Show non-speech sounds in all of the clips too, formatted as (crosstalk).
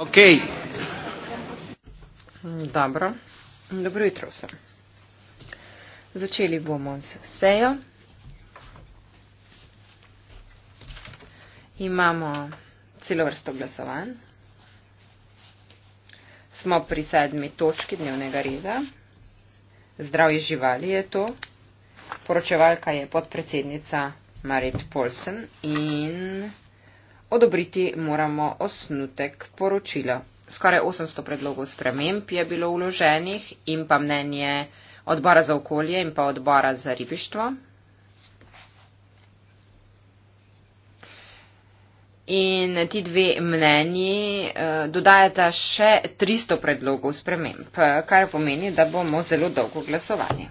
Ok. Dobro. Dobro jutro vsem. Začeli bomo s sejo. Imamo celo vrsto glasovanj. Smo pri sedmi točki dnevnega reda. Zdravje živali je to. Poročevalka je podpredsednica Marit Polsen in Odobriti moramo osnutek poročila. Skoraj 800 predlogov sprememb je bilo vloženih in pa mnenje odbora za okolje in pa odbora za ribištvo. In ti dve mnenji eh, dodajata še 300 predlogov sprememb, kar pomeni, da bomo zelo dolgo glasovali.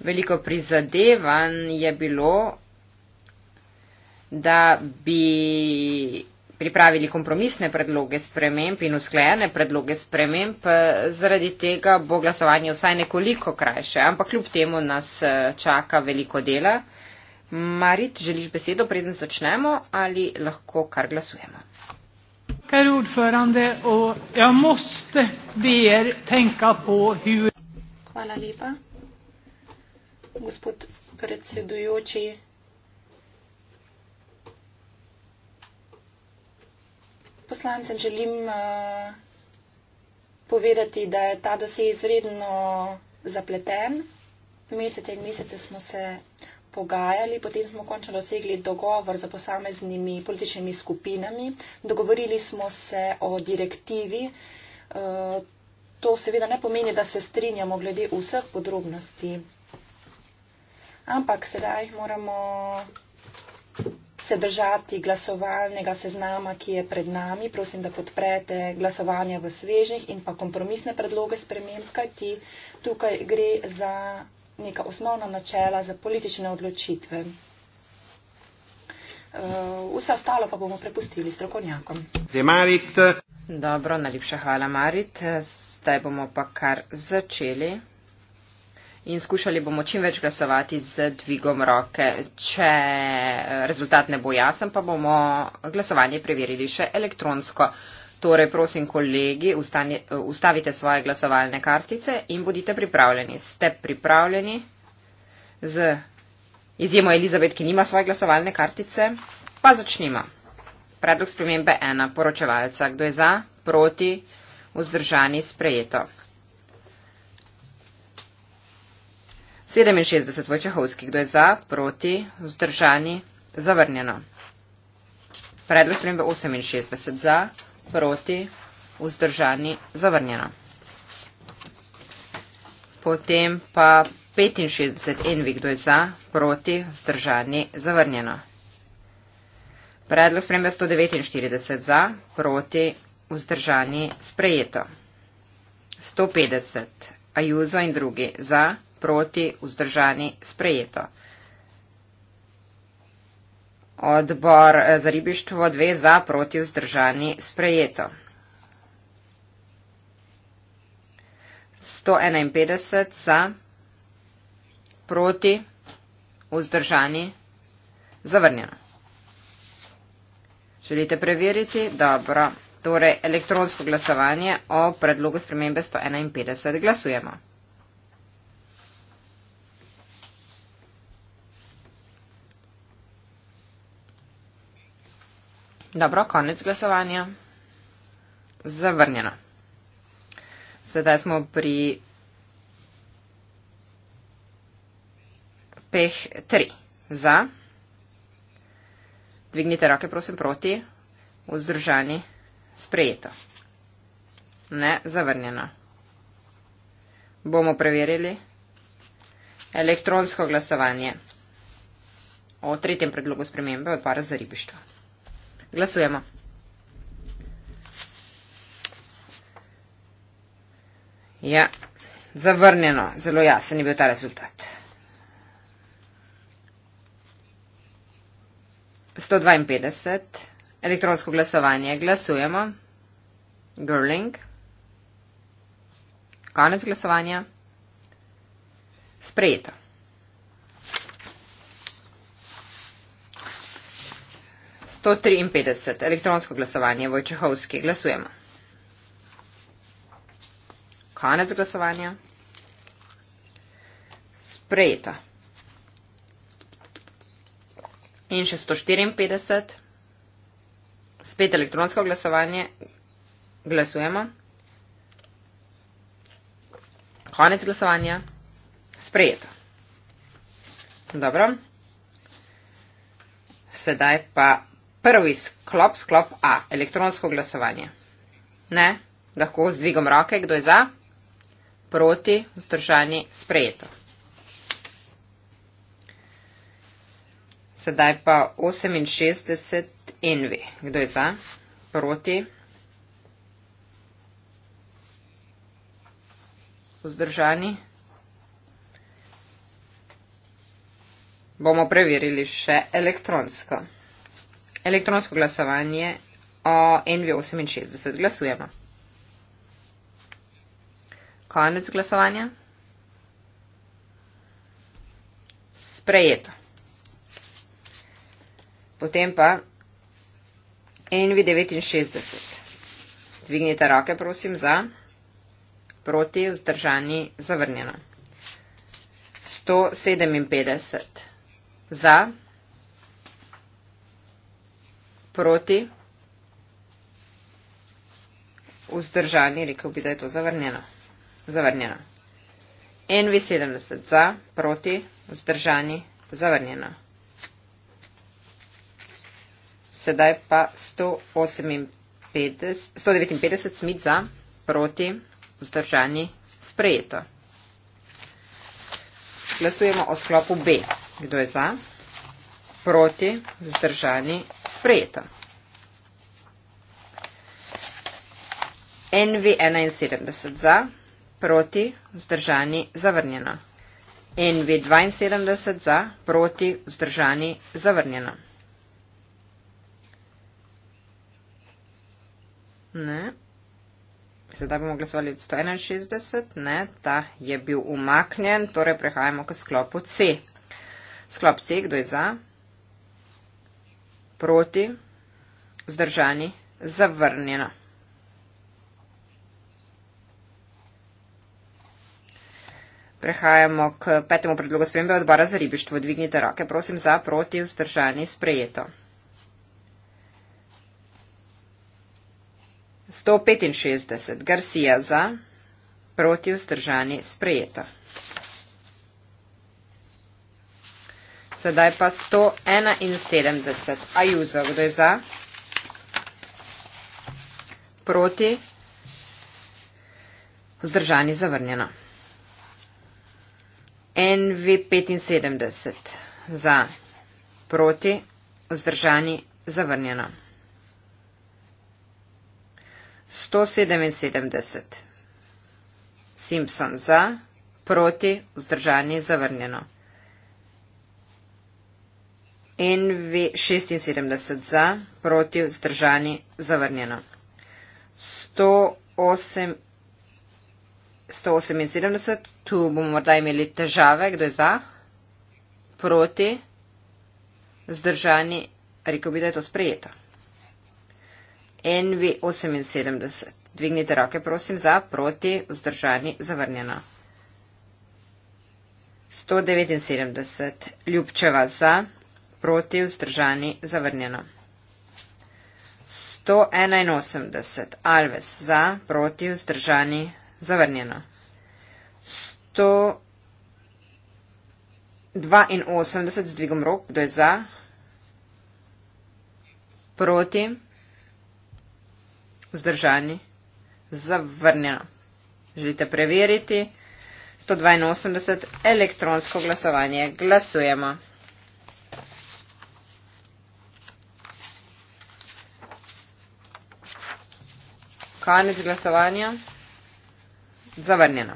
Veliko prizadevanj je bilo da bi pripravili kompromisne predloge sprememb in usklajene predloge sprememb, zaradi tega bo glasovanje vsaj nekoliko krajše, ampak kljub temu nas eh, čaka veliko dela. Marit, želiš besedo, preden začnemo ali lahko kar glasujemo? Ja, Hvala lepa, gospod predsedujoči. poslancem želim eh, povedati, da je ta dosje izredno zapleten. Mesece in mesece smo se pogajali, potem smo končno dosegli dogovor za posameznimi političnimi skupinami. Dogovorili smo se o direktivi. Eh, to seveda ne pomeni, da se strinjamo glede vseh podrobnosti. Ampak sedaj moramo se držati glasovalnega seznama, ki je pred nami. Prosim, da podprete glasovanje v svežnih in pa kompromisne predloge sprememb, kajti tukaj gre za neka osnovna načela za politične odločitve. Eh, vse ostalo pa bomo prepustili strokovnjakom. Dobro, najlepša hvala, Marit. Zdaj bomo pa kar začeli in skušali bomo čim več glasovati z dvigom roke. Če eh, rezultat ne bo jasen, pa bomo glasovanje preverili še elektronsko. Torej, prosim, kolegi, ustani, eh, ustavite svoje glasovalne kartice in bodite pripravljeni. Ste pripravljeni z izjemo Elizabet, ki nima svoje glasovalne kartice? Pa začnimo. Predlog spremembe 1. Poročevalca. Kdo je za? Proti? Vzdržani? Sprejeto. 67 Vojčehovskih, kdo je za, proti, vzdržani, zavrnjeno. Predlog spremembe 68 za, proti, vzdržani, zavrnjeno. Potem pa 65 Envik, kdo je za, proti, vzdržani, zavrnjeno. Predlog spremembe 149 za, proti, vzdržani, sprejeto. 150 Ajuzo in drugi za, proti, vzdržani, zavrnjeno proti, vzdržani, sprejeto. Odbor eh, za ribištvo dve za, proti, vzdržani, sprejeto. 151 za, proti, vzdržani, zavrnjeno. Želite preveriti? Dobro. Torej, elektronsko glasovanje o predlogu spremembe 151 glasujemo. Dobro, konec glasovanja. Zavrnjeno. Sedaj smo pri peh 3. Za. Dvignite roke, prosim, proti. Vzdržani. Sprejeto. Ne, zavrnjeno. Bomo preverili elektronsko glasovanje o tretjem predlogu spremembe odpara za ribištvo. Glasujemo. Ja, zavrnjeno, zelo jasen je bil ta rezultat. 152, elektronsko glasovanje, glasujemo. Girling. Konec glasovanja. Sprejeto. 153. Elektronsko glasovanje Vojčehovski. Glasujemo. Konec glasovanja. Sprejeta. In še 154. Spet elektronsko glasovanje. Glasujemo. Konec glasovanja. Sprejeta. Dobro. Sedaj pa Prvi sklop, sklop A, elektronsko glasovanje. Ne, lahko z dvigom roke, kdo je za, proti, vzdržani, sprejeto. Sedaj pa 68 envi. Kdo je za? Proti. Vzdržani. Bomo preverili še elektronsko elektronsko glasovanje o NV68. Glasujemo. Konec glasovanja. Sprejeto. Potem pa NV69. Dvignite roke, prosim, za, proti, vzdržani, zavrnjeno. 157 za, proti vzdržani, rekel bi, da je to zavrnjeno. Zavrnjeno. NV70 za, proti, vzdržani, zavrnjeno. Sedaj pa 158, 159 smit za, proti, vzdržani, sprejeto. Glasujemo o sklopu B. Kdo je za? proti, vzdržani, sprejeto. NV 71 za, proti, vzdržani, zavrnjeno. NV 72 za, proti, vzdržani, zavrnjeno. Ne. Zdaj bomo glasovali od 161, ne, ta je bil umaknjen, torej prehajamo k sklopu C. Sklop C, kdo je za? proti, vzdržani, zavrnjeno. Prehajamo k petemu predlogu spremembe odbora za ribištvo. Dvignite roke, prosim, za, proti, vzdržani, sprejeto. 165. Garcia za, proti, vzdržani, sprejeto. Sedaj pa 171. Ajuzo, kdo je za? Proti? Vzdržani zavrnjeno. NV75 za proti, vzdržani zavrnjeno. 177 Simpson za proti, vzdržani zavrnjeno. NV 76 za, proti, vzdržani, zavrnjeno. 108, 178, tu bomo morda imeli težave, kdo je za, proti, vzdržani, rekel bi, da je to sprejeto. NV 78, dvignite roke, prosim, za, proti, vzdržani, zavrnjeno. 179, ljubčeva za, proti vzdržani zavrnjeno. 181. Alves za, proti vzdržani zavrnjeno. 182 z dvigom rok, kdo je za, proti, vzdržani, zavrnjeno. Želite preveriti? 182 elektronsko glasovanje. Glasujemo. Konec glasovanja. Zavrnjeno.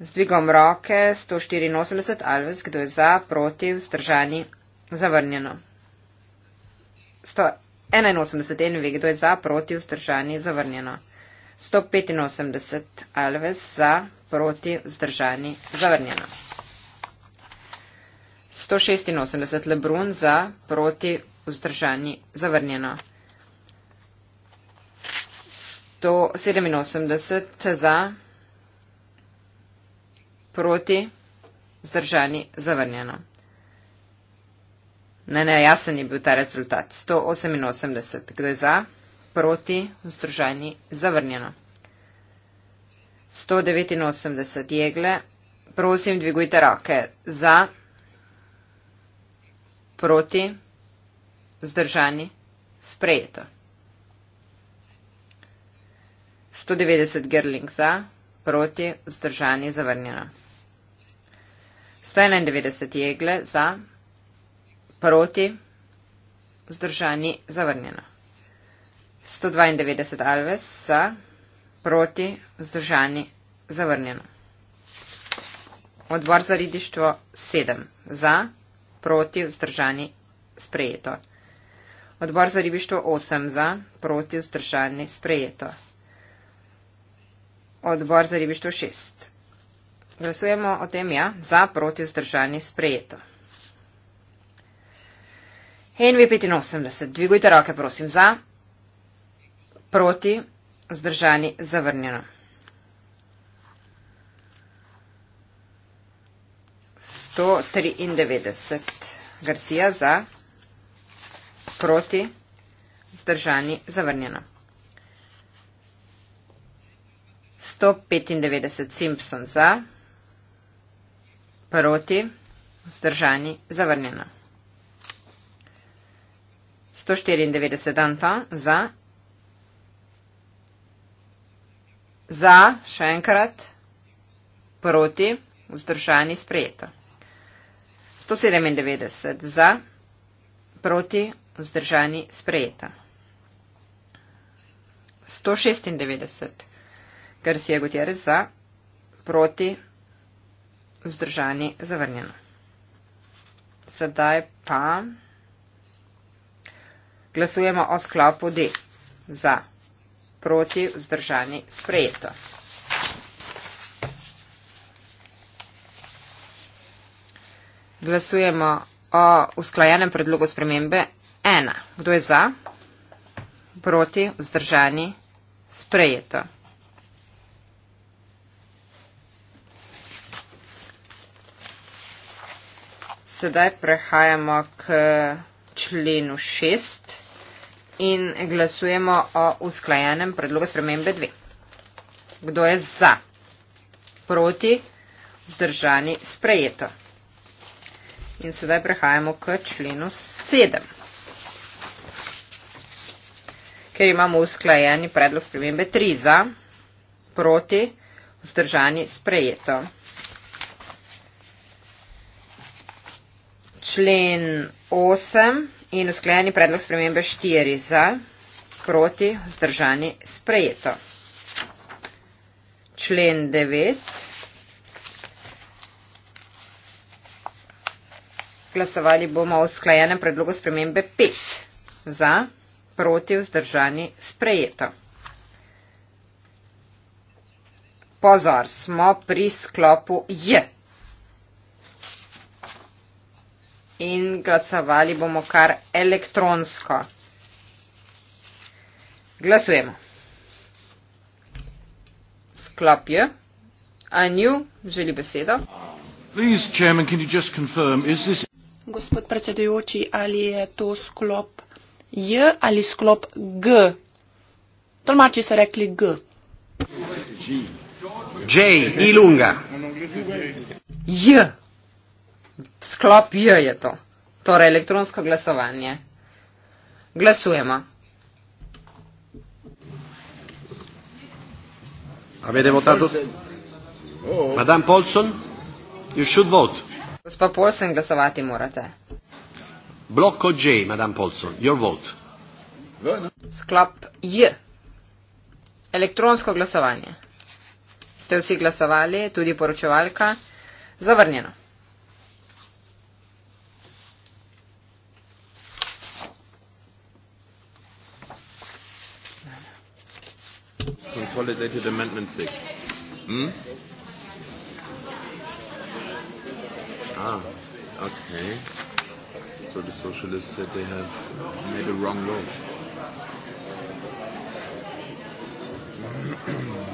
Z dvigom roke 184 Alves, kdo je za, proti, vzdržani, zavrnjeno. 181 NV, kdo je za, proti, vzdržani, zavrnjeno. 185 Alves, za, proti, vzdržani, zavrnjeno. 186 Lebrun, za, proti, vzdržani, zavrnjeno. 187 za, proti, zdržani, zavrnjeno. Ne, ne, jasen je bil ta rezultat. 188. Kdo je za, proti, vzdržani, zavrnjeno. 189. Jegle, prosim, dvigujte roke. Za, proti, zdržani, sprejeto. 190 grling za, proti, vzdržani, zavrnjeno. 191 jegle za, proti, vzdržani, zavrnjeno. 192 alves za, proti, vzdržani, zavrnjeno. Odbor za ridištvo 7 za, proti, vzdržani, sprejeto. Odbor za ribištvo 8 za, proti, vzdržani, sprejeto. Odbor za ribištvo 6. Glasujemo o tem ja, za proti vzdržani sprejeto. NV85, dvigujte roke, prosim, za, proti, vzdržani, zavrnjeno. Sto triindevetdeset. Garcia za, proti, vzdržani, zavrnjeno. 195 Simpson za, proti, vzdržani, zavrnjeno. 194 Danton za, za, še enkrat, proti, vzdržani, sprejeto. 197 za, proti, vzdržani, sprejeto. 196. Garcia Gutierrez za, proti, vzdržani, zavrnjeno. Sedaj pa glasujemo o sklopu D. Za, proti, vzdržani, sprejeto. Glasujemo o usklajenem predlogu spremembe 1. Kdo je za? Proti, vzdržani, sprejeto. sedaj prehajamo k členu 6 in glasujemo o usklajenem predlogu spremembe 2. Kdo je za? Proti? Zdržani? Sprejeto. In sedaj prehajamo k členu 7. Ker imamo usklajeni predlog spremembe 3 za, proti, vzdržani, sprejeto. člen 8 in usklajeni predlog spremembe 4 za, proti, zdržani, sprejeto. Člen 9. Glasovali bomo o usklajenem predlogu spremembe 5 za, proti, vzdržani, sprejeto. Pozor, smo pri sklopu JET. in glasovali bomo kar elektronsko. Glasujemo. Sklop je. Anju, želi besedo. Please, chairman, can you just confirm, is this... Gospod predsedujoči, ali je to sklop J ali sklop G? Tolmači so rekli G. J, ilunga. J sklop J je to, torej elektronsko glasovanje. Glasujemo. Avete votato? Oh. Madam Polson, you should vote. Gospod Polson, glasovati morate. Blokko J, madam Polson, your vote. Sklop J. Elektronsko glasovanje. Ste vsi glasovali, tudi poročevalka? Zavrnjeno. consolidated amendment six. Hmm? Ah, okay. So the socialists said they have made a wrong law. (clears throat)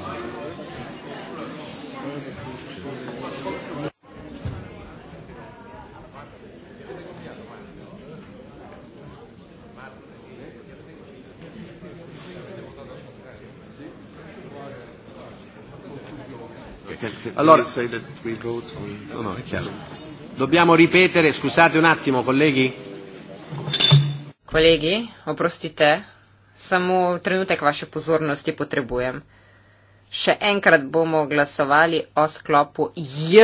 Allora, no, no, è chiaro. Dobbiamo ripetere, scusate un attimo, colleghi. Colleghi, oprostite, samo trenutek vaše pozornosti potrebujem. Še enkrat bomo glasovali o sklopu J.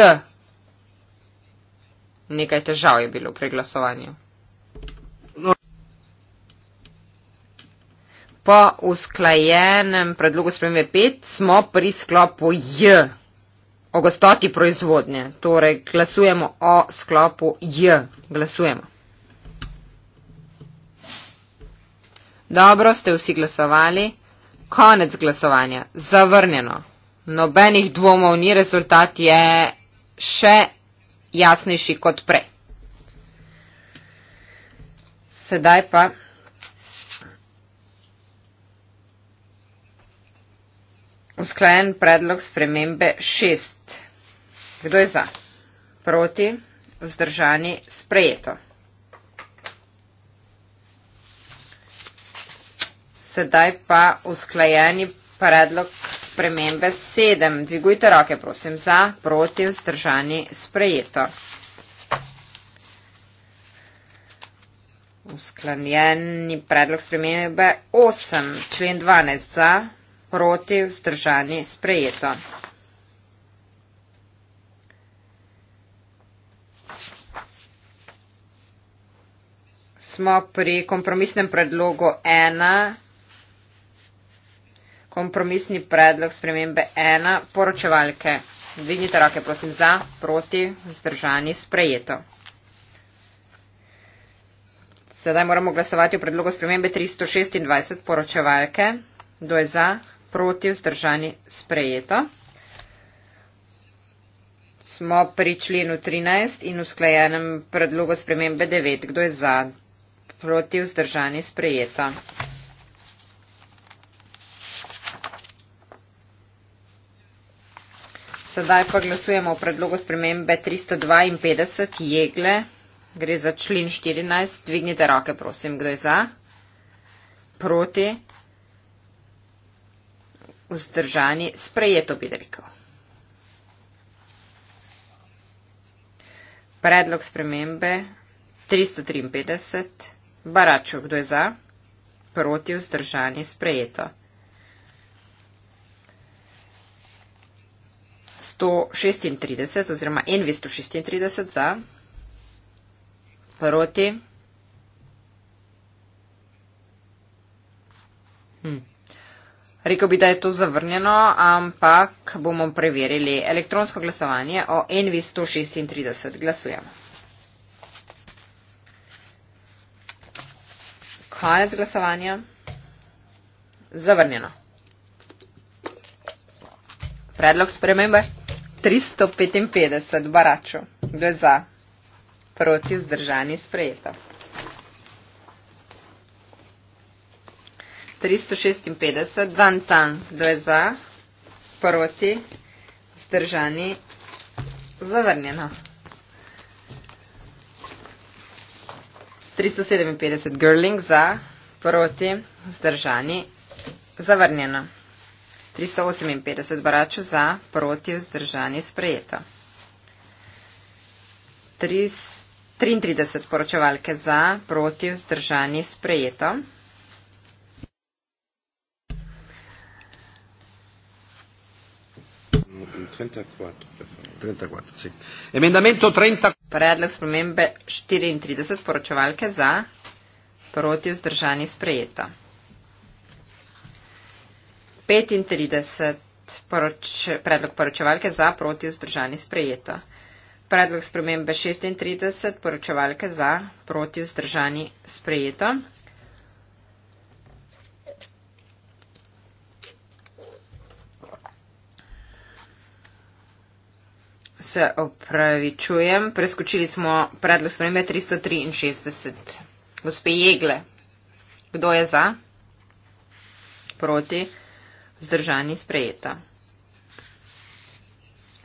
Nekaj težav je bilo pri glasovanju. No. Po usklajenem predlogu spremembe 5 smo pri sklopu J o gostoti proizvodnje. Torej, glasujemo o sklopu J. Glasujemo. Dobro ste vsi glasovali. Konec glasovanja. Zavrnjeno. Nobenih dvomov ni, rezultat je še jasnejši kot prej. Sedaj pa. usklajen predlog spremembe šest. Kdo je za? Proti? Vzdržani? Sprejeto. Sedaj pa usklajeni predlog spremembe sedem. Dvigujte roke, prosim, za, proti, vzdržani, sprejeto. Usklajeni predlog spremembe osem. Člen dvanajst za, proti vzdržani sprejeto. Smo pri kompromisnem predlogu 1. Kompromisni predlog spremembe 1. Poročevalke. Dvignite roke, prosim, za, proti, vzdržani, sprejeto. Sedaj moramo glasovati o predlogu spremembe 326 poročevalke. Kdo je za? proti vzdržani sprejeto. Smo pri členu 13 in usklajenem predlogu spremembe 9. Kdo je za proti vzdržani sprejeto? Sedaj pa glasujemo o predlogu spremembe 352 jegle. Gre za člen 14. Dvignite roke, prosim, kdo je za. Proti vzdržani, sprejeto bi rekel. Predlog spremembe 353. Baračo, kdo je za? Proti vzdržani, sprejeto. 136 oziroma NV 136 za. Proti. Rekel bi, da je to zavrnjeno, ampak bomo preverili elektronsko glasovanje o NV136. Glasujemo. Konec glasovanja. Zavrnjeno. Predlog spremembe. 355 baračov. Kdo je za? Proti zdržani sprejeto. 356, Дантан, Дуеза, Пароти, Сдържани, Завърнена. 357 гърлинг за проти сдържани завърнена. 358 барачо за проти сдържани сприета. 33 поръчавалке за проти сдържани сприета. 34. 34, sì. Emendamento 34. Predlog spremembe 34 poročevalke za, proti vzdržani sprejeta. 35 poroč, predlog poročevalke za, proti vzdržani sprejeta. Predlog spremembe 36 poročevalke za, proti vzdržani sprejeta. se opravičujem, preskočili smo predlog spremembe 363. Gospe Jegle, kdo je za? Proti? Zdržani sprejeta.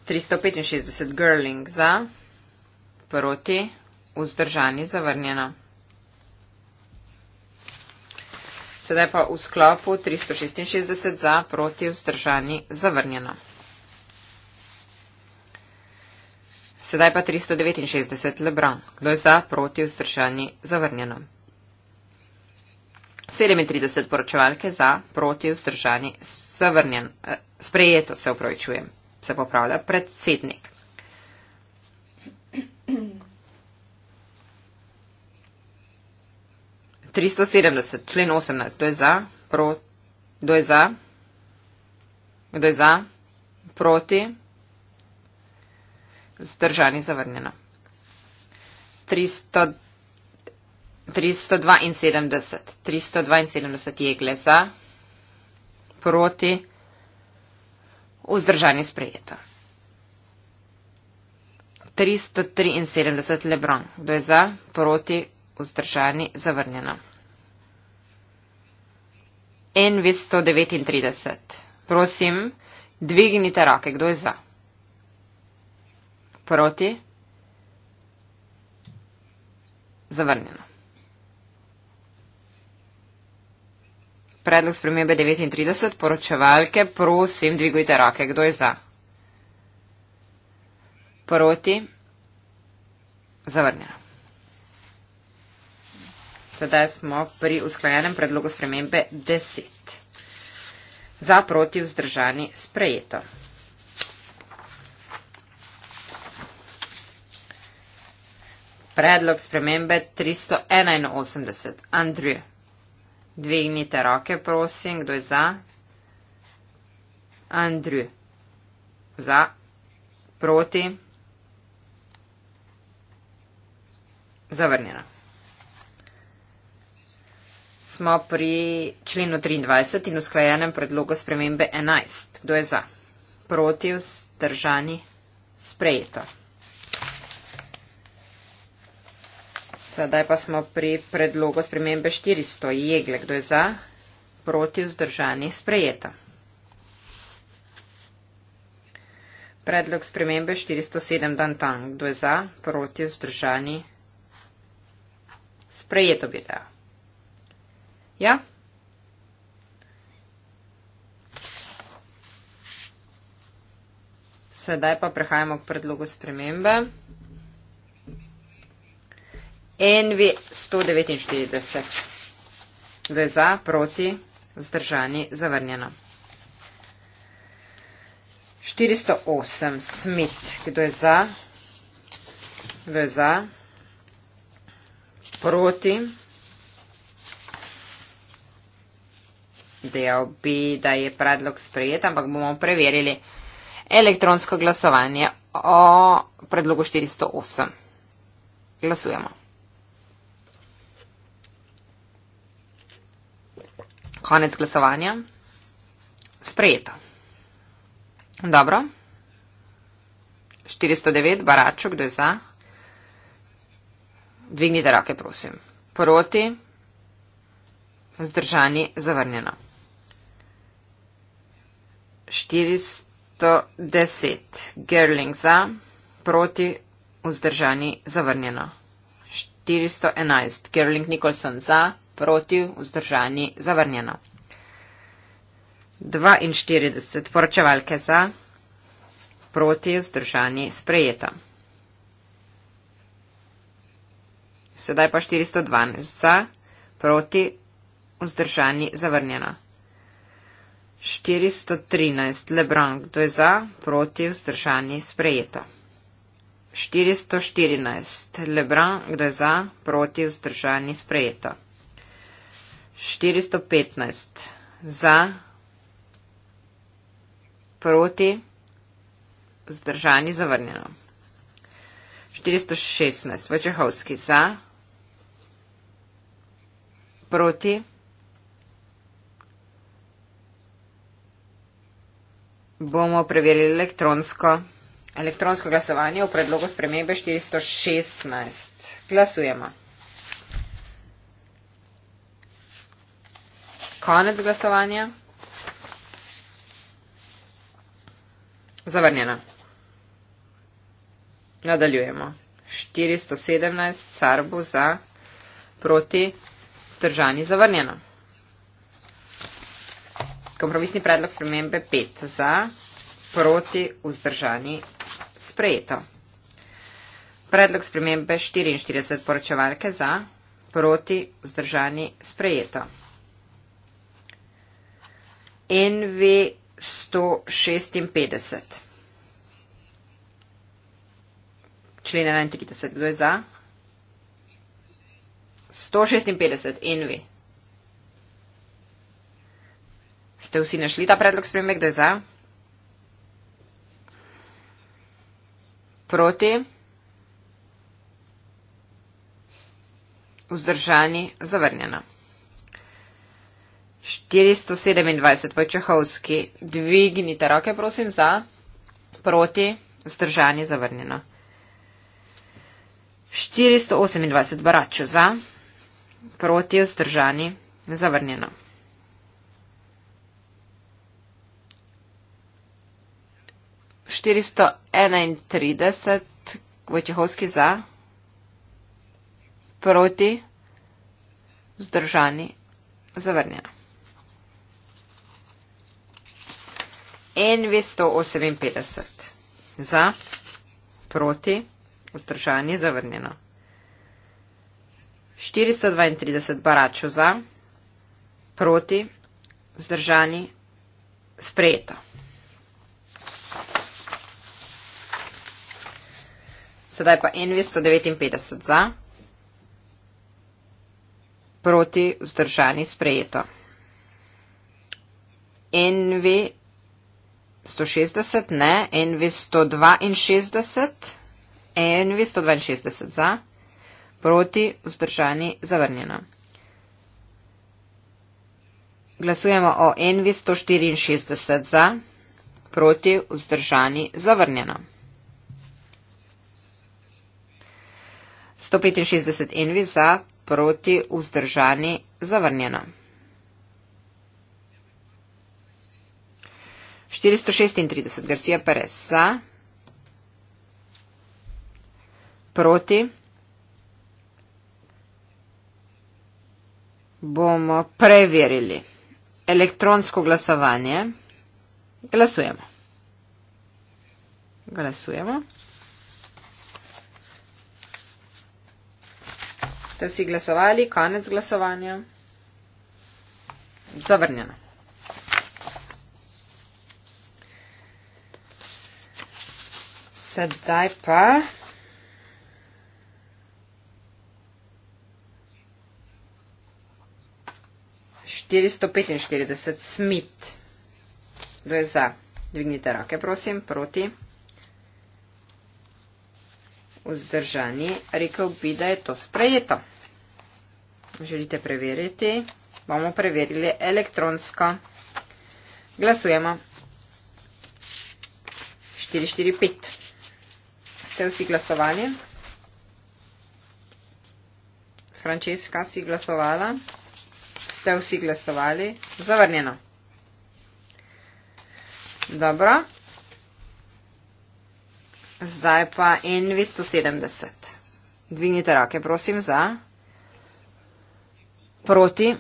365. Girling za? Proti? Vzdržani zavrnjena. Sedaj pa v sklopu 366 za, proti, vzdržani zavrnjena. Sedaj pa 369 Lebron. Kdo je za, proti, vzdržani, zavrnjeno? 37 poročevalke za, proti, vzdržani, zavrnjen. Eh, sprejeto se upravičujem. Se popravlja predsednik. Tristo sedemdeset, člen osemnajst, kdo je za, pro, kdo je za, kdo je za, proti zdržani zavrnjeno. 372. 372 je glasa proti vzdržani sprejeto. 373 Lebron. Kdo je za? Proti vzdržani zavrnjeno. NV 139. Prosim, dvignite roke. Kdo je za? proti, zavrnjeno. Predlog spremembe 39, poročevalke, prosim, dvigujte roke, kdo je za? Proti, zavrnjeno. Sedaj smo pri usklajenem predlogu spremembe 10. Za proti vzdržani sprejeto. Predlog spremembe 381. Andrej, dvignite roke, prosim, kdo je za? Andrej, za, proti, zavrnjena. Smo pri členu 23 in usklajenem predlogu spremembe 11. Kdo je za? Proti, vzdržani, sprejeto. Sedaj pa smo pri predlogu spremembe 400. Jegle, kdo je za, proti vzdržani, sprejeta. Predlog spremembe 407 dan tam, kdo je za, proti vzdržani, sprejeto bi da. Ja? Sedaj pa prehajamo k predlogu spremembe. NV 149. Kdo je za, proti, vzdržani, zavrnjeno. 408. Smit. Kdo je za? Kdo je za? Proti. Dejal bi, da je predlog sprejet, ampak bomo preverili elektronsko glasovanje o predlogu 408. Glasujemo. Konec glasovanja. Sprejeto. Dobro. 409, Baraču, kdo je za? Dvignite roke, prosim. Proti. Zdržani, zavrnjeno. 410, Gerling za. Proti. Vzdržani, zavrnjeno. 411, Gerling Nicholson za proti vzdržani zavrnjeno. 42 poročevalke za, proti vzdržani sprejeta. Sedaj pa 412 za, proti vzdržani zavrnjeno. 413 Lebron, kdo je za, proti vzdržani sprejeta. 414 Lebron, kdo je za, proti vzdržani sprejeta. 415 za, proti, zdržani, zavrnjeno. 416 Vojčehovski za, proti, bomo preverili elektronsko, elektronsko glasovanje v predlogu spremembe 416. Glasujemo. Konec glasovanja. Zavrnjeno. Nadaljujemo. 417 carbu za proti zdržani zavrnjeno. Kompromisni predlog spremembe 5 za proti vzdržani sprejeto. Predlog spremembe 44 poročevalke za proti vzdržani sprejeto. NV 156. Člen 51, kdo je za? 156, NV. Ste vsi našli ta predlog spremembe, kdo je za? Proti? Vzdržani, zavrnjena. 427 Vojčehovski. Dvignite roke, prosim, za, proti, vzdržanje zavrnjeno. 428 Baraču za, proti, vzdržanje zavrnjeno. 431 Vojčehovski za, proti, vzdržanje zavrnjeno. NV 158. Za, proti, vzdržanje zavrnjeno. 432 baračov za, proti, vzdržanje sprejeto. Sedaj pa NV 159 za, proti, vzdržanje sprejeto. NV 159. 160 ne, Envy 162, Envy 162 za, proti, vzdržani, zavrnjeno. Glasujemo o Envy 164 za, proti, vzdržani, zavrnjeno. 165 Envy za, proti, vzdržani, zavrnjeno. 436 Garcia Perez za. Proti. Bomo preverili elektronsko glasovanje. Glasujemo. Glasujemo. Ste vsi glasovali? Konec glasovanja. Zavrnjeno. sedaj pa. Štiristo petinštirideset Smith. Kdo je za? Dvignite roke, prosim, proti. Vzdržani. Rekel bi, da je to sprejeto. Želite preveriti? Bomo preverili elektronsko. Glasujemo. Štiri, štiri, pet ste vsi glasovali? Frančeska si glasovala? Ste vsi glasovali? Zavrnjeno. Dobro. Zdaj pa N270. Dvignite roke, prosim, za. Proti.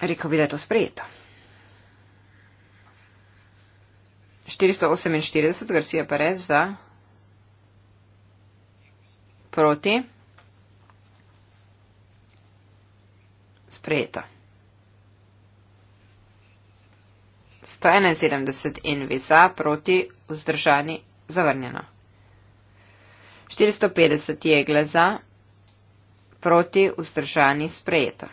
Rekel bi, da je to sprejeto. 448, Garcia Perez za. Proti. Sprejeto. 171 NV za, proti, vzdržani, zavrnjeno. 450 jegle za, proti, vzdržani, sprejeto.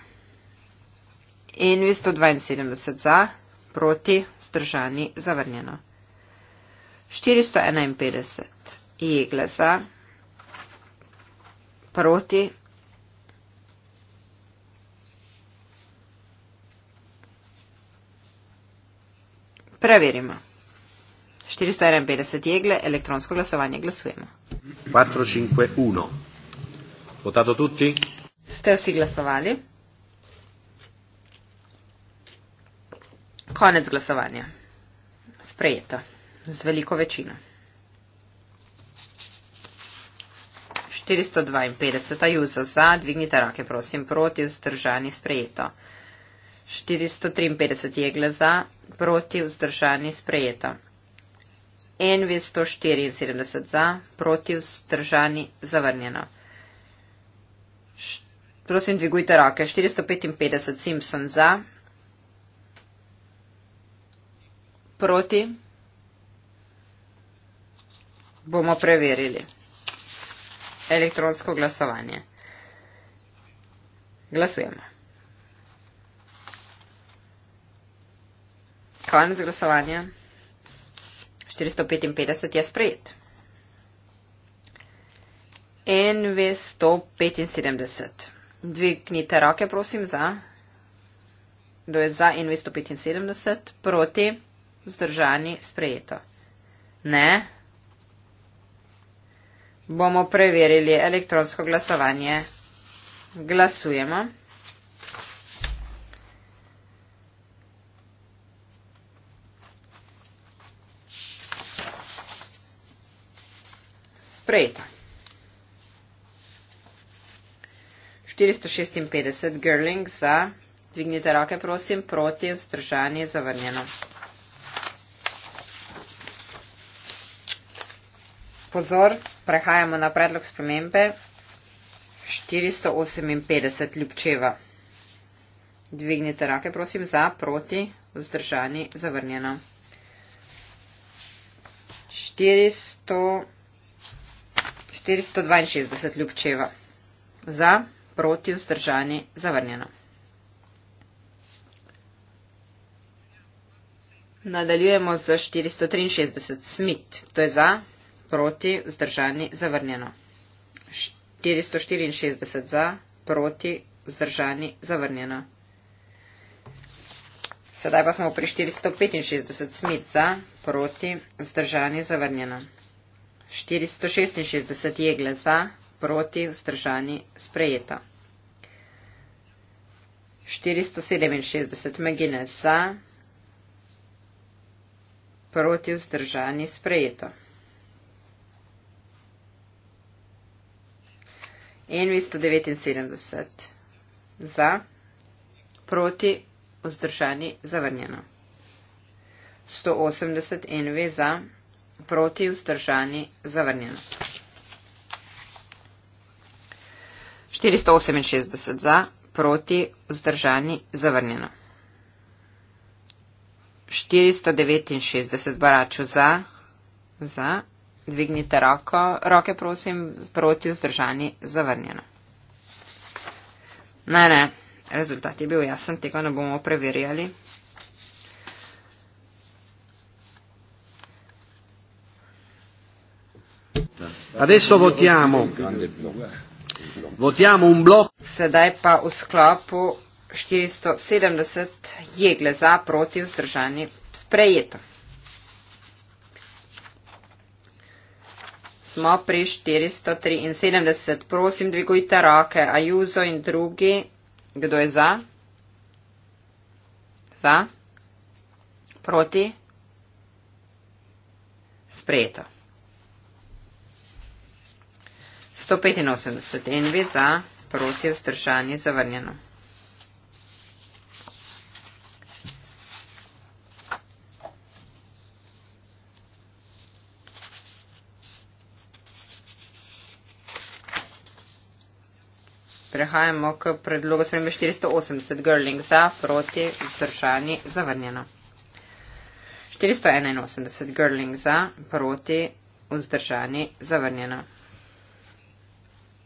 NV 172 za, proti, vzdržani, zavrnjeno. 451. Jegle za. Proti. Preverimo. 451 jegle, elektronsko glasovanje glasujemo. 451. Votato tutti? Ste vsi glasovali? Konec glasovanja. Sprejeto z veliko večino. 452. Juzo za, dvignite roke, prosim, proti, vzdržani, sprejeto. 453. Jegle za, proti, vzdržani, sprejeto. NV 174 za, proti, vzdržani, zavrnjeno. Prosim, dvigujte roke. 455 Simpson za. Proti bomo preverili. Elektronsko glasovanje. Glasujemo. Konec glasovanja. 455 je sprejet. NV 175. Dvignite roke, prosim, za. Kdo je za NV 175? Proti. Zdržani, sprejeto. Ne bomo preverili elektronsko glasovanje. Glasujemo. Sprejeta. 456 Girling za. Dvignite roke, prosim, proti, vzdržanje, zavrnjeno. pozor, prehajamo na predlog spremembe 458 ljubčeva. Dvignite rake, prosim, za, proti, vzdržani, zavrnjeno. 462 ljubčeva. Za, proti, vzdržani, zavrnjeno. Nadaljujemo z 463 smit, to je za, proti, vzdržani, zavrnjeno. 464 za, proti, vzdržani, zavrnjeno. Sedaj pa smo pri 465 smit za, proti, vzdržani, zavrnjeno. 466 jegle za, proti, vzdržani, sprejeta. 467 megine za, proti, vzdržani, sprejeta. Envi 179. Za, proti, vzdržani, zavrnjeno. 180 NV za, proti, vzdržani, zavrnjeno. 468 za, proti, vzdržani, zavrnjeno. 469 barač za, za, dvignite roko, roke prosim, proti vzdržani, zavrnjeno. Ne, ne, rezultat je bil jasen, tega ne bomo preverjali. Adesso votiamo. votiamo un blok. Sedaj pa v sklopu 470 jegle za proti vzdržani sprejeto. smo pri 473. Prosim, dvigujte roke. Ajuzo in drugi. Kdo je za? Za? Proti? Sprejeto. 185. In vi za? Proti? Zdržani? Zavrnjeno. prehajamo k predlogu spremembe 480. Girling za, proti, vzdržani, zavrnjeno. 481. Girling za, proti, vzdržani, zavrnjeno.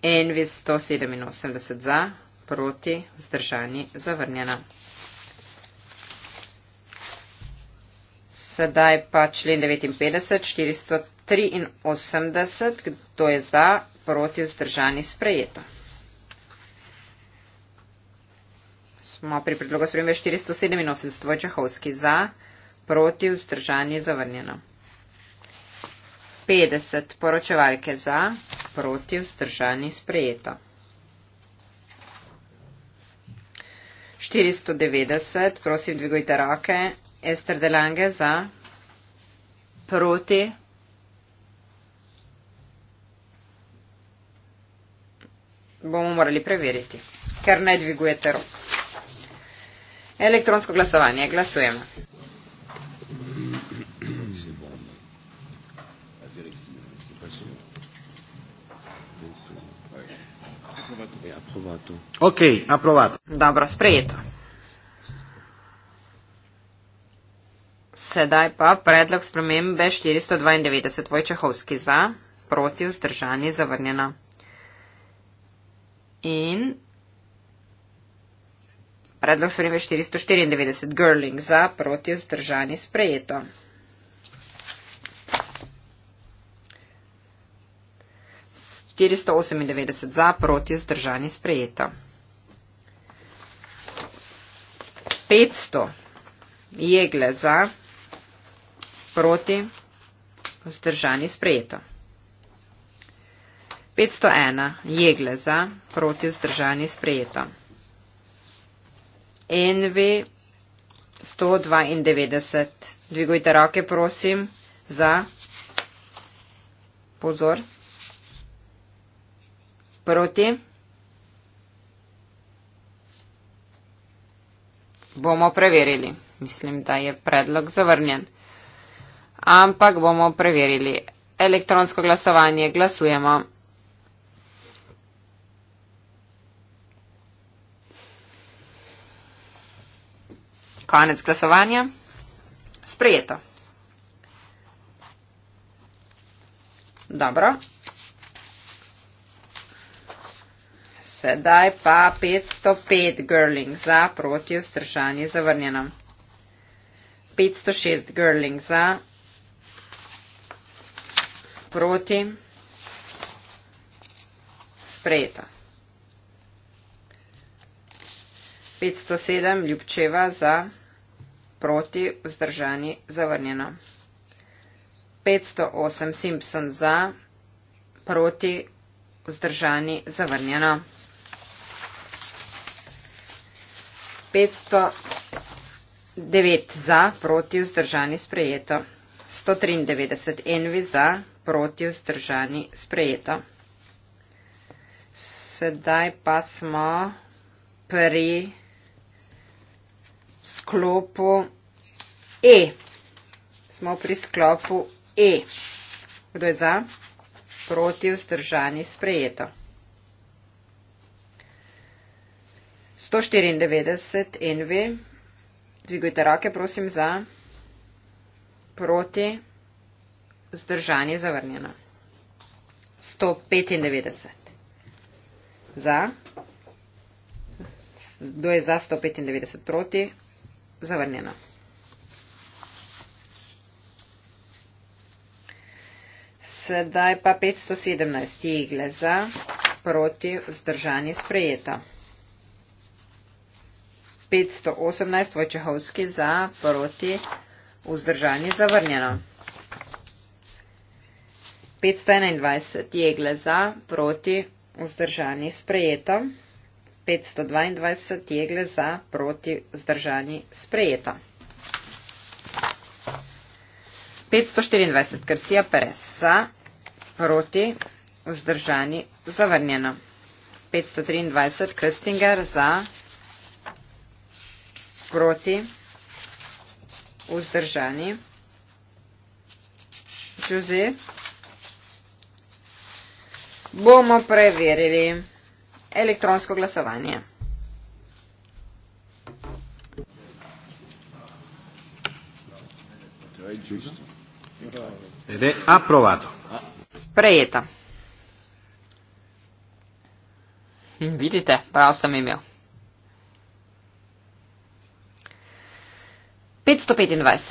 Envy 187 za, proti, vzdržani, zavrnjeno. Sedaj pa člen 59, 483, kdo je za, proti vzdržani sprejeto. smo pri predlogu spremembe 487 tvoj Čehovski za, proti vzdržanje zavrnjeno. 50 poročevalke za, proti vzdržanje sprejeto. 490, prosim, dvigujte roke. Ester Delange za, proti. Bomo morali preveriti, ker ne dvigujete rok. Elektronsko glasovanje. Glasujemo. Ok, aprovato. Dobro, sprejeto. Sedaj pa predlog spremembe 492 Vojčehovski za, proti, vzdržani, zavrnjena. In Predlog sprejme 494 Girling za, proti vzdržani sprejeto. Štiristo osemindevetdeset za, proti vzdržani sprejeto. Petsto jegle za, proti vzdržani sprejeto. Petsto ena jegle za, proti vzdržani sprejeto. NV 192. Dvigujte roke, prosim, za pozor. Proti. Bomo preverili. Mislim, da je predlog zavrnjen. Ampak bomo preverili. Elektronsko glasovanje glasujemo. Konec glasovanja. Sprejeto. Dobro. Sedaj pa 505 girling za, proti ostržanje zavrnjeno. 506 girling za, proti, sprejeto. 507 ljubčeva za proti, vzdržani, zavrnjeno. 508 Simpson za, proti, vzdržani, zavrnjeno. 509 za, proti, vzdržani, sprejeto. 193 Envi za, proti, vzdržani, sprejeto. Sedaj pa smo pri sklopu E. Smo pri sklopu E. Kdo je za? Proti vzdržani sprejeto. 194 NV. Dvigujte roke, prosim, za. Proti vzdržani zavrnjeno. 195. Za. Kdo je za 195 proti? zavrnjeno. Sedaj pa 517 igle za proti vzdržanje sprejeto. 518 Vojčehovski za proti vzdržanje zavrnjeno. 521 jegle za proti vzdržanje sprejeto. 522 jegle za proti vzdržani sprejeto. 524 Krsija Perez za proti vzdržani zavrnjeno. 523 Krstinger za proti vzdržani Jose. Bomo preverili elektronsko glasovanje. Sprejeta. Hm, vidite, prav sem imel. 525.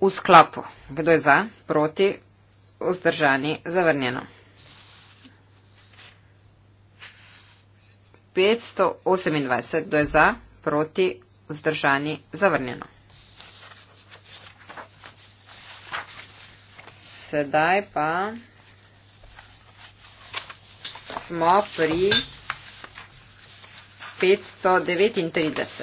V sklopu. Kdo je za? Proti? Vzdržani? Zavrnjeno. 528, kdo je za, proti, vzdržani, zavrnjeno. Sedaj pa smo pri 539.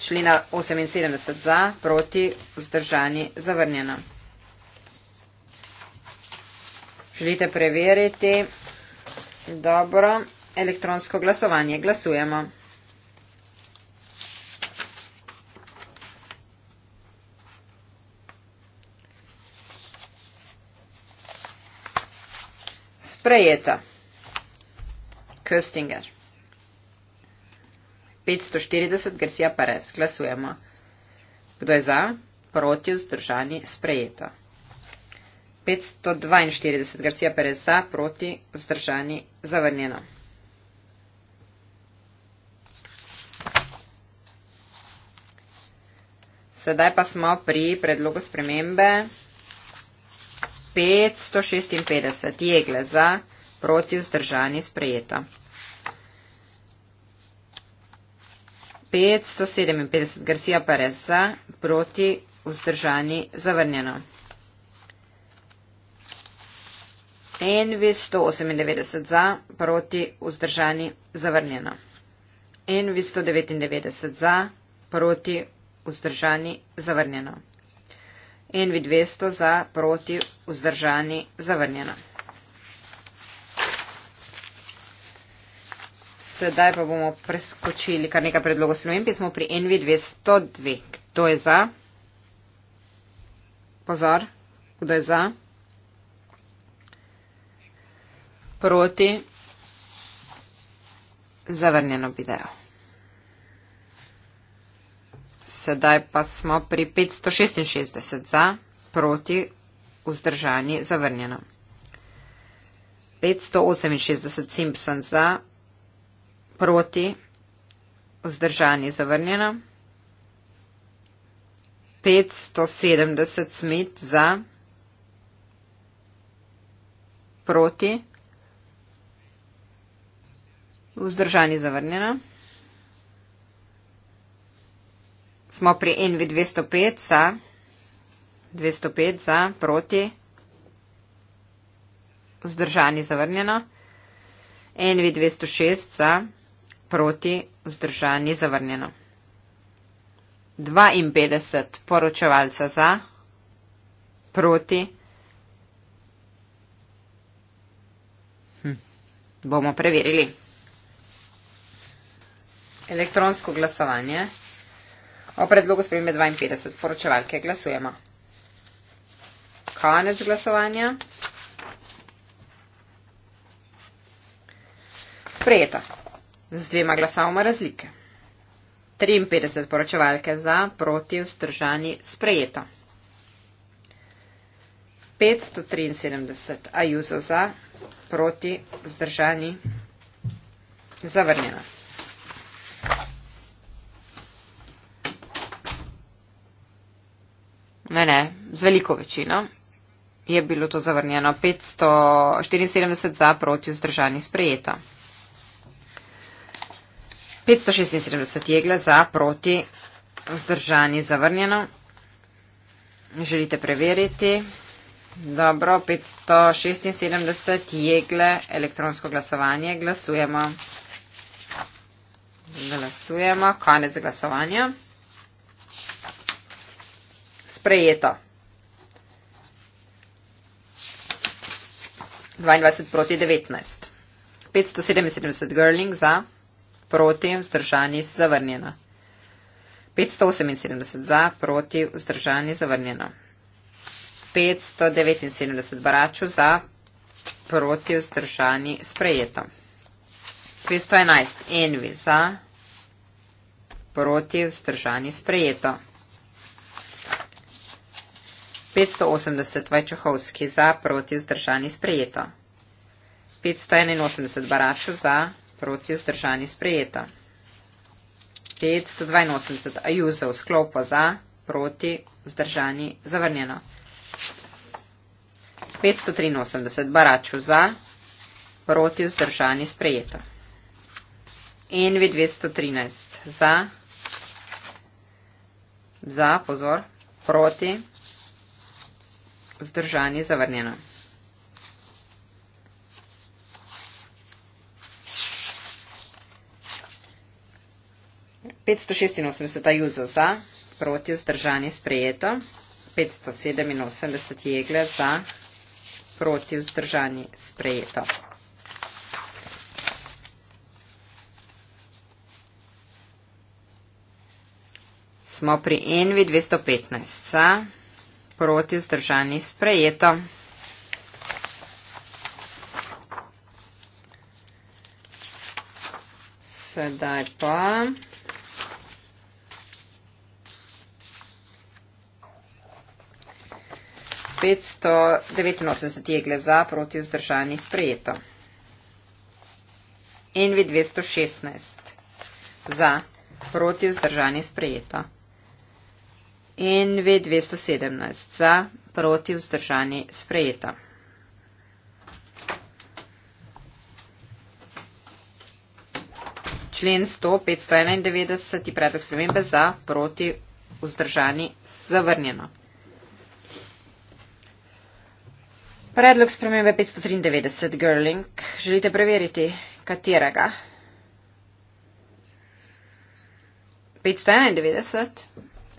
Člina 78 za, proti, vzdržani, zavrnjeno. Želite preveriti? Dobro elektronsko glasovanje. Glasujemo. Sprejeta. Köstinger. 540, Garcia Perez. Glasujemo. Kdo je za? Proti vzdržani sprejeto. 542, Garcia Perez za, proti vzdržani zavrnjeno. Sedaj pa smo pri predlogu spremembe 556 jegle za proti vzdržanje sprejeta. 557 Garcia Perez za proti vzdržanje zavrnjeno. NV 198 za proti vzdržanje zavrnjeno. NV 199 za proti vzdržani, zavrnjeno. NV200 za, proti, vzdržani, zavrnjeno. Sedaj pa bomo preskočili kar nekaj predlogov spremembi. Smo pri NV202. Kdo je za? Pozor, kdo je za? Proti, zavrnjeno bi dejal. Sedaj pa smo pri 566 za, proti, vzdržani, zavrnjeno. 568 Simpson za, proti, vzdržani, zavrnjeno. 570 Smith za, proti, vzdržani, zavrnjeno. smo pri Envi 205 za, 205 za, proti, vzdržani zavrnjeno, Envi 206 za, proti, vzdržani zavrnjeno. 52 poročevalca za, proti, hm. bomo preverili. Elektronsko glasovanje. O predlogu spremembe 52 poročevalke glasujemo. Konec glasovanja. Sprejeto. Z dvema glasovoma razlike. 53 poročevalke za, proti, vzdržani, sprejeto. 573 ajuzo za, proti, vzdržani, zavrnjeno. Ne, ne, z veliko večino je bilo to zavrnjeno. 574 za, proti vzdržani sprejeto. 576 jegle za, proti vzdržani zavrnjeno. Želite preveriti? Dobro, 576 jegle, elektronsko glasovanje, glasujemo. Glasujemo, konec glasovanja sprejeto. 22 proti 19. 577 girling za, proti, vzdržani, zavrnjeno. 578 za, proti, vzdržani, zavrnjeno. 579 baraču za, proti, vzdržani, sprejeto. 511 envi za, proti, vzdržani, sprejeto. 580 Vajčohovski za, proti vzdržani sprejeto. 581 Baraču za, proti vzdržani sprejeto. 582 Ajuza v sklopu za, proti vzdržani zavrnjeno. 583 Baraču za, proti vzdržani sprejeto. Envi 213 za, za, pozor, proti vzdržani sprejeto vzdržanje zavrnjeno. petsto šestinosemdeset juzo za proti vzdržanje sprejeto petsto sedeminosemdeset jegle za proti vzdržanje sprejeto smo pri envi dvesto petnajst za nasproti zdržani sprejeto. Sedaj pa. petsto devetinosemdeset jegle za proti vzdržani sprejeto. Envi dvesto šestnajst za proti vzdržani sprejeto in V217 za proti vzdržani sprejeta. Člen 100, 591, predlog spremembe za proti vzdržani zavrnjeno. Predlog spremembe 593, Girling, želite preveriti katerega? 591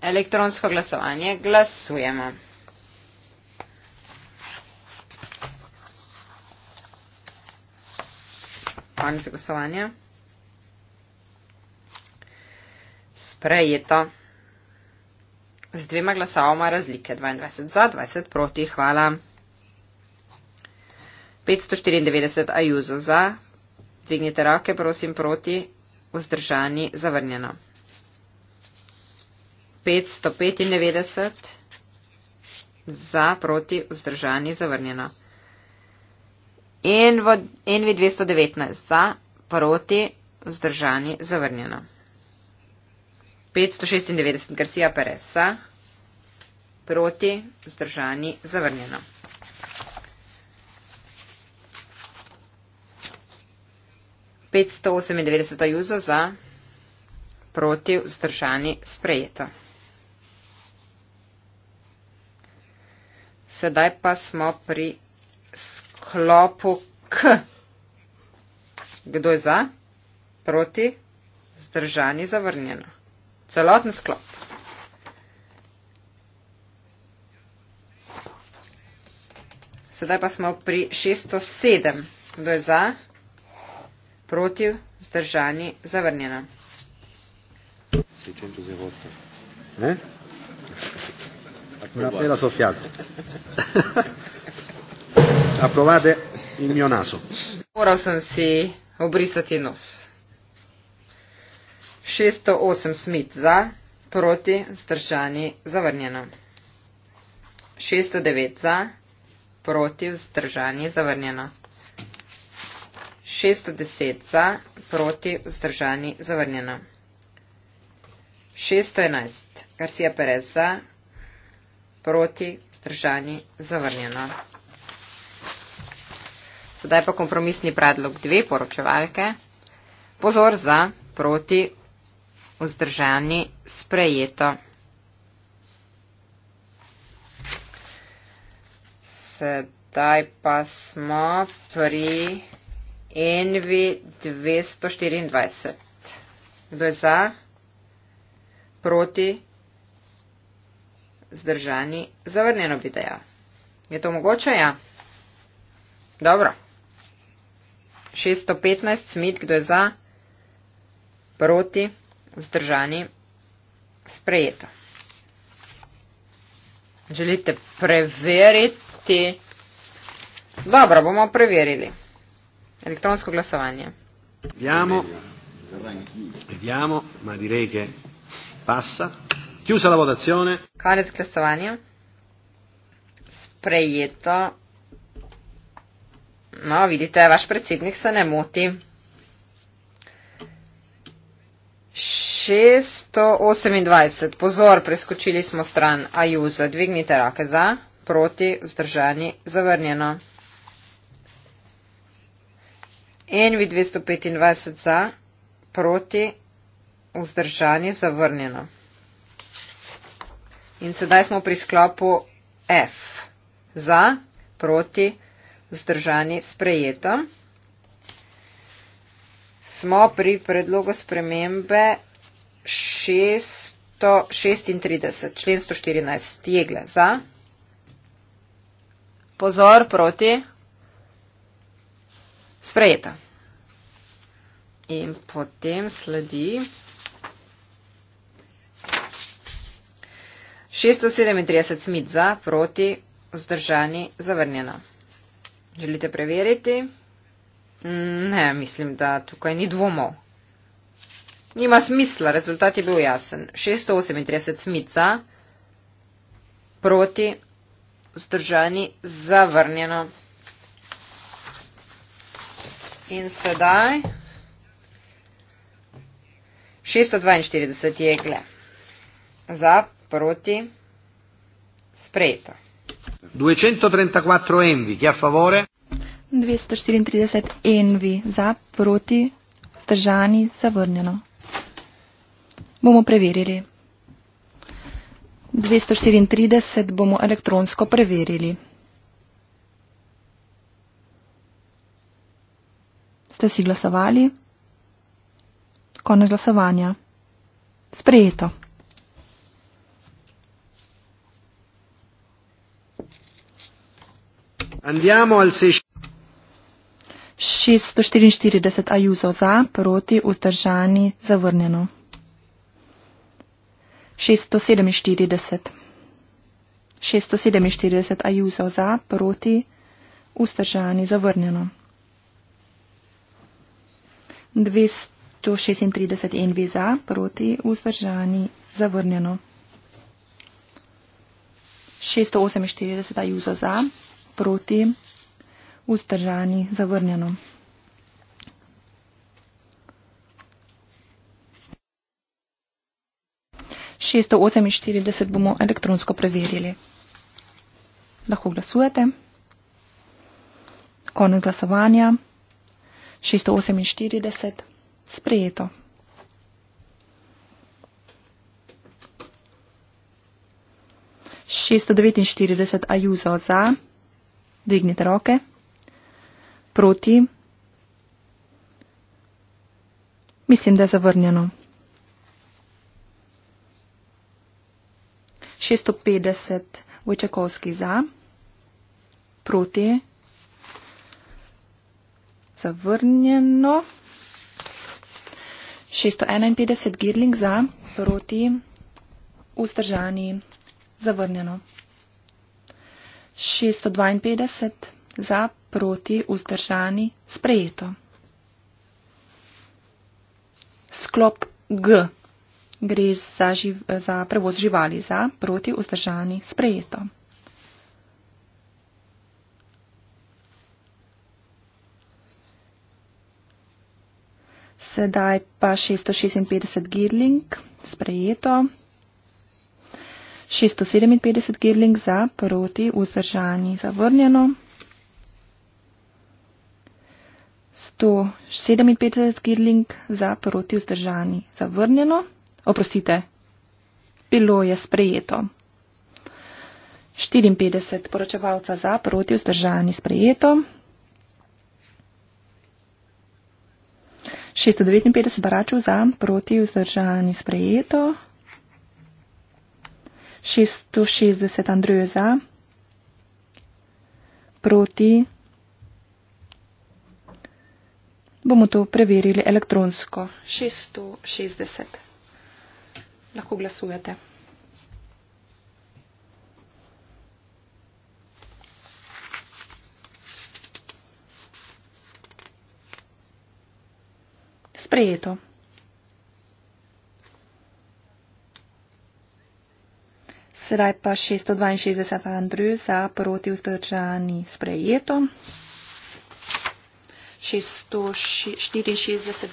elektronsko glasovanje. Glasujemo. Konec glasovanja. Sprejeto. Z dvema glasovoma razlike. 22 za, 20 proti. Hvala. 594 ajuzo za. Dvignite roke, prosim, proti. Vzdržani, zavrnjeno. 595, za, proti, vzdržani, zavrnjeno. NV219, NV za, proti, vzdržani, zavrnjeno. 596, Garcia Perez, za, proti, vzdržani, zavrnjeno. petsto osemindevetdeset ajuzo za protiv zdržani sprejeto Sedaj pa smo pri sklopu K. Kdo je za? Proti? Zdržani, zavrnjeno. Celoten sklop. Sedaj pa smo pri 607. Kdo je za? Proti? Zdržani, zavrnjeno. 600 zavrnjeno. Ne? Una bella soffiata. (laughs) Approvate il mio naso. Moral sem si obrisati nos. 608 smith za, proti, vzdržani, zavrnjeno. 609 za, proti, vzdržani, zavrnjeno. 610 za, proti, vzdržani, zavrnjeno. 611, Garcia Perez za, proti, vzdržani, zavrnjeno. Sedaj pa kompromisni predlog dve poročevalke. Pozor za, proti, vzdržani, sprejeto. Sedaj pa smo pri Envi 224. Kdo je za, proti, vzdržani zdržani, zavrnjeno bi dejal. Je to mogoče, ja? Dobro. 615 smet, kdo je za, proti, zdržani, sprejeto. Želite preveriti? Dobro, bomo preverili. Elektronsko glasovanje. Vediamo, vediamo, ma direi che passa. Chiusa la votazione. Codex Classovania. Sprejeto. No, vidite, vaš predsednik se ne moti. 628. Pozor, preskočili smo stran. Ajuzo, dvignite rake za, proti, zdržani, zavrnjeno. Envi 225 za, proti, vzdržani, zavrnjeno. In sedaj smo pri sklopu F. Za, proti, vzdržani, sprejeta. Smo pri predlogu spremembe 636, člen 114. Jegle, za. Pozor, proti. Sprejeta. In potem sledi 637 smit za, proti, vzdržani, zavrnjeno. Želite preveriti? Ne, mislim, da tukaj ni dvomov. Nima smisla, rezultat je bil jasen. 638 smit za, proti, vzdržani, zavrnjeno. In sedaj 642 jegle. Za, Proti. Sprejeto. 234 envi, chi a favore? 234 envi za, proti, stržani, zavrnjeno. Bomo preverili. 234 bomo elektronsko preverili. Ste si glasovali? Konec glasovanja. Sprejeto. Andiamo al 644 Ajuso za, proti, vzdržani, zavrnjeno. 647. 647 Ajuso za, proti, vzdržani, zavrnjeno. 236 NV za, proti, vzdržani, zavrnjeno. 648 Ajuso za proti, vzdržani, zavrnjeno. Šesto oseminštirideset bomo elektronsko preverili. Lahko glasujete. Konec glasovanja. Šesto oseminštirideset. Sprejeto. Šesto devetinštirideset. Ajuzo za dvignite roke, proti, mislim, da je zavrnjeno. 650 Vojčakovski za, proti, zavrnjeno. 651 Girling za, proti, vzdržani, zavrnjeno. 652 za, proti, vzdržani, sprejeto. Sklop G. Gre za, živ, za prevoz živali za, proti, vzdržani, sprejeto. Sedaj pa 656 girling, sprejeto. 657 girling za, proti, vzdržani, zavrnjeno. 157 girling za, proti, vzdržani, zavrnjeno. Oprostite, bilo je sprejeto. 54 poročevalca za, proti, vzdržani, sprejeto. 659 baračev za, proti, vzdržani, sprejeto. 660 Andreza proti. Bomo to preverili elektronsko. 660. Lahko glasujete. Sprejeto. Sedaj pa 662 Andrusa proti vzdržani sprejeto. 664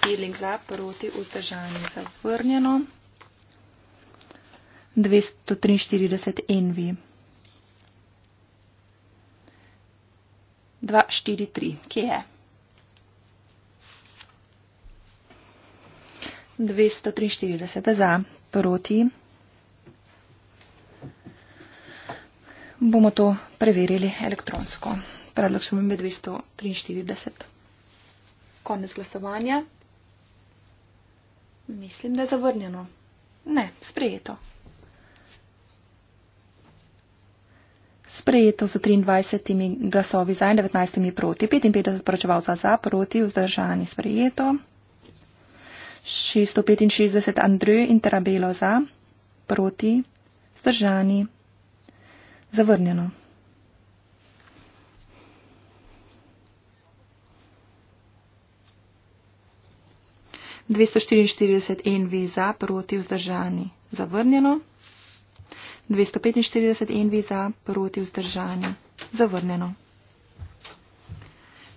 Bilik za proti vzdržani zavrnjeno. 243 Envi. 243, kje je? 243 za proti vzdržani zavrnjeno. bomo to preverili elektronsko. Predlog smo imeli 243. Konec glasovanja. Mislim, da je zavrnjeno. Ne, sprejeto. Sprejeto z 23 glasovi za in 19 proti, 55 poročevalca za, proti, vzdržani sprejeto, 665 Andrej in Terabelo za, proti, vzdržani. Zavrnjeno. Dvesto štiriinštirideset za, proti vzdržani. Zavrnjeno. Dvesto petinštirideset za, proti vzdržani. Zavrnjeno.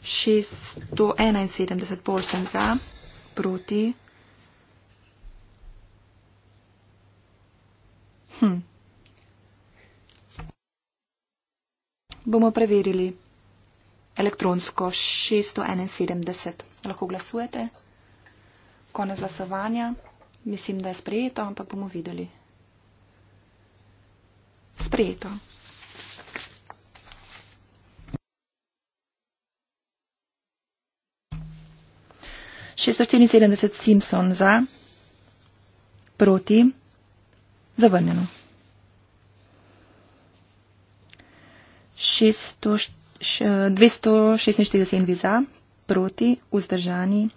671 bolj sem za, proti. Hm, bomo preverili elektronsko 671. Lahko glasujete. Konec glasovanja. Mislim, da je sprejeto, ampak bomo videli. Sprejeto. Šesto štiri sedemdeset Simpson za, proti, zavrnjeno. 246 za, proti, vzdržani.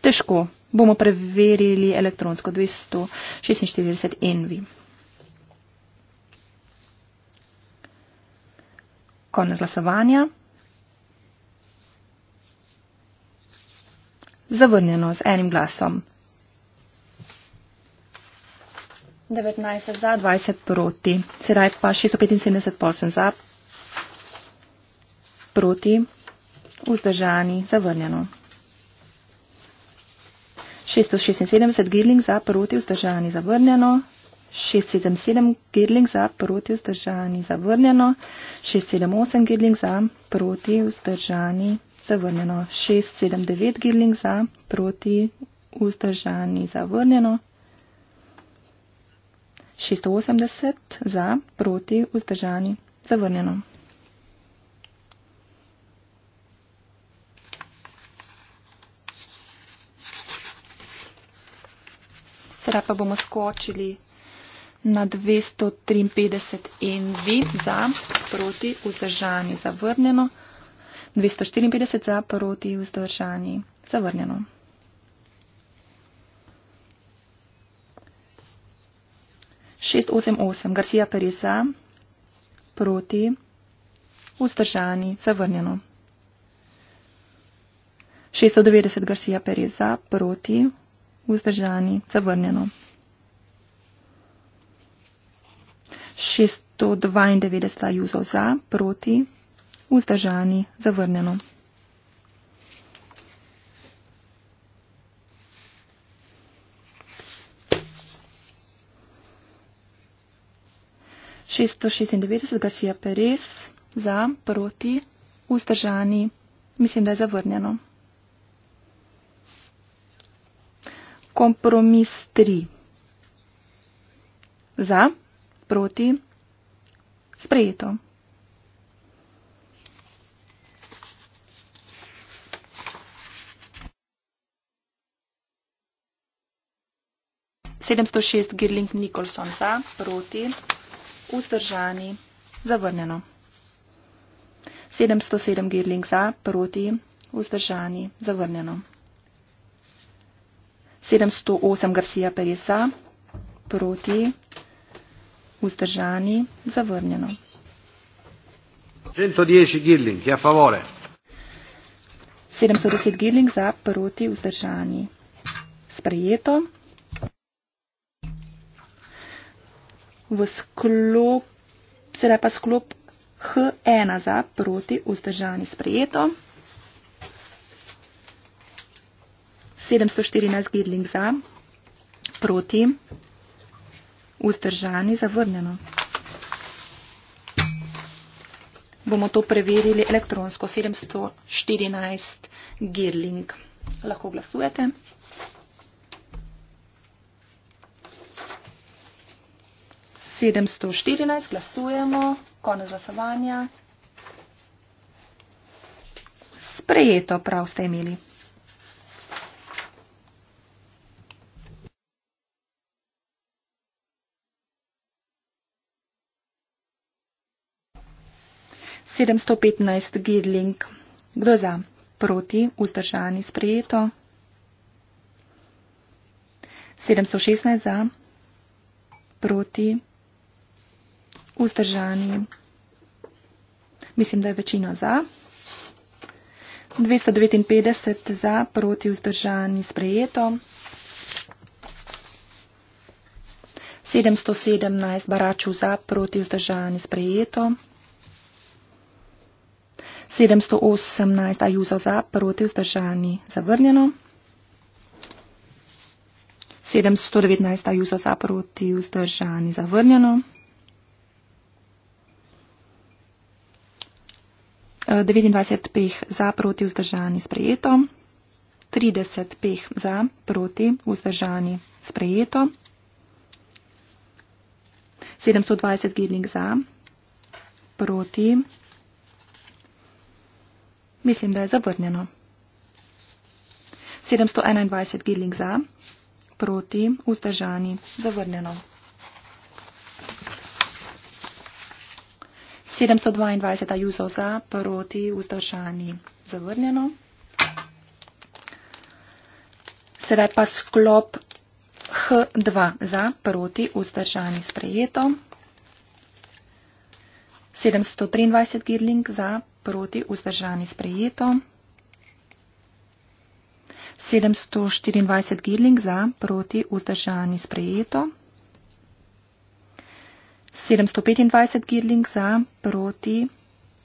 Težko. Bomo preverili elektronsko 246 envi. Konec glasovanja. Zavrnjeno z enim glasom. 19 za, 20 proti. Sedaj pa 675 posem za, proti, vzdržani, zavrnjeno. 676 girling za, proti, vzdržani, zavrnjeno. 677 girling za, proti, vzdržani, zavrnjeno. 678 girling za, proti, vzdržani, zavrnjeno. 679 girling za, proti, vzdržani, zavrnjeno. 680 za, proti, vzdržani, zavrnjeno. Sedaj pa bomo skočili na 253 NV za, proti, vzdržani, zavrnjeno. 254 za, proti, vzdržani, zavrnjeno. 688, Garcia Pereza, proti, vzdržani, zavrnjeno. 690, Garcia Pereza, proti, vzdržani, zavrnjeno. 692, Juzo za, proti, vzdržani, zavrnjeno. 696 Garcia Perez za, proti, vzdržani. Mislim, da je zavrnjeno. Kompromis 3. Za, proti, sprejeto. Sedemsto šest Girling Nicholson za, proti vzdržani, zavrnjeno. 707 girling za, proti, vzdržani, zavrnjeno. 708 Garcia Perez za, proti, vzdržani, zavrnjeno. 110 girling, a favore. 710 girling za, proti, vzdržani, sprejeto. v sklop, sedaj pa sklop H1 za proti vzdržani sprejeto. 714 gidling za proti vzdržani zavrnjeno. Bomo to preverili elektronsko. 714 gidling. Lahko glasujete. 714, glasujemo, konec glasovanja. Sprejeto prav ste imeli. Sedemsto petnajst girling. Kdo za? Proti? Vzdržani? Sprejeto? Sedemsto šestnajst za? Proti? vzdržani. Mislim, da je večina za. 259 za, proti vzdržani sprejeto. 717 baraču za, proti vzdržani sprejeto. 718 ajuzo za, proti vzdržani zavrnjeno. 719 ajuzo za, proti vzdržani zavrnjeno. 29 peh za proti vzdržani sprejeto, 30 peh za proti vzdržani sprejeto, 720 gilnik za proti, mislim, da je zavrnjeno. 721 gilnik za proti vzdržani zavrnjeno. 722 ajusov za, proti vzdržani zavrnjeno. Sedaj pa sklop H2 za, proti vzdržani sprejeto. 723 girling za, proti vzdržani sprejeto. 724 girling za, proti vzdržani sprejeto. 725 girling za, proti,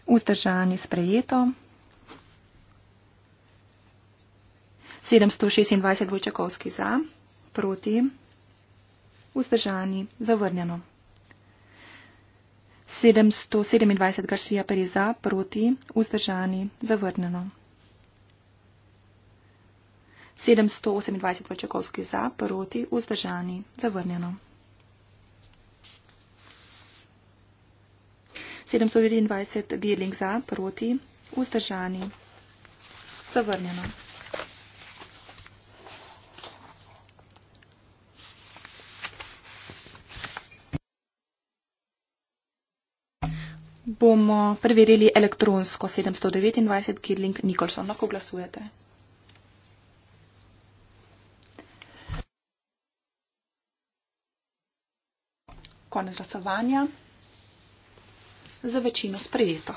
vzdržani sprejeto. 726 Vojčakovski za, proti, vzdržani, zavrnjeno. 727 Garcia Perez za, proti, vzdržani, zavrnjeno. 728 Vojčakovski za, proti, vzdržani, zavrnjeno. 723 Gearling za, proti, vzdržani, zavrnjeno. Bomo preverili elektronsko 729 Gearling Nicholson. Lahko glasujete. Konec glasovanja za večino sprejeto.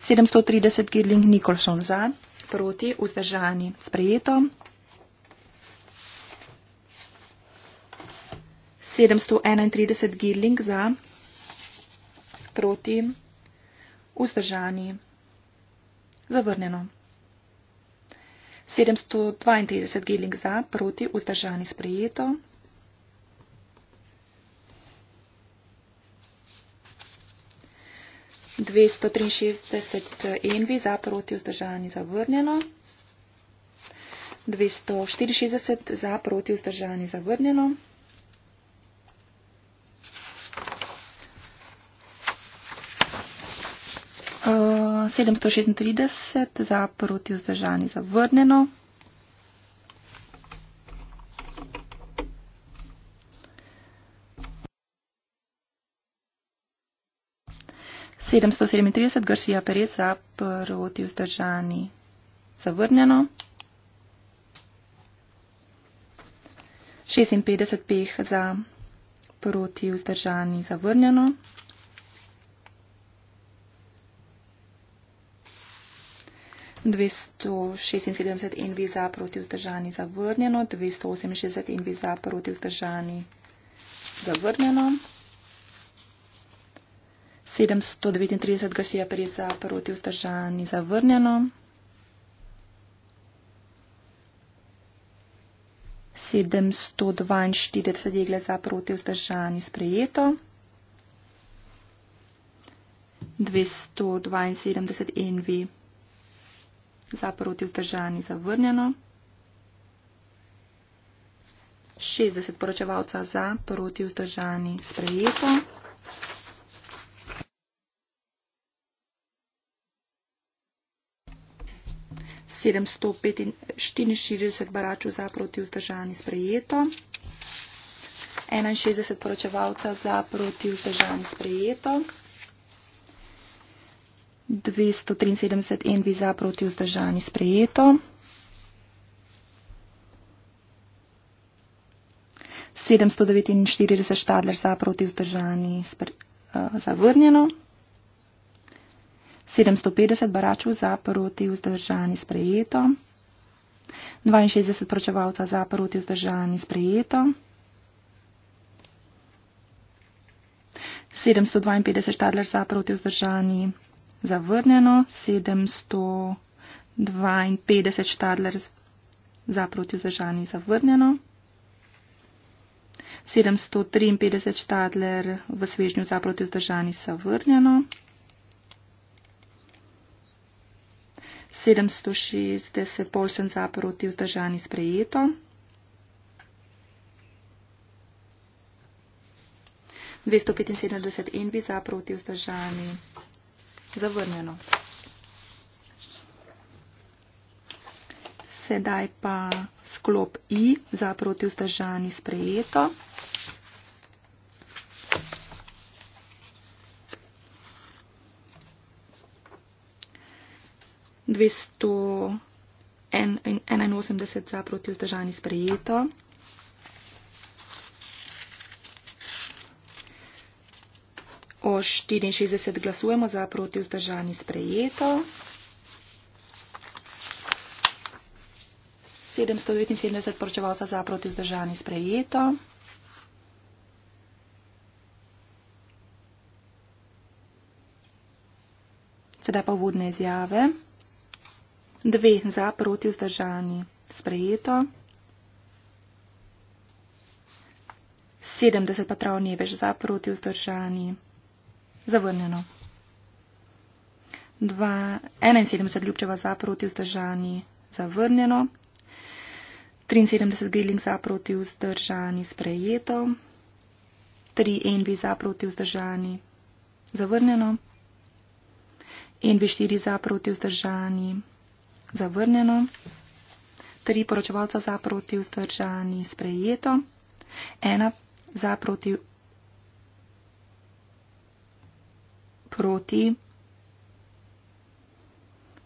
730 Girling Nicholson za, proti, vzdržani, sprejeto. 731 Girling za, proti, vzdržani, zavrneno. 732 Girling za, proti, vzdržani, sprejeto. 263 envi, za proti vzdržani zavrnjeno. 264 za proti vzdržani zavrnjeno. 736 eh, za proti vzdržani zavrnjeno. 737 Garcia Perez za proti vzdržani zavrnjeno. 56 peh za proti vzdržani zavrnjeno. 276 in viza proti vzdržani zavrnjeno, 268 in viza proti vzdržani zavrnjeno. 739 Garcia Pereza proti vzdržani zavrnjeno. 742 jegle za proti vzdržani sprejeto. 272 NV za proti vzdržani zavrnjeno. 60 poročevalca za proti vzdržani sprejeto. 744 baračov za proti vzdržani sprejeto, 61 poročevalca za proti vzdržani sprejeto, 273 envi za proti vzdržani sprejeto, 749 štadler za proti vzdržani sprejeto, eh, zavrnjeno. 750 baračev za proti vzdržani sprejeto, 62 pročevalca za proti vzdržani sprejeto, 752 štadler za proti vzdržani zavrnjeno, 752 štadler za proti vzdržani zavrnjeno, 753 štadler v svežnju za proti vzdržani zavrnjeno, 760 pošten za proti vzdržani sprejeto. Dvesto petinsedemdeset envi za proti vzdržani zavrnjeno. Sedaj pa sklop I za proti vzdržani sprejeto. 281 za proti vzdržani sprejeto. O 64 glasujemo za proti vzdržani sprejeto. 779 poročevalca za proti vzdržani sprejeto. Sedaj pa vodne izjave. 2 za proti vzdržani. Sprejeto. 70 patrov ni več za proti vzdržani. Zavrnjeno. 2, 71 ljubčeva za proti vzdržani. Zavrnjeno. 73 geling za proti vzdržani. Sprejeto. 3 envi za proti vzdržani. Zavrnjeno. Envi 4 za proti vzdržani. Zavrnjeno zavrnjeno, tri poročevalca za proti vzdržani sprejeto, ena za proti, proti.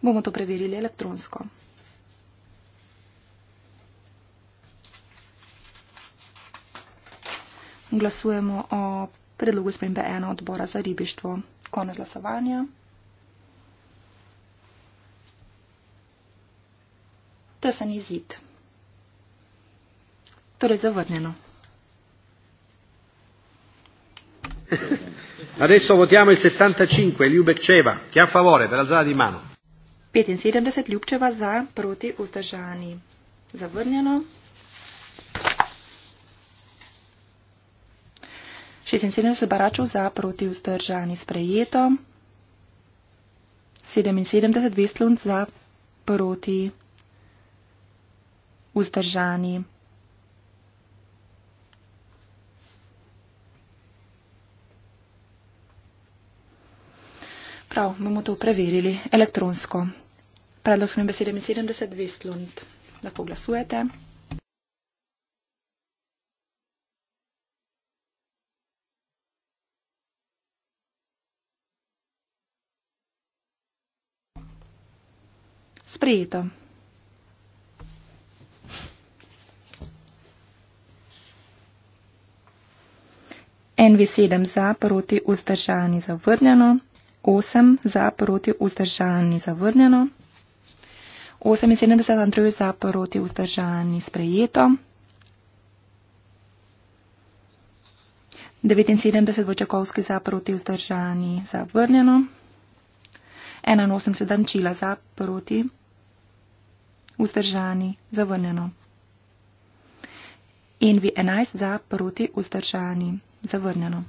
Bomo to preverili elektronsko. Glasujemo o predlogu spremembe ena odbora za ribištvo. Konec glasovanja. vtesan je zid. Torej, zavrnjeno. Adesso votiamo il 75, Ljubekčeva. Chi ha favore per alzare di mano? 75, Ljubekčeva za, proti, vzdržani. Zavrnjeno. 76, Baračov za, proti, vzdržani. Sprejeto. 77, Vestlund za, proti, vzdržani vzdržani. Prav, bomo to preverili elektronsko. Predlog smo besede 70 Vestlund. Lahko glasujete. Sprejeto. NV7 za, proti, vzdržani, zavrnjeno. 8 za, proti, vzdržani, zavrnjeno. 78 Andrej za, proti, vzdržani, sprejeto. 79 Vočakovski za, proti, vzdržani, zavrnjeno. 81 Dančila za, proti, vzdržani, zavrnjeno. NV11 za, proti, vzdržani, zavrnjeno zavrnjeno.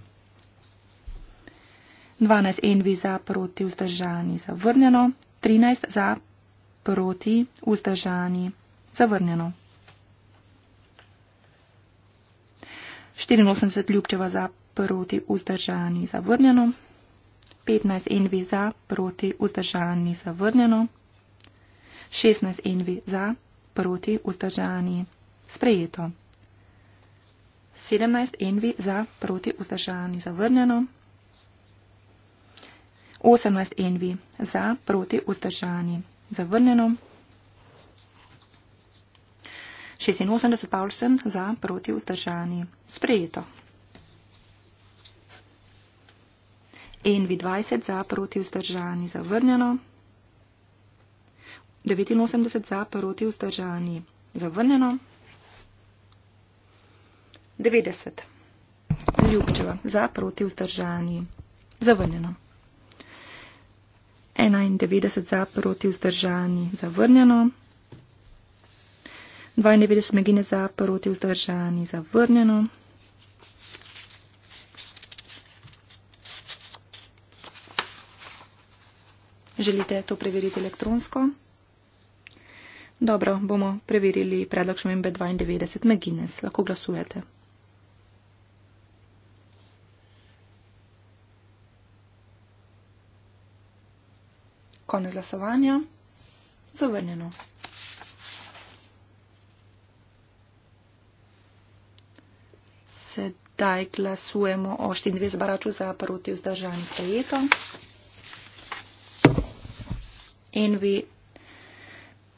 12 envi za proti vzdržani zavrnjeno, 13 za proti vzdržani zavrnjeno. 84 ljubčeva za proti vzdržani zavrnjeno, 15 envi za proti vzdržani zavrnjeno, 16 envi za proti vzdržani sprejeto. 17 envi za proti vzdržani zavrnjeno. 18 envi za proti vzdržani zavrnjeno. 86 Paulsen za proti vzdržani sprejeto. Envi 20 za proti vzdržani zavrnjeno. 89 za proti vzdržani zavrnjeno. 90. Ljubčeva, za proti vzdržani. Zavrnjeno. 91 za proti vzdržani. Zavrnjeno. 92 megine za proti vzdržani. Zavrnjeno. 92. Želite to preveriti elektronsko? Dobro, bomo preverili predlog šumembe 92 megines. Lahko glasujete. Konec glasovanja. Zavrnjeno. Sedaj glasujemo o 24 baraču za proti vzdržanju sprejeto. In vi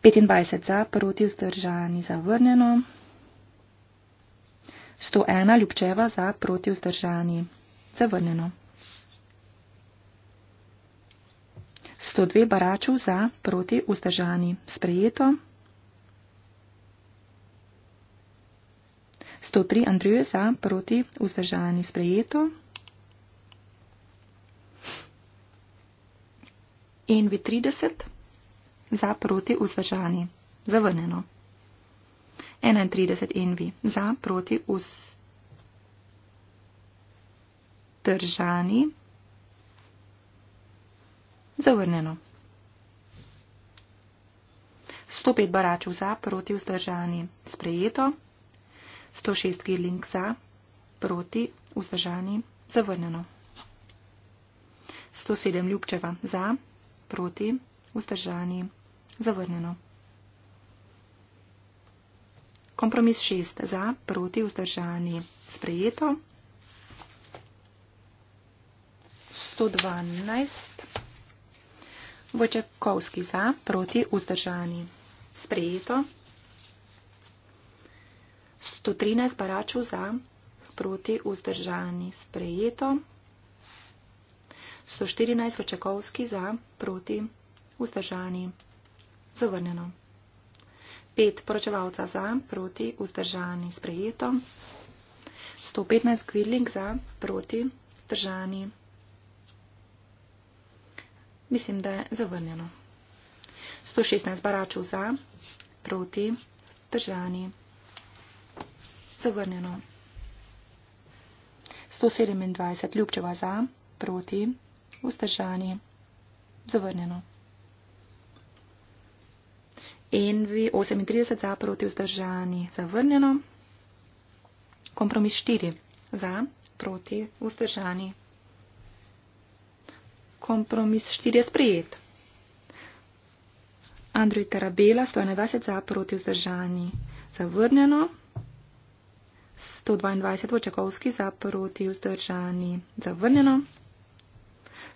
25 za proti vzdržanji zavrnjeno. 101 ljubčeva za proti vzdržanji zavrnjeno. 102 baračov za, proti vzdržani. Sprejeto. 103 Andrej za, proti vzdržani. Sprejeto. In vi 30 za, proti vzdržani. Zavrneno. 31 NV za proti vzdržani. Zavrnjeno. 105 baračev za, proti vzdržani. Sprejeto. 106 girling za, proti vzdržani. Zavrnjeno. 107 ljubčeva za, proti vzdržani. Zavrnjeno. Kompromis 6 za, proti vzdržani. Sprejeto. 112 ljubčeva. Vojčekovski za, proti vzdržani. Sprejeto. 113 baračov za, proti vzdržani. Sprejeto. 114 Vojčekovski za, proti vzdržani. Zavrnjeno. 5 poročevalca za, proti vzdržani. Sprejeto. 115 Gvidling za, proti vzdržani. Sprejeto. Mislim, da je zavrnjeno. 116 baračev za, proti, držani. Zavrnjeno. 127 ljubčeva za, proti, vzdržani. Zavrnjeno. Envi 38 za, proti, vzdržani. Zavrnjeno. Kompromis 4 za, proti, vzdržani kompromis 4 je sprejet. Android Tarabela 121 za proti vzdržani zavrnjeno. 122 Vočakovski za proti vzdržani zavrnjeno.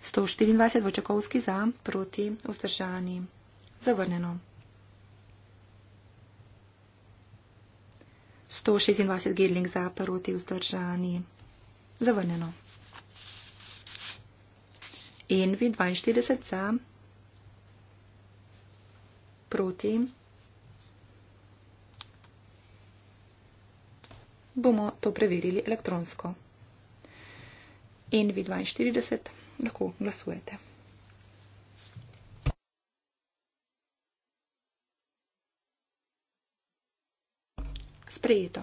124 Vočakovski za proti vzdržani zavrnjeno. 126 Gedling za proti vzdržani zavrnjeno in wie 42 za, proti. Bomo to preverili elektronsko. In vi 42 lahko glasujete. Sprejeto.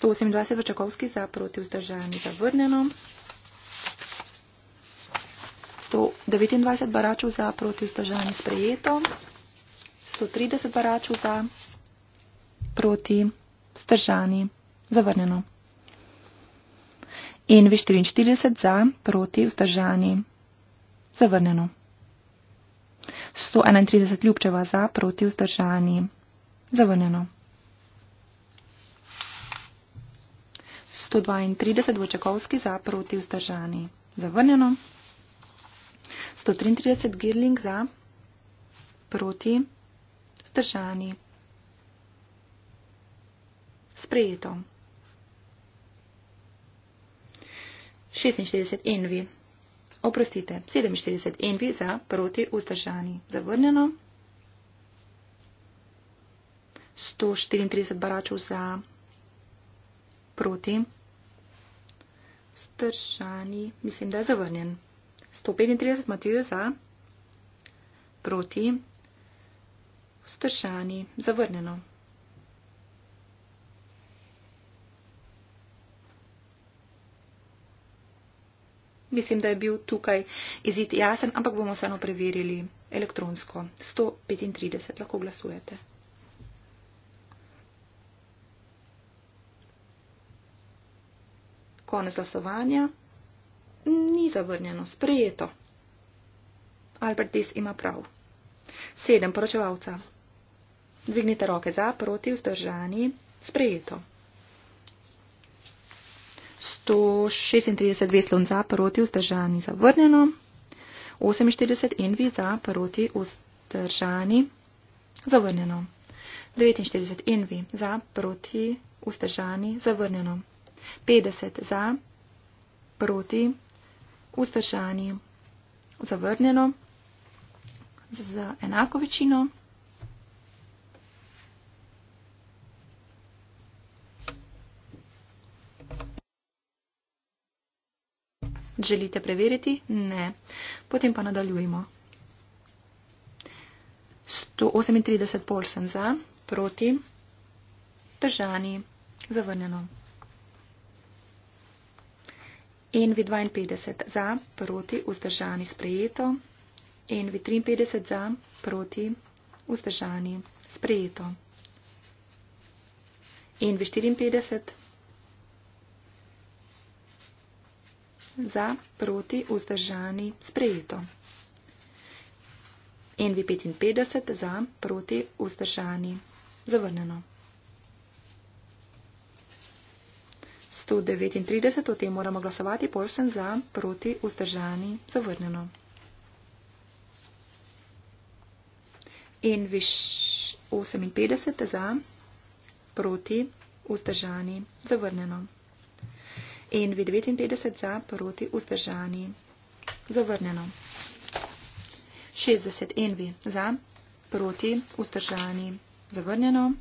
128 Vrčakovski za, proti vzdržani zavrnjeno. 129 Baračov za, proti vzdržani sprejeto. 130 Baračov za, proti vzdržani zavrnjeno. In vi 44 za, proti vzdržani zavrnjeno. 131 Ljubčeva za, proti vzdržani zavrnjeno. 132 Vočakovski za proti vzdržani. Zavrnjeno. 133 Girling za proti vzdržani. Sprejeto. 46 Envi. Oprostite, 47 envi za proti vzdržani. Zavrnjeno. 134 baračov za proti, stršani, mislim, da je zavrnjen. 135 Matijo za, proti, stršani, zavrnjeno. Mislim, da je bil tukaj izid jasen, ampak bomo se eno preverili elektronsko. 135 lahko glasujete. Konec glasovanja. Ni zavrnjeno, sprejeto. Albert Dis ima prav. Sedem poročevalca. Dvignite roke za, proti, vzdržani, sprejeto. 136 veslon za, proti, vzdržani, zavrnjeno. 48 envi za, proti, vzdržani, zavrnjeno. 49 envi za, proti, vzdržani, zavrnjeno. 50 za, proti, vzdržani, zavrnjeno, z enako večino. Želite preveriti? Ne. Potem pa nadaljujemo. 138 polsen za, proti, držani, zavrnjeno in vi 52 za, proti, vzdržani, sprejeto, in vi 53 za, proti, vzdržani, sprejeto, in vi 54 za, proti, vzdržani, sprejeto, in vi 55 za, proti, vzdržani, zavrnjeno. 139, o tem moramo glasovati, polsen za, proti, vzdržani, zavrnjeno. In viš 58 za, proti, vzdržani, zavrnjeno. In vi 59 za, proti, vzdržani, zavrnjeno. 60 in vi za, proti, vzdržani, zavrnjeno.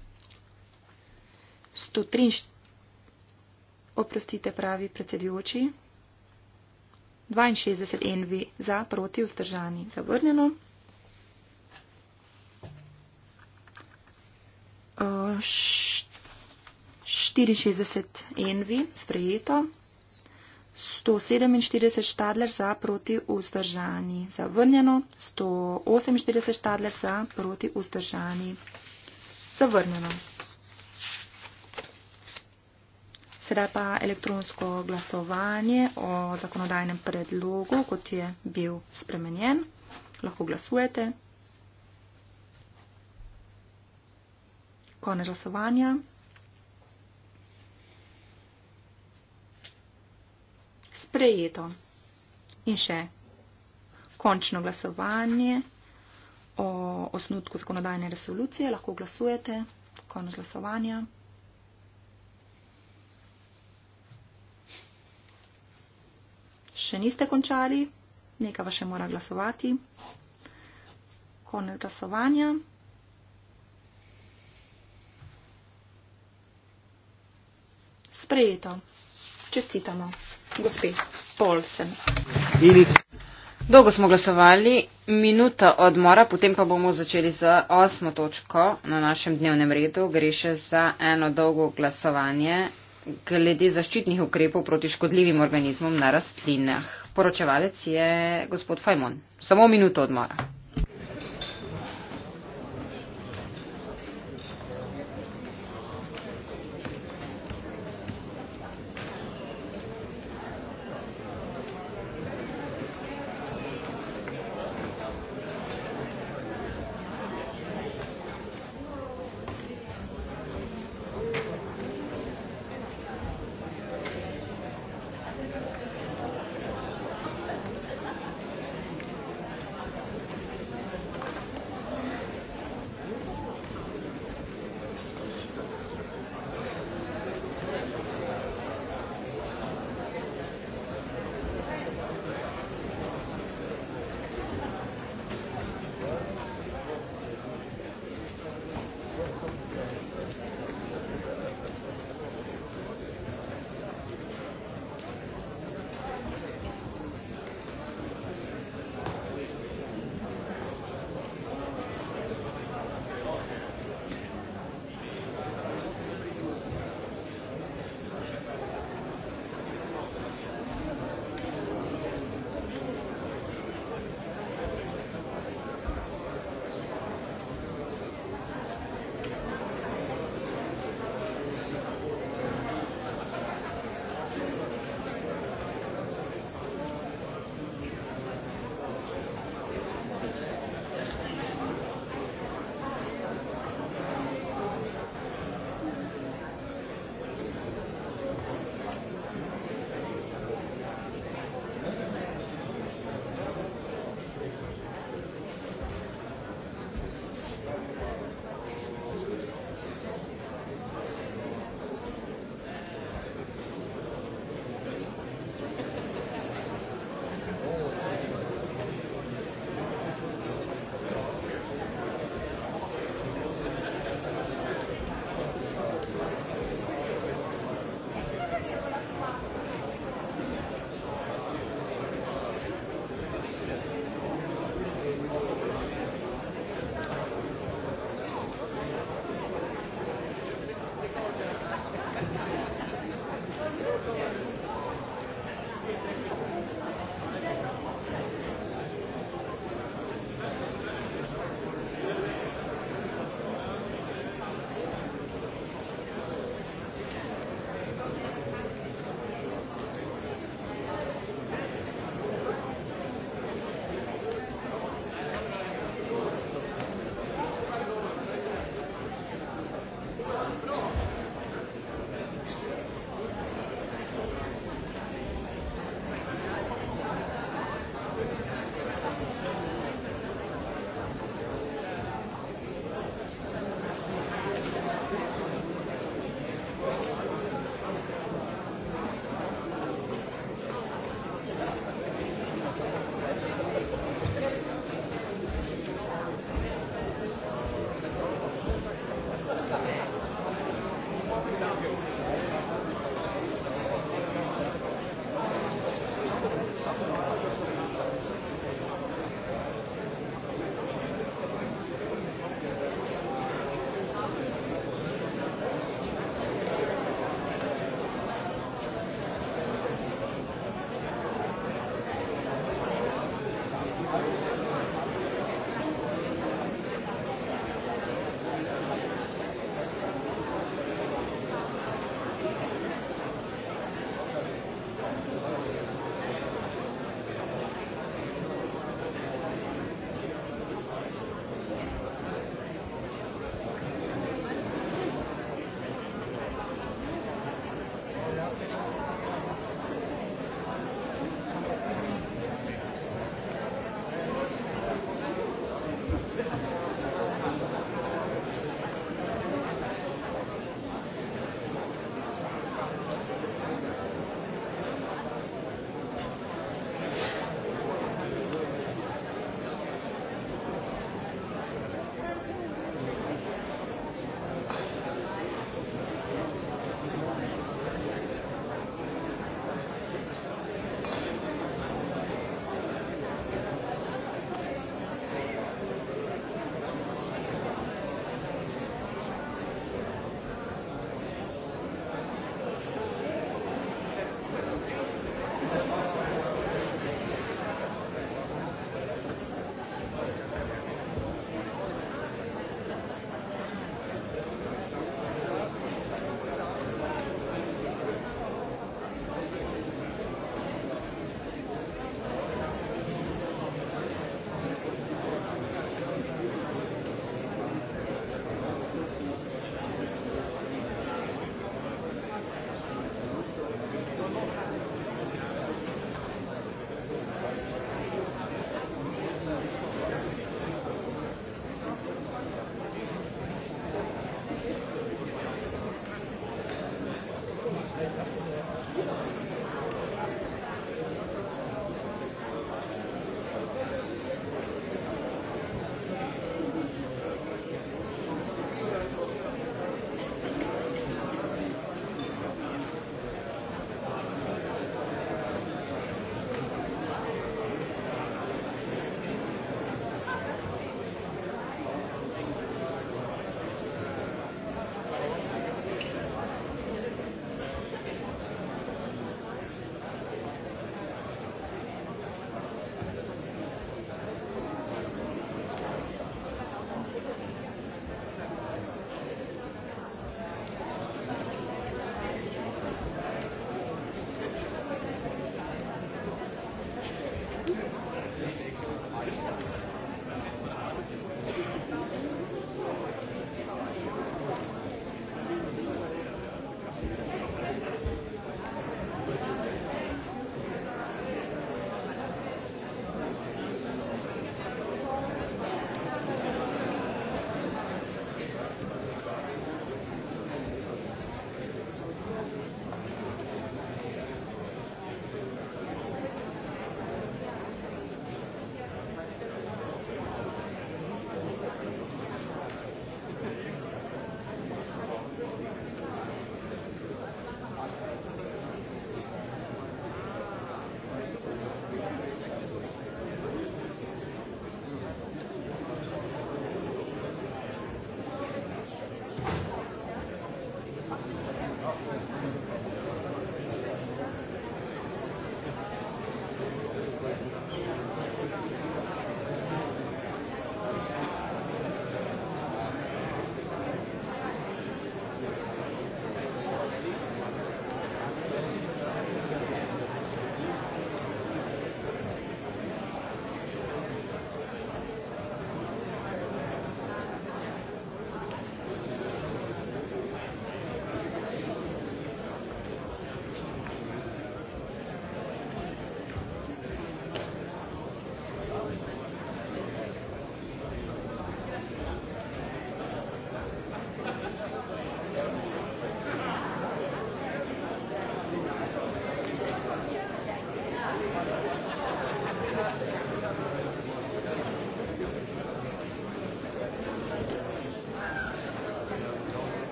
143 oprostite, pravi predsedujoči. 62 NV za, proti, vzdržani, zavrnjeno. Uh, 64 NV, sprejeto. 147 Štadler za, proti, vzdržani, zavrnjeno. 148 Štadler za, proti, vzdržani, zavrnjeno. Sedaj pa elektronsko glasovanje o zakonodajnem predlogu, kot je bil spremenjen. Lahko glasujete. Konec glasovanja. Sprejeto. In še končno glasovanje o osnutku zakonodajne resolucije. Lahko glasujete. Konec glasovanja. še niste končali, nekaj vas še mora glasovati. Konec glasovanja. Sprejeto. Čestitamo. Gospe, pol sem. Dolgo smo glasovali, minuta odmora, potem pa bomo začeli z osmo točko na našem dnevnem redu. Gre še za eno dolgo glasovanje glede zaščitnih ukrepov proti škodljivim organizmom na rastlinah. Poročevalec je gospod Fajmon. Samo minuto odmora.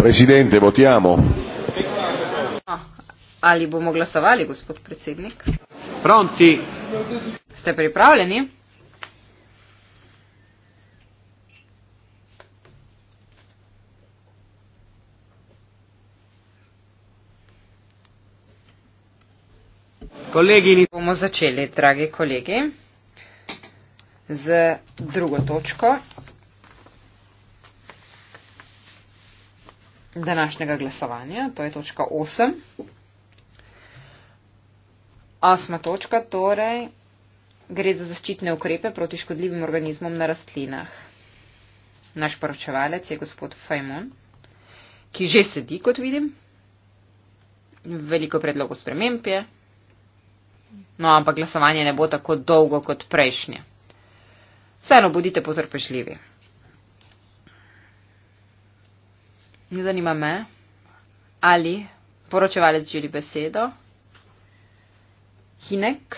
Presidente, votiamo. No, ali bomo glasovali, gospod predsednik? Pronti. Ste pripravljeni? Kolegi, bomo začeli, dragi kolegi, z drugo točko današnjega glasovanja, to je točka 8. Osma točka torej gre za zaščitne ukrepe proti škodljivim organizmom na rastlinah. Naš poročevalec je gospod Fajmon, ki že sedi, kot vidim. Veliko predlogov sprememb je. No, ampak glasovanje ne bo tako dolgo kot prejšnje. Vseeno bodite potrpežljivi. Ne zanima me, ali poročevalec želi besedo. Hinek,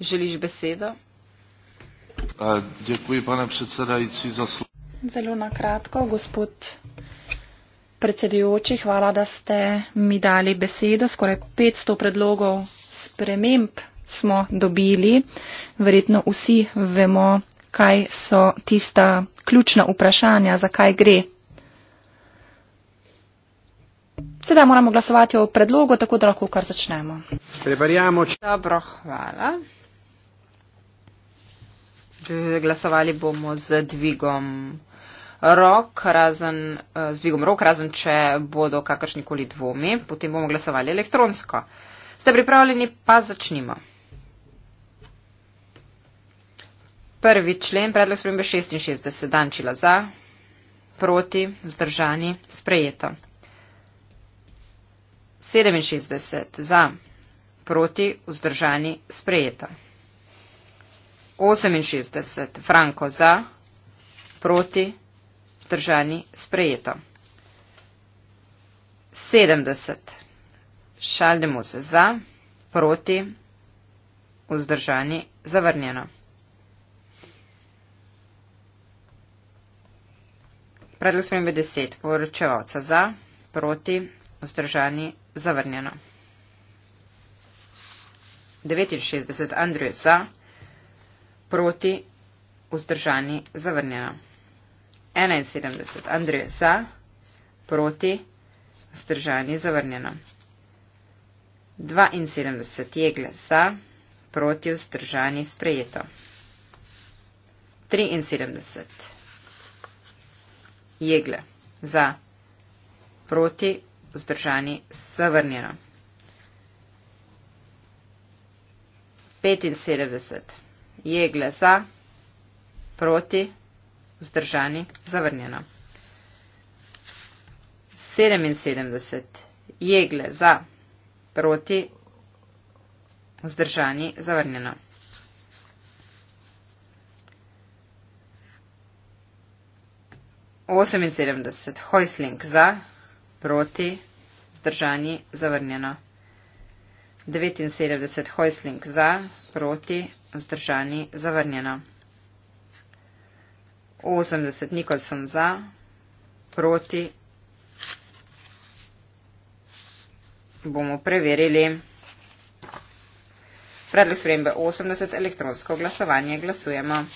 želiš besedo? Dekuji, pane predsedajci, za slovo. Zelo na kratko, gospod predsedujoči, hvala, da ste mi dali besedo. Skoraj 500 predlogov sprememb smo dobili. Verjetno vsi vemo, kaj so tista ključna vprašanja, zakaj gre. Sedaj moramo glasovati o predlogu, tako da lahko kar začnemo. Preverjamo, če. Dobro, hvala. Glasovali bomo z dvigom rok, razen, eh, z dvigom rok, razen če bodo kakršnikoli dvomi, potem bomo glasovali elektronsko. Ste pripravljeni, pa začnimo. Prvi člen, predlog spremembe 66, dančila za, proti, vzdržani, sprejeto. 67 za, proti, vzdržani, sprejeto. 68 franko za, proti, vzdržani, sprejeto. 70 šaldemo se za, proti, vzdržani, zavrnjeno. Predlog smo imeli deset poročevalca za, proti, vzdržani, zavrnjeno. 69 Andrej za, proti, vzdržani, zavrnjeno. 71 Andrej za, proti, vzdržani, zavrnjeno. 72 Jegle za, proti, vzdržani, sprejeto. 73 Jegle za, proti, vzdržani, sprejeto jegle za proti vzdržani zavrnjeno. 75 jegle za proti vzdržani zavrnjeno. 77 jegle za proti vzdržani zavrnjeno. 78, Hojsling za, proti, zdržani, zavrnjeno. 79, Hojsling za, proti, zdržani, zavrnjeno. 80, Nikolson za, proti. Bomo preverili. Predlog spremembe 80, elektronsko glasovanje, glasujemo.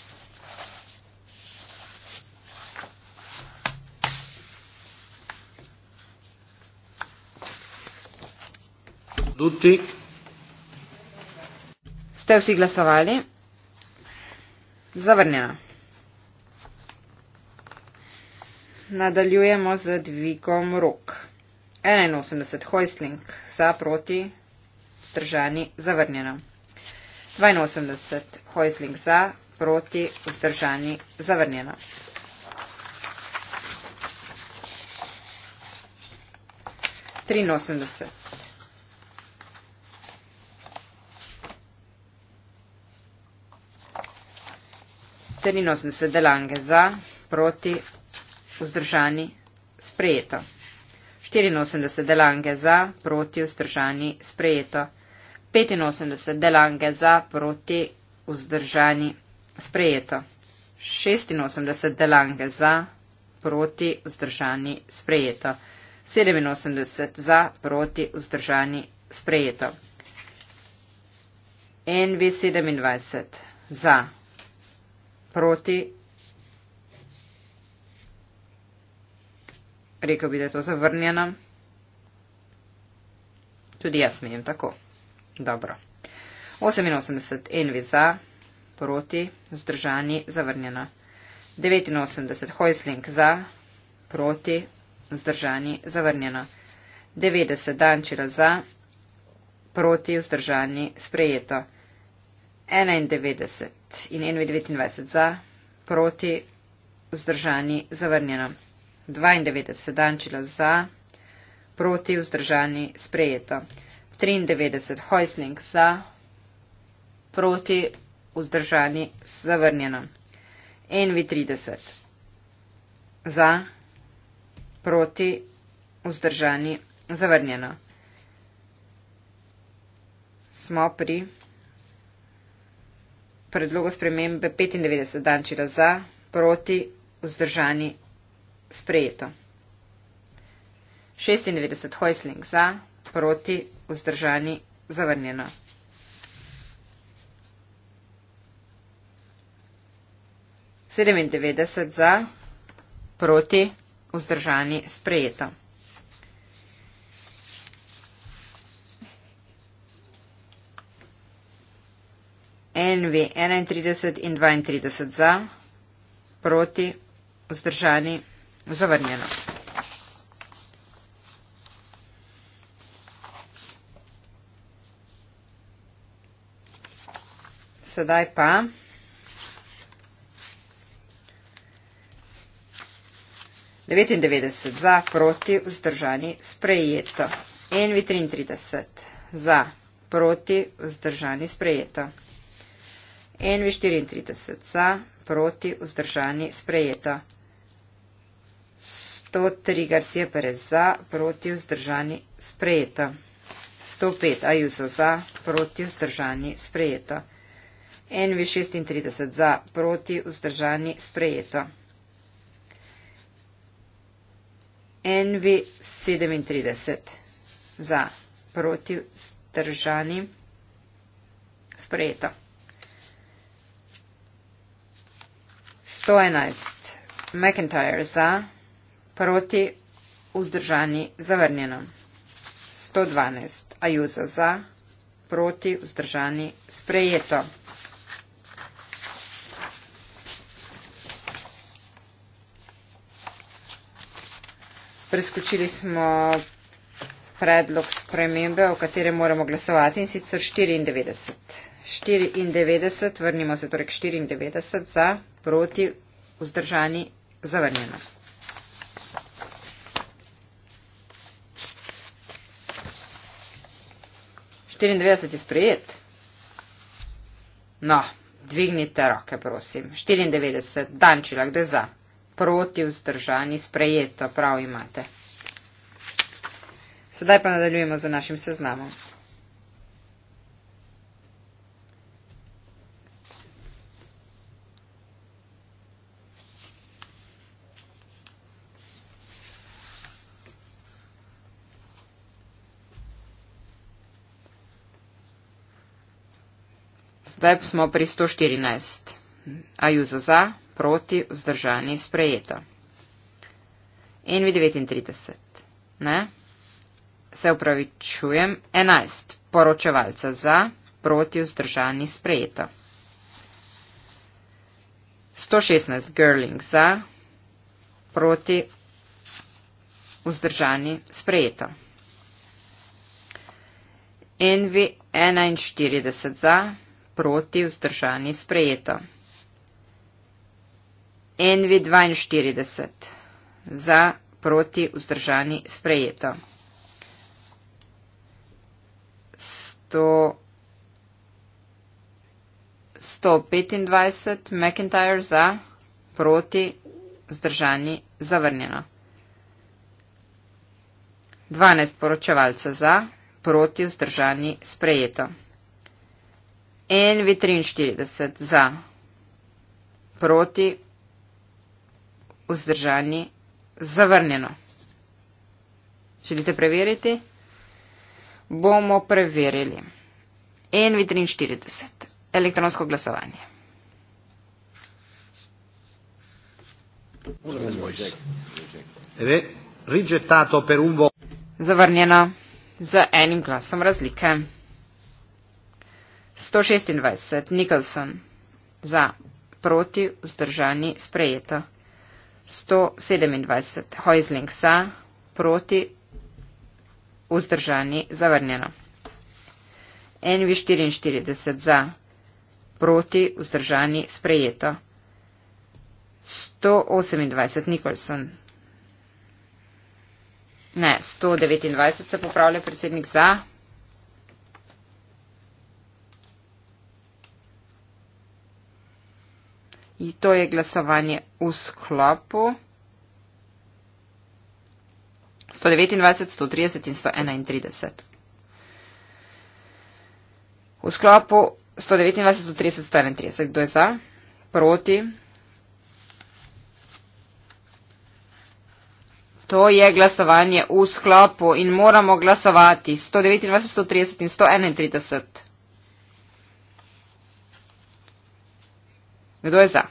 Tutti. Ste vsi glasovali? Zavrnjeno. Nadaljujemo z dvigom rok. 81 hojsling za proti, vzdržani zavrnjeno. 82 hojsling za proti, vzdržani zavrnjeno. Triinosemdeset 83 delange za, proti, vzdržani, sprejeto. 84 delange za, proti, vzdržani, sprejeto. 85 delange za, proti, vzdržani, sprejeto. 86 delange za, proti, vzdržani, sprejeto. 87 za, proti, vzdržani, sprejeto. NV 27 za, proti, rekel bi, da je to zavrnjeno. Tudi jaz smem tako. Dobro. 88 envi za, proti, vzdržani, zavrnjeno. 89 hojsling za, proti, vzdržani, zavrnjeno. 90 dančila za, proti, vzdržani, sprejeto. 91 in NV29 za, proti, vzdržani, zavrnjeno. 92 Dančila za, proti, vzdržani, sprejeto. 93 Hoisling za, proti, vzdržani, zavrnjeno. NV30 za, proti, vzdržani, zavrnjeno. Smo pri predlogu spremembe 95 dan čila za, proti, vzdržani, sprejeto. 96 hojsling za, proti, vzdržani, zavrnjeno. Sedemindevetdeset za, proti, vzdržani, sprejeto. NV 31 in 32 za, proti, vzdržani, zavrnjeno. Sedaj pa devetindevetdeset za proti vzdržani sprejeto. NV trinajst za proti vzdržani sprejeto enainštiriintrideset za proti vzdržani sprejeto sto tri garcije perez za proti vzdržani sprejeto sto pet ajuso za proti vzdržani sprejeto NV36 za proti vzdržani sprejeto. NV37 za proti vzdržani sprejeto. sto enajst mcintyre za proti vzdržani zavrnjeno sto dvanajst ajuza za proti vzdržani sprejeto preskočili smo predlog spremembe, o katerem moramo glasovati in sicer 94. 94, vrnimo se torej k 94 za, proti, vzdržani, zavrnjeno. Štiriindevetdeset je sprejet. No, dvignite roke, prosim. Štiriindevetdeset, dančila, kdo je za? Proti, vzdržani, sprejeto, prav imate. Sedaj pa nadaljujemo z našim seznamom. Zdaj smo pri 114. Aju za za, proti, vzdržani, sprejeto. In vi 39. Ne? Se upravičujem. 11. Poročevalca za, proti, vzdržani, sprejeto. 116. Girling za, proti, vzdržani, sprejeto. Envi 41 za, proti vzdržani sprejeto. Envi 42. Za proti vzdržani sprejeto. 125 McIntyre za proti vzdržani zavrnjeno. 12 poročevalce za proti vzdržani sprejeto in vi 43 za, proti, vzdržani, zavrnjeno. Želite preveriti? Bomo preverili. NV43. Elektronsko glasovanje. Zavrnjeno. Z enim glasom razlike. 126, Nicholson, za, proti, vzdržani, sprejeto. 127, Heusling, za, proti, vzdržani, zavrnjeno. NV44, za, proti, vzdržani, sprejeto. 128, Nicholson. Ne, 129 se popravlja predsednik za, i to je glasovanje v sklopu 129, 130 in 131. V sklopu 129, 130, 131. Kdo je za? Proti? To je glasovanje v sklopu in moramo glasovati 129, 130 in 131. Kdo je za?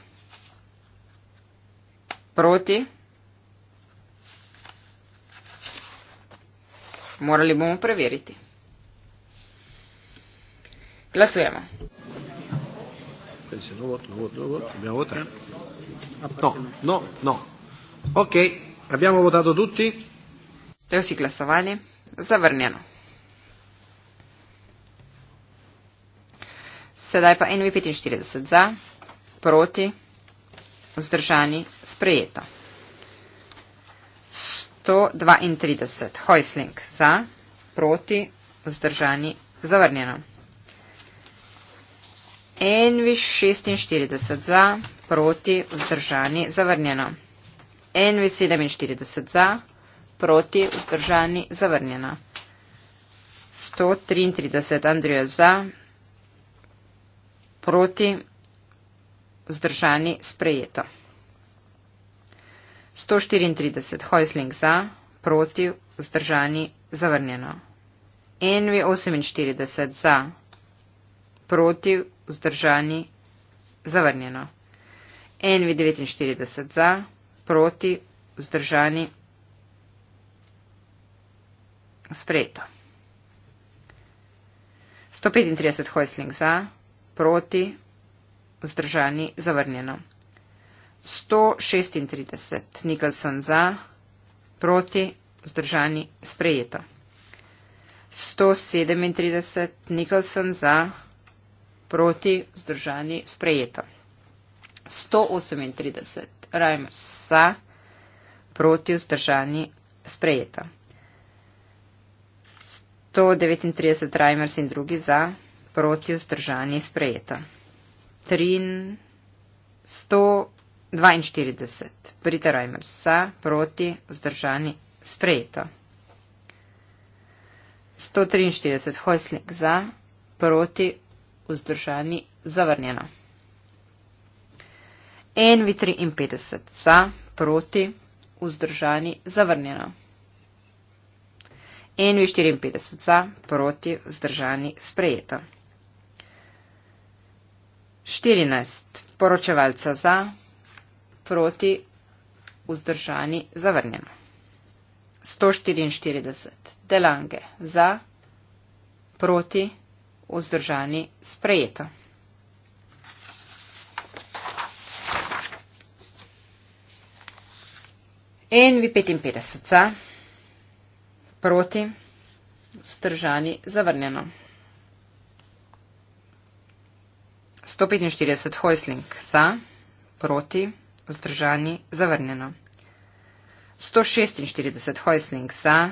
Proti? Morali bomo preveriti. Glasujemo. No, no, no. Ok, abbiamo votato tutti? Ste vsi glasovali? Zavrnjeno. Sedaj pa NV45 za proti, vzdržani, sprejeto. 132, Hojsling, za, proti, vzdržani, zavrnjeno. Envi 46 za, proti, vzdržani, zavrnjeno. Envi 47 za, proti, vzdržani, zavrnjeno. 133 Andrija za, proti, vzdržani sprejeto. 134 Heusling za, proti, vzdržani, zavrnjeno. NV 48 za, proti, vzdržani, zavrnjeno. NV 49 za, proti, vzdržani, sprejeto. 135 Heusling za, proti, vzdržani vzdržani zavrnjeno. 136, Nikolson za, proti, vzdržani sprejeto. 137, Nikolson za, proti, vzdržani sprejeto. 138, Reimers za, proti, vzdržani sprejeto. 139, Reimers in drugi za, proti, vzdržani sprejeto. 142. Pritarajmer sa, proti, vzdržani, sprejeto. 143. Hojsling za, proti, vzdržani, zavrnjeno. NV53 za, proti, vzdržani, zavrnjeno. NV54 za, proti, vzdržani, sprejeto. 14. Poročevalca za, proti, vzdržani, zavrnjeno. 144. Delange za, proti, vzdržani, sprejeto. 155 za, proti, vzdržani, zavrnjeno. 145 hojsling za, proti, vzdržani, zavrnjeno. 146 hojsling za,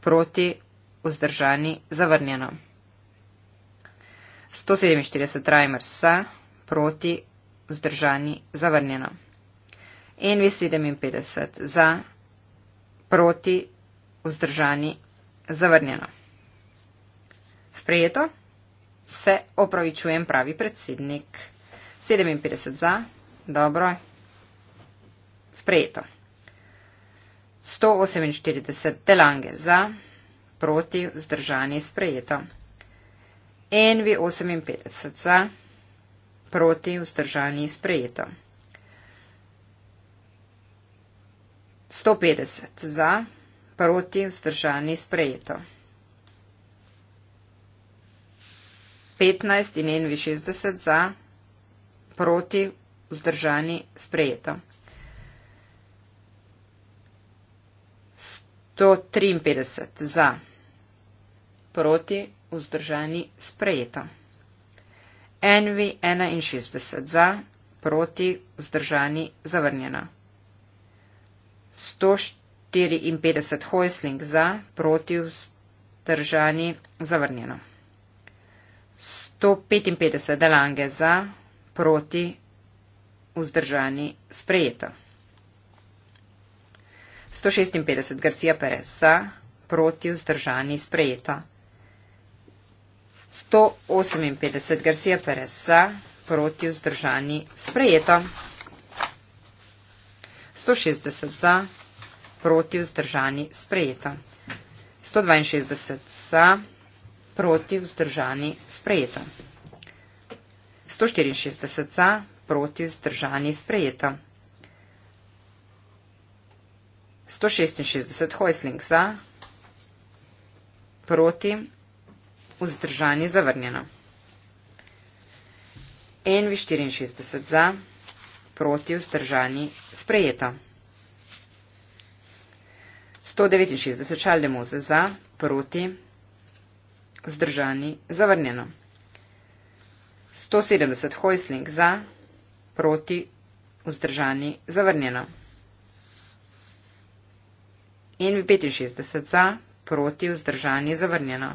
proti, vzdržani, zavrnjeno. 147 rajmer za, proti, vzdržani, zavrnjeno. NV57 za, proti, vzdržani, zavrnjeno. Sprejeto? Se opravičujem, pravi predsednik. 57 za, dobro, sprejeto. 148 telange za, proti, zdržani, sprejeto. Envi 58 za, proti, vzdržani, sprejeto. 150 za, proti, vzdržani, sprejeto. 15 in 61 za, proti, vzdržani, sprejeto. 153 za, proti, vzdržani, sprejeto. NV 61 za, proti, vzdržani, zavrnjena. 154 hojsling za, proti, vzdržani, zavrnjena. 155 delange za, proti, vzdržani, sprejeto. 156 Garcia Perez za, proti, vzdržani, sprejeto. 158 Garcia Perez za, proti, vzdržani, sprejeto. 160 za, proti, vzdržani, sprejeto. 162 za, proti vzdržani sprejeta. 164 za, proti vzdržani sprejeta. 166 hojsling za, proti vzdržani zavrnjena. NV64 za, proti vzdržani sprejeta. 169 šaldemoze za, proti vzdržani sprejeta vzdržani, zavrnjeno. 170 hojsling za, proti, vzdržani, zavrnjeno. In 65 za, proti, vzdržani, zavrnjeno.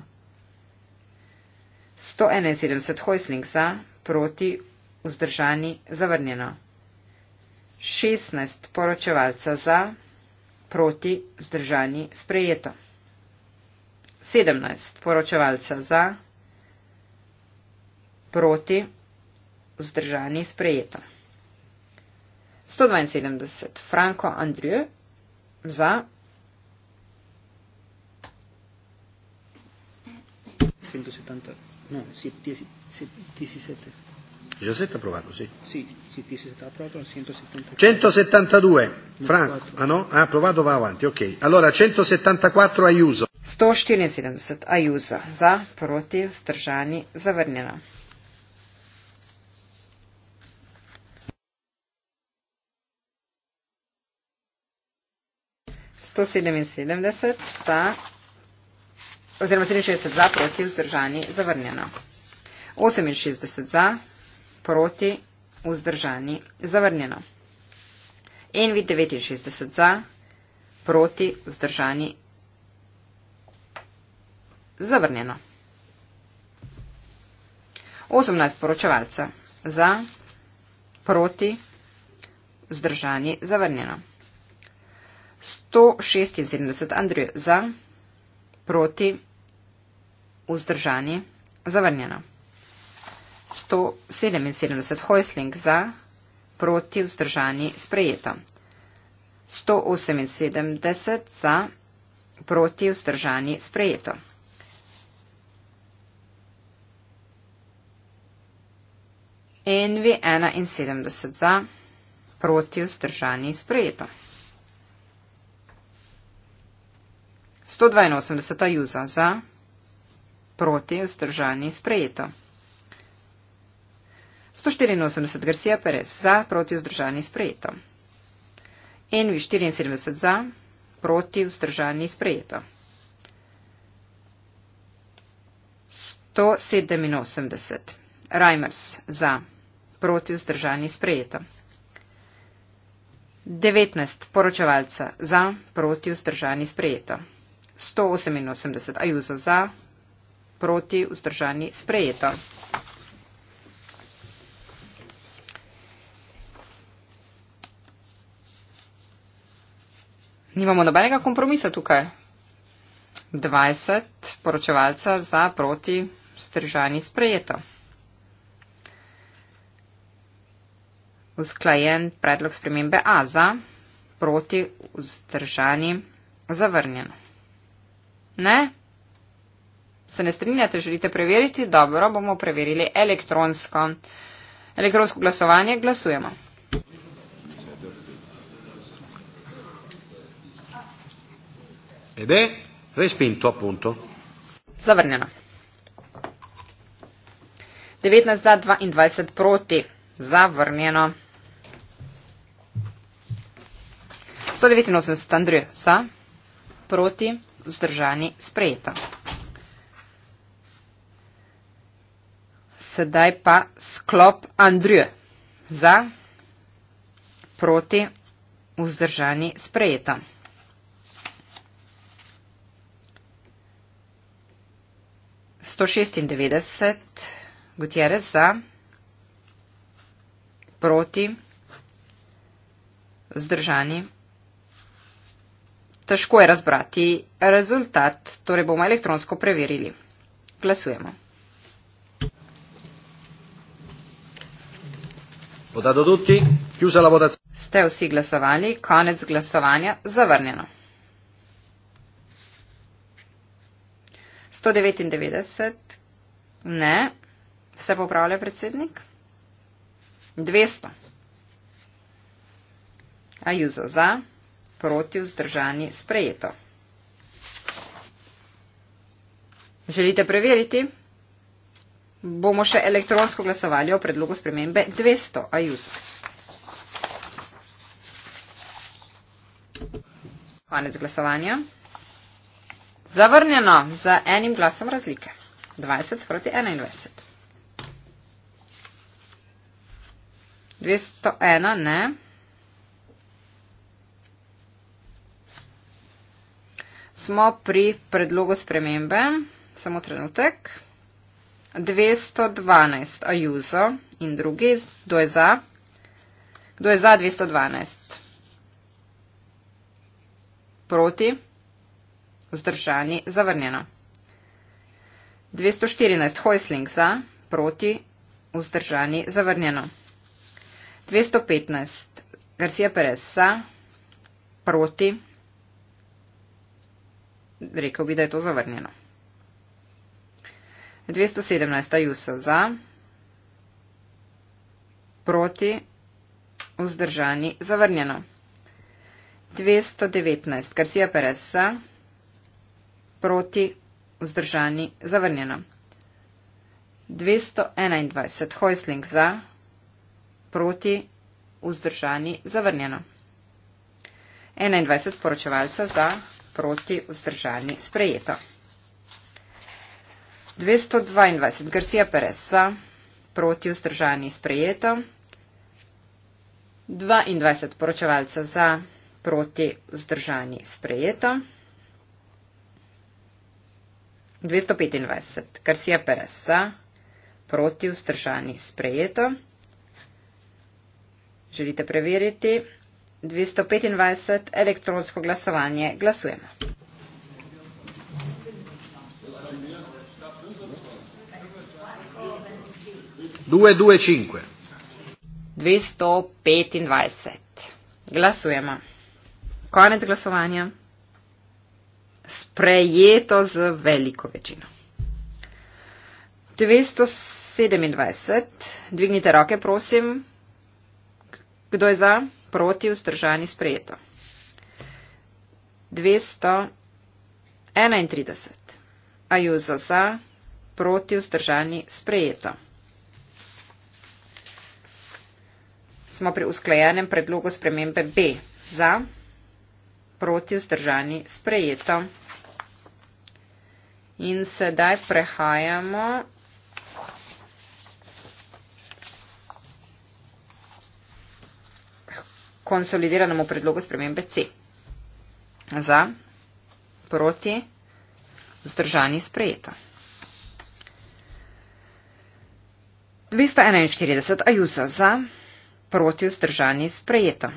171 hojsling za, proti, vzdržani, zavrnjeno. 16 poročevalca za, proti, vzdržani, sprejeto. 17 poročevalca za, proti, vzdržani, sprejeto. 172 Franco Andrieu za. 170. No, si, ti, si, ti si sette. Già sette approvato, sì. Sì, sì ti si sette approvato, 172. 172, Franco. Ah no? Ha ah, approvato, va avanti, ok. Allora, 174 Aiuso. 174 ajuza za, proti, stržani, zavrnjena. Sto sedeminsedemdeset za, oziroma sedeminšestdeset za, proti, vzdržani, zavrnjeno. Oseminšestdeset za, proti, vzdržani, zavrnjeno. Envi devetinšestdeset za, proti, vzdržani, zavrnjeno. Zavrnjeno. 18 poročevalca. Za, proti, zdržani, zavrnjeno. 176 Andrej. Za, proti, vzdržani, zavrnjeno. 177 Hoisling. Za, proti, vzdržani, sprejeto. 178 za, proti, vzdržani, sprejeto. Envi 71 za, proti vzdržani sprejeto. 182 juza za, proti vzdržani sprejeto. 184 Garcia Perez za, proti vzdržani sprejeto. Envi 74 za, proti vzdržani sprejeto. 187. Reimers za, proti vzdržani sprejeto. 19 poročevalca za, proti vzdržani sprejeto. 188 ajuzo za, proti vzdržani sprejeto. Nimamo nobenega kompromisa tukaj. 20 poročevalca za, proti, vzdržani sprejeto. usklajen predlog spremembe A za, proti, vzdržani, zavrnjen. Ne? Se ne strinjate, želite preveriti? Dobro, bomo preverili elektronsko. Elektronsko glasovanje, glasujemo. Ed è respinto, appunto. Zavrnjeno. 19 za 22 proti. Zavrnjeno. 189 Andreja Sa, proti, vzdržani, sprejeta. Sedaj pa sklop Andreja. Za, proti, vzdržani, sprejeta. Sto šestindevetdeset, Gutierrez za, proti, vzdržani, sprejeta težko je razbrati rezultat, torej bomo elektronsko preverili. Glasujemo. Ste vsi glasovali, konec glasovanja, zavrnjeno. 199, ne, se popravlja predsednik. 200. Ajuzo za proti vzdržani sprejeto. Želite preveriti? Bomo še elektronsko glasovali o predlogu spremembe 200 AJUS. Konec glasovanja. Zavrnjeno za enim glasom razlike. 20 proti 21. 201 ne. smo pri predlogu spremembe, samo trenutek. 212 Ajuzo in drugi, kdo je za? Kdo je za 212? Proti? Vzdržani? Zavrnjeno. 214 Hojsling za? Proti? Vzdržani? Zavrnjeno. 215 Garcia Perez za? Proti? rekel bi, da je to zavrnjeno. 217. Jusov za, proti, vzdržani, zavrnjeno. 219. Garcia Perez za, proti, vzdržani, zavrnjeno. 221. Hoisling za, proti, vzdržani, zavrnjeno. 21. Poročevalca za, proti vzdržani sprejeto. 222. Garcia Peresa proti vzdržani sprejeto. 22. Poročevalca za proti vzdržani sprejeto. 225. Garcia Peresa proti vzdržani sprejeto. Želite preveriti? dvestopetindvajset elektronsko glasovanje glasujemo dvestopetindvajset glasujemo konec glasovanja sprejeto z veliko večino dvestosedemindvajset dvignite roke prosim Kdo je za? Proti, vzdržani, sprejeto. 231. Ajuzo za, proti, vzdržani, sprejeto. Smo pri usklajenem predlogu spremembe B. Za, proti, vzdržani, sprejeto. In sedaj prehajamo konsolidiranemu predlogu spremembe C. Za, proti, vzdržani sprejeto. 241 Ajuso za, proti vzdržani sprejeto.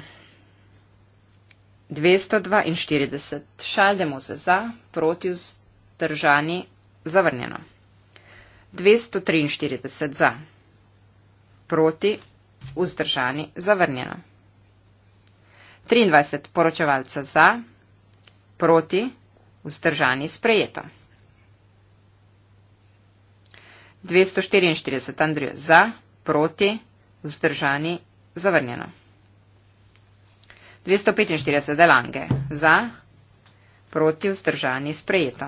242 Šaldemo se za, proti vzdržani zavrnjeno. 243 za, proti vzdržani zavrnjeno. 23 poročevalca za, proti, vzdržani sprejeto. 244 Andrija za, proti, vzdržani zavrnjeno. 245 Delange za, proti, vzdržani sprejeto.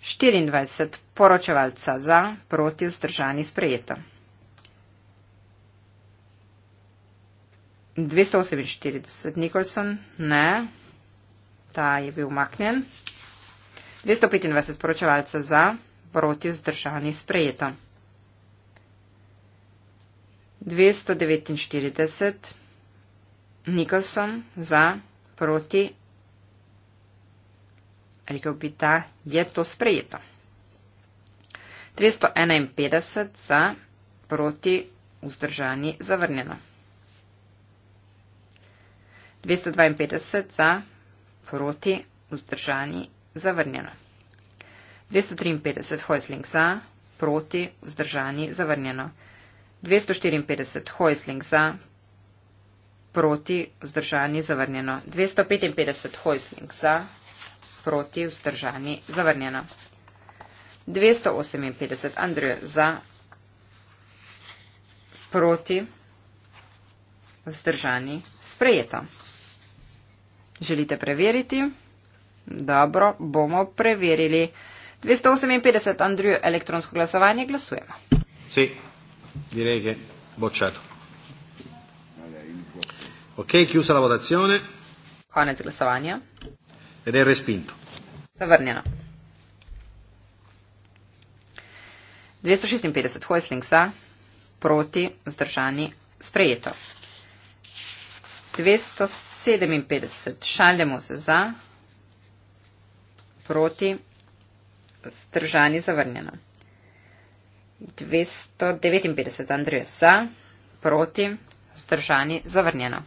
24 poročevalca za, proti, vzdržani sprejeto. 248 Nicholson, ne, ta je bil umaknjen. 225 poročevalce za, proti vzdržani sprejeto. 249 Nicholson za, proti, rekel bi, da je to sprejeto. 251 za, proti, vzdržani zavrnjeno. 252 za, proti, vzdržani, zavrnjeno. 253 hojsling za, proti, vzdržani, zavrnjeno. 254 hojsling za, proti, vzdržani, zavrnjeno. 255 hojsling za, proti, vzdržani, zavrnjeno. 258 Andrej za, proti, vzdržani, sprejeto. Želite preveriti? Dobro, bomo preverili. 258, Andrijo, elektronsko glasovanje, glasujemo. Si, direi, da bo čato. Ok, chiusa la votazione. Konec glasovanja. Ed è respinto. Zavrnjeno. 256, Hoisling, za, proti, zdržani, sprejeto. 257. Šaljemo se za, proti, zdržani, zavrnjeno. 259. Andreja za, proti, zdržani, zavrnjeno.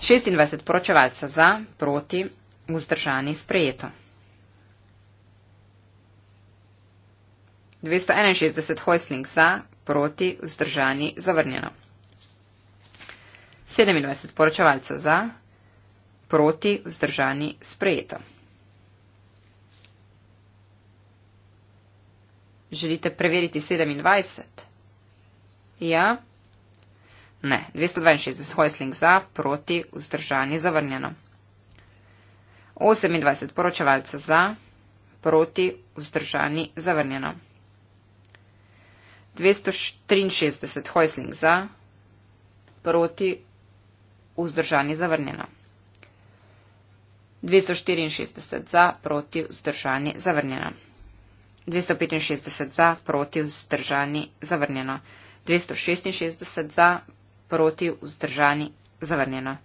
26. Poročevalca za, proti, vzdržani, sprejeto. 261. Hojsling za, proti, vzdržani, zavrnjeno. 27 poročevalca za, proti, vzdržani, sprejeto. Želite preveriti 27? Ja? Ne, 262 hojsling za, proti, vzdržani, zavrnjeno. 28 poročevalca za, proti, vzdržani, zavrnjeno. 263 hojsling za, proti, vzdržani zavrnjeno. 264 za, proti vzdržani zavrnjeno. 265 za, proti vzdržani zavrnjeno. 266 za, proti vzdržani zavrnjeno.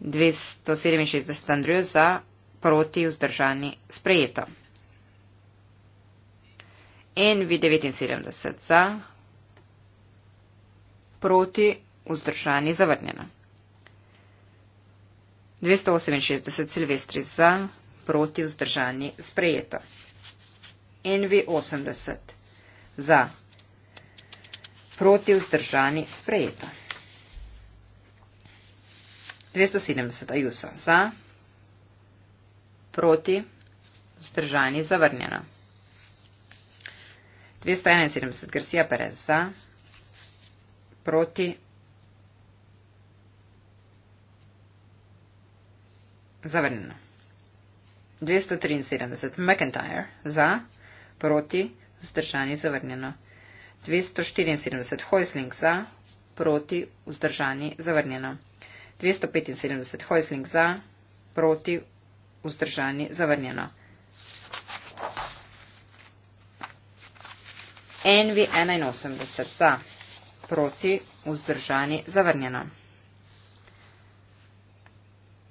267 Andrijo za, proti vzdržani sprejeto. NV 79 za, proti vzdržani zavrnjeno. 268 Silvestri za, proti vzdržani sprejeto. NV 80 za, proti vzdržani sprejeto. 270 Ajusa za, proti vzdržani zavrnjeno. 271 Garcia Perez za, proti vzdržani. Zavrnjeno. 273. McIntyre. Za. Proti. Vzdržani. Zavrnjeno. 274. Hoisling. Za. Proti. Vzdržani. Zavrnjeno. 275. Hoisling. Za. Proti. Vzdržani. Zavrnjeno. NV 81. Za. Proti. Vzdržani. Zavrnjeno.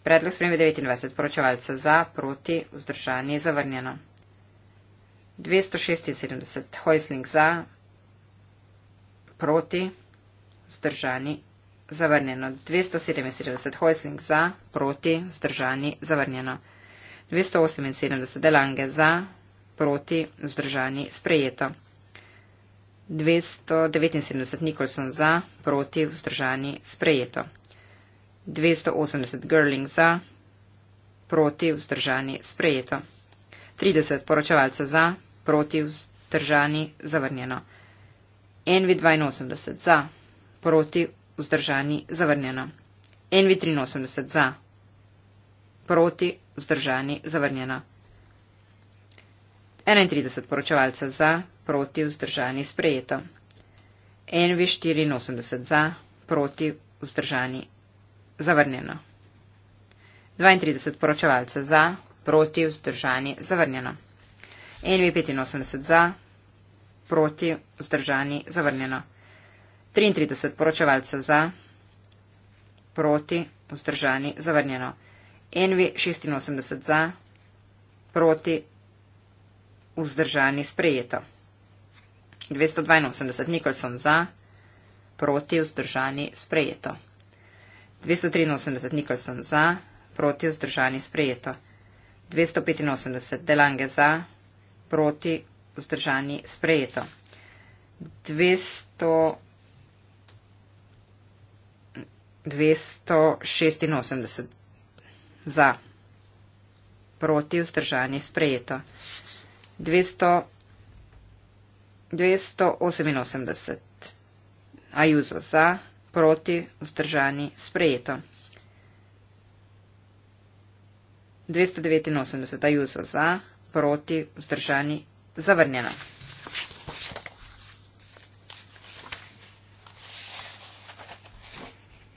Predlog spremembe 29. Poročevalce za, proti, vzdržani, zavrnjeno. 276. Hojsling za, proti, vzdržani, zavrnjeno. 277. Hojsling za, proti, vzdržani, zavrnjeno. 278. Delange za, proti, vzdržani, sprejeto. 279. Nikolson za, proti, vzdržani, sprejeto. 280 grling za, proti vzdržani sprejeto. 30 poročevalce za, proti vzdržani zavrnjeno. Envi 82 za, proti vzdržani zavrnjeno. Envi 83 za, proti vzdržani zavrnjeno. 31 poročevalce za, proti vzdržani sprejeto. Envi 84 za, proti vzdržani zavrnjeno. 32 poročevalce za, proti, vzdržani, zavrnjeno. NV85 za, proti, vzdržani, zavrnjeno. 33 poročevalce za, proti, vzdržani, zavrnjeno. NV86 za, proti, vzdržani, sprejeto. 282 Nikolson za, proti, vzdržani, sprejeto. 283 Nikolson za, proti vzdržani sprejeto. 285 Delange za, proti vzdržani sprejeto. 200 286 za, proti vzdržani sprejeto. 200, 288 Ajuzo za, proti, vzdržani, sprejeto. 289 ajuso za, proti, vzdržani, zavrnjeno.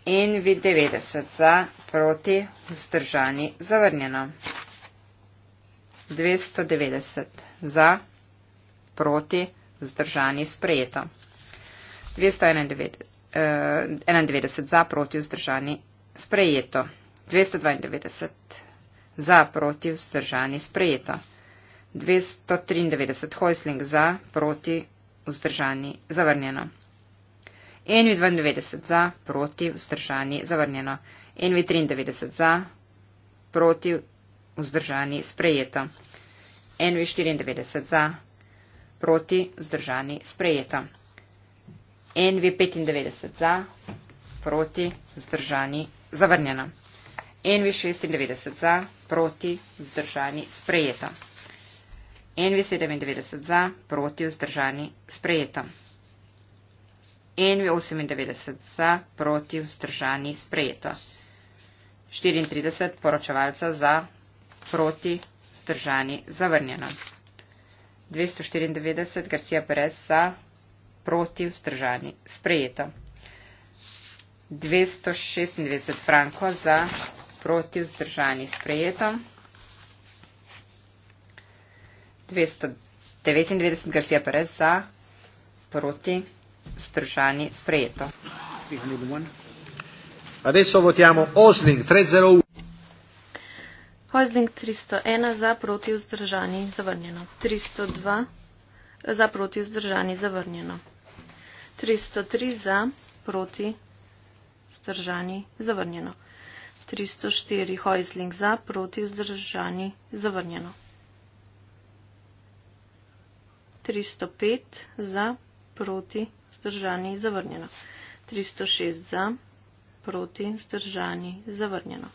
In vid 90 za, proti, vzdržani, zavrnjeno. 290 za, proti, vzdržani, sprejeto. 291. 91 za, proti vzdržani, sprejeto. 292 za, proti vzdržani, sprejeto. 293 hojsling za, proti vzdržani, zavrnjeno. NV92 za, proti vzdržani, zavrnjeno. NV93 za, proti vzdržani, sprejeto. NV94 za, proti vzdržani, sprejeto. NV 95 za, proti, vzdržani, zavrnjena. NV 96 za, proti, vzdržani, sprejeta. NV 97 za, proti, vzdržani, sprejeta. NV 98 za, proti, vzdržani, sprejeta. 34 poročevalca za, proti, vzdržani, zavrnjena. 294 Garcia Perez za, proti vzdržani sprejeto. 296 franko za proti vzdržani sprejeto. 299 Garcia Perez za proti vzdržani sprejeto. Adesso votiamo Osling 301. Osling 301 za proti vzdržani zavrnjeno. 302 za proti vzdržani zavrnjeno. 303 za, proti, vzdržani, zavrnjeno. 304 hojzling za, proti, vzdržani, zavrnjeno. 305 za, proti, vzdržani, zavrnjeno. 306 za, proti, vzdržani, zavrnjeno.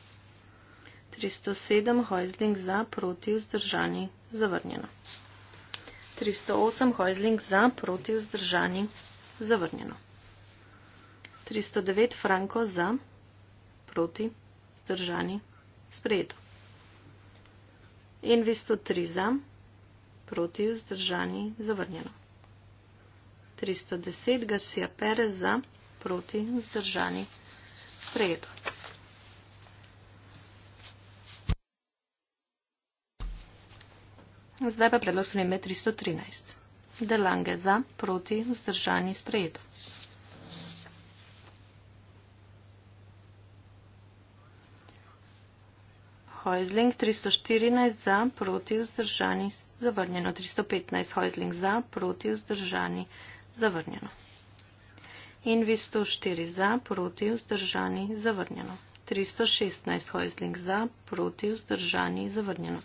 307 hojzling za, proti, vzdržani, zavrnjeno. 308 hojzling za, proti, vzdržani, zavrnjeno. Zavrnjeno. 309 franko za, proti, zdržani, sprejeto. In 203 za, proti, zdržani, zavrnjeno. 310 Garcia Perez za, proti, zdržani, sprejeto. Zdaj pa predlog sprememe 313. De Lange za, proti, vzdržani, sprejeto. Hojzling 314 za, proti, vzdržani, zavrnjeno. 315 Hojzling za, proti, vzdržani, zavrnjeno. In vi 104 za, proti, vzdržani, zavrnjeno. 316 Hojzling za, proti, vzdržani, zavrnjeno. 317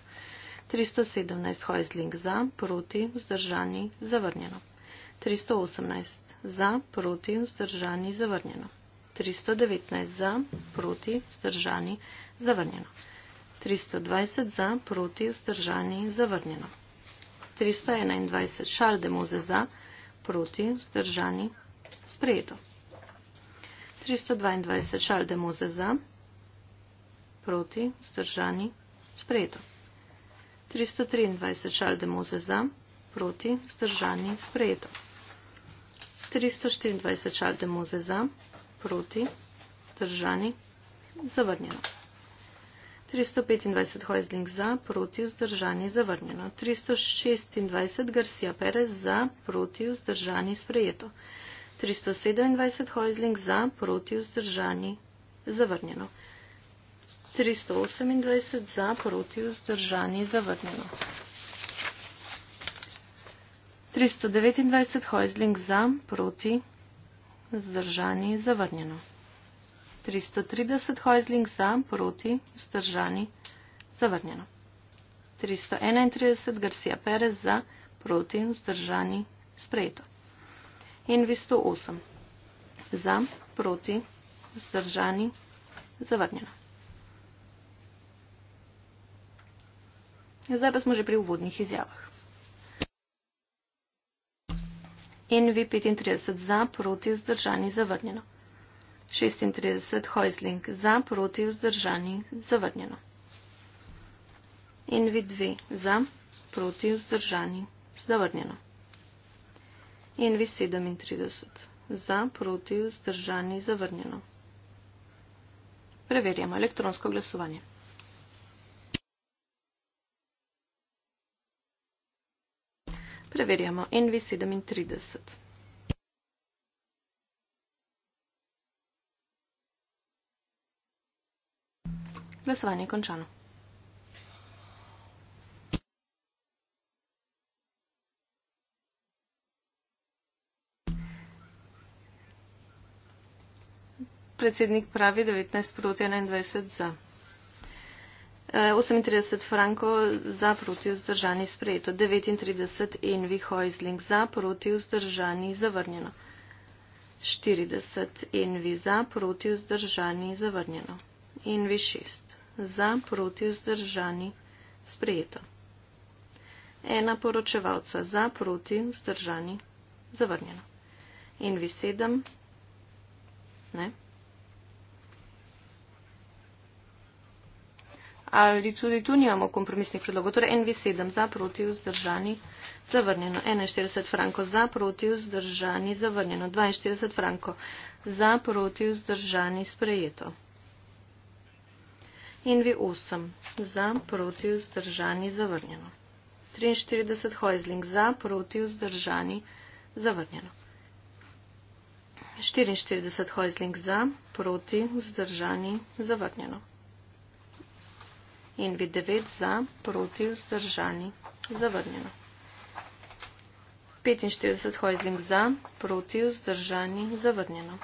317 Hojzling za, proti, vzdržani, zavrnjeno. 318 za, proti, vzdržani, zavrnjeno. 319 za, proti, vzdržani, zavrnjeno. 320 za, proti, vzdržani, zavrnjeno. 321 Šaldemoze za, proti, vzdržani, sprejeto. 322 Šaldemoze za, proti, vzdržani, sprejeto. 323 šaldemoze za, proti, vzdržani, sprejeto. 324 šaldemoze za, proti, vzdržani, zavrnjeno. 325 Hojzling za, proti, vzdržani, zavrnjeno. 326 Garcia Perez za, proti, vzdržani, sprejeto. 327 Hojzling za, proti, vzdržani, zavrnjeno. 328 za, proti vzdržani, zavrnjeno. 329 Heusling za, proti vzdržani, zavrnjeno. 330 Heusling za, proti vzdržani, zavrnjeno. 331 Garcia Perez za, proti vzdržani, sprejeto. In 208 za, proti vzdržani, zavrnjeno. Zdaj pa smo že pri uvodnih izjavah. NV35 za, proti vzdržani, zavrnjeno. 36 Heusling za, proti vzdržani, zavrnjeno. NV2 za, proti vzdržani, zavrnjeno. NV37 za, proti vzdržani, zavrnjeno. Preverjamo elektronsko glasovanje. Preverjamo NV37. Glasovanje je končano. Predsednik pravi 19 proti 21 za. 38 eh, frankov za proti vzdržani sprejeto, 39 envi hojzling za proti vzdržani zavrnjeno, 40 envi za proti vzdržani zavrnjeno, envi 6 za proti vzdržani sprejeto. Ena poročevalca za proti vzdržani zavrnjeno. Envi 7, ne, Ali tudi tu nimamo kompromisnih predlogov? Torej NV7 za proti vzdržani zavrnjeno. 41 franko za proti vzdržani zavrnjeno. 42 franko za proti vzdržani sprejeto. NV8 za proti vzdržani zavrnjeno. 43 hojzling za proti vzdržani zavrnjeno. 44 hojzling za proti vzdržani zavrnjeno in bi 9 za, proti vzdržani, zavrnjeno. 45 hojzling za, proti vzdržani, zavrnjeno.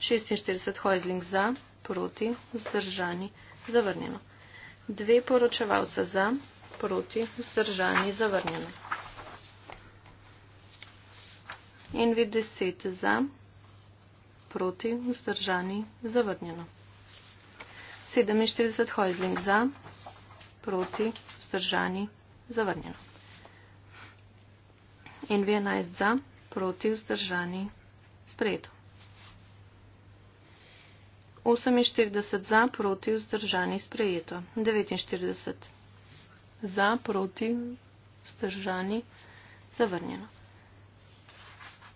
46 hojzling za, proti vzdržani, zavrnjeno. 2 poročevalca za, proti vzdržani, zavrnjeno. In vid 10 za, proti vzdržani, zavrnjeno. 47 hojzling za, proti, vzdržani, zavrnjeno. In 11 za, proti, vzdržani, sprejeto. 48 za, proti, vzdržani, sprejeto. 49 za, proti, vzdržani, zavrnjeno.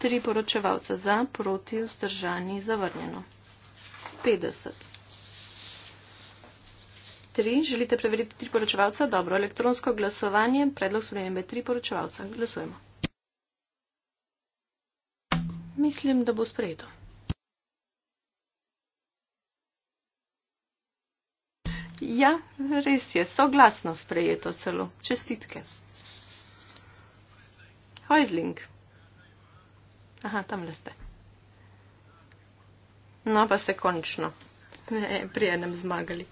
3 poročevalca za, proti, vzdržani, zavrnjeno. 50 za. 3. Želite preveriti tri poročevalca? Dobro. Elektronsko glasovanje. Predlog spremembe tri poročevalca. Glasujemo. Mislim, da bo sprejeto. Ja, res je. Soglasno sprejeto celo. Čestitke. Hojzling. Aha, tam le ste. No, pa se končno. Pri enem zmagali.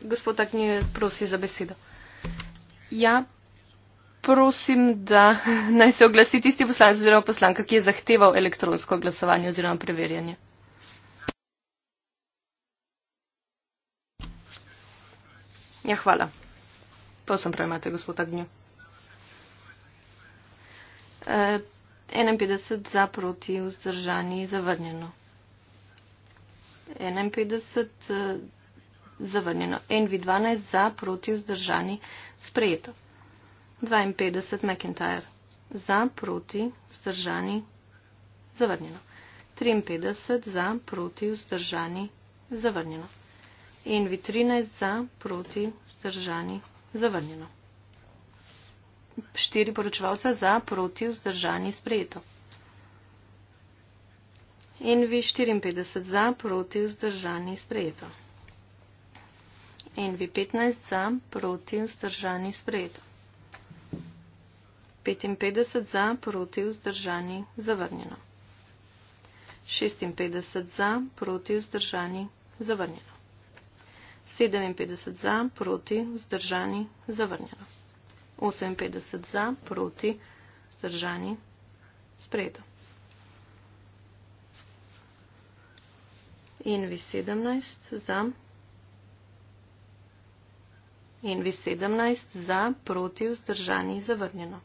Gospod Akni, prosi za besedo. Ja, prosim, da (laughs) naj se oglasi tisti poslanec oziroma poslanka, ki je zahteval elektronsko glasovanje oziroma preverjanje. Ja, hvala. Prosim, prejmate, gospod Agnjo. E, 51 za proti vzdržani zavrnjeno. 51. E, zavrnjeno. Envi 12 za, proti vzdržani, sprejeto. 52 McIntyre za, proti vzdržani, zavrnjeno. 53 za, proti vzdržani, zavrnjeno. Envi 13 za, proti vzdržani, zavrnjeno. 4 poročevalca za, proti vzdržani, sprejeto. NV 54 za, proti vzdržani, sprejeto. NV15 za, proti, vzdržani, sprejeto. 55 za, proti, vzdržani, zavrnjeno. 56 za, proti, vzdržani, zavrnjeno. 57 za, proti, vzdržani, zavrnjeno. 58 za, proti, vzdržani, sprejeto. NV17 za, proti, vzdržani, zavrnjeno in vi 17 za, proti, vzdržani, zavrnjeno.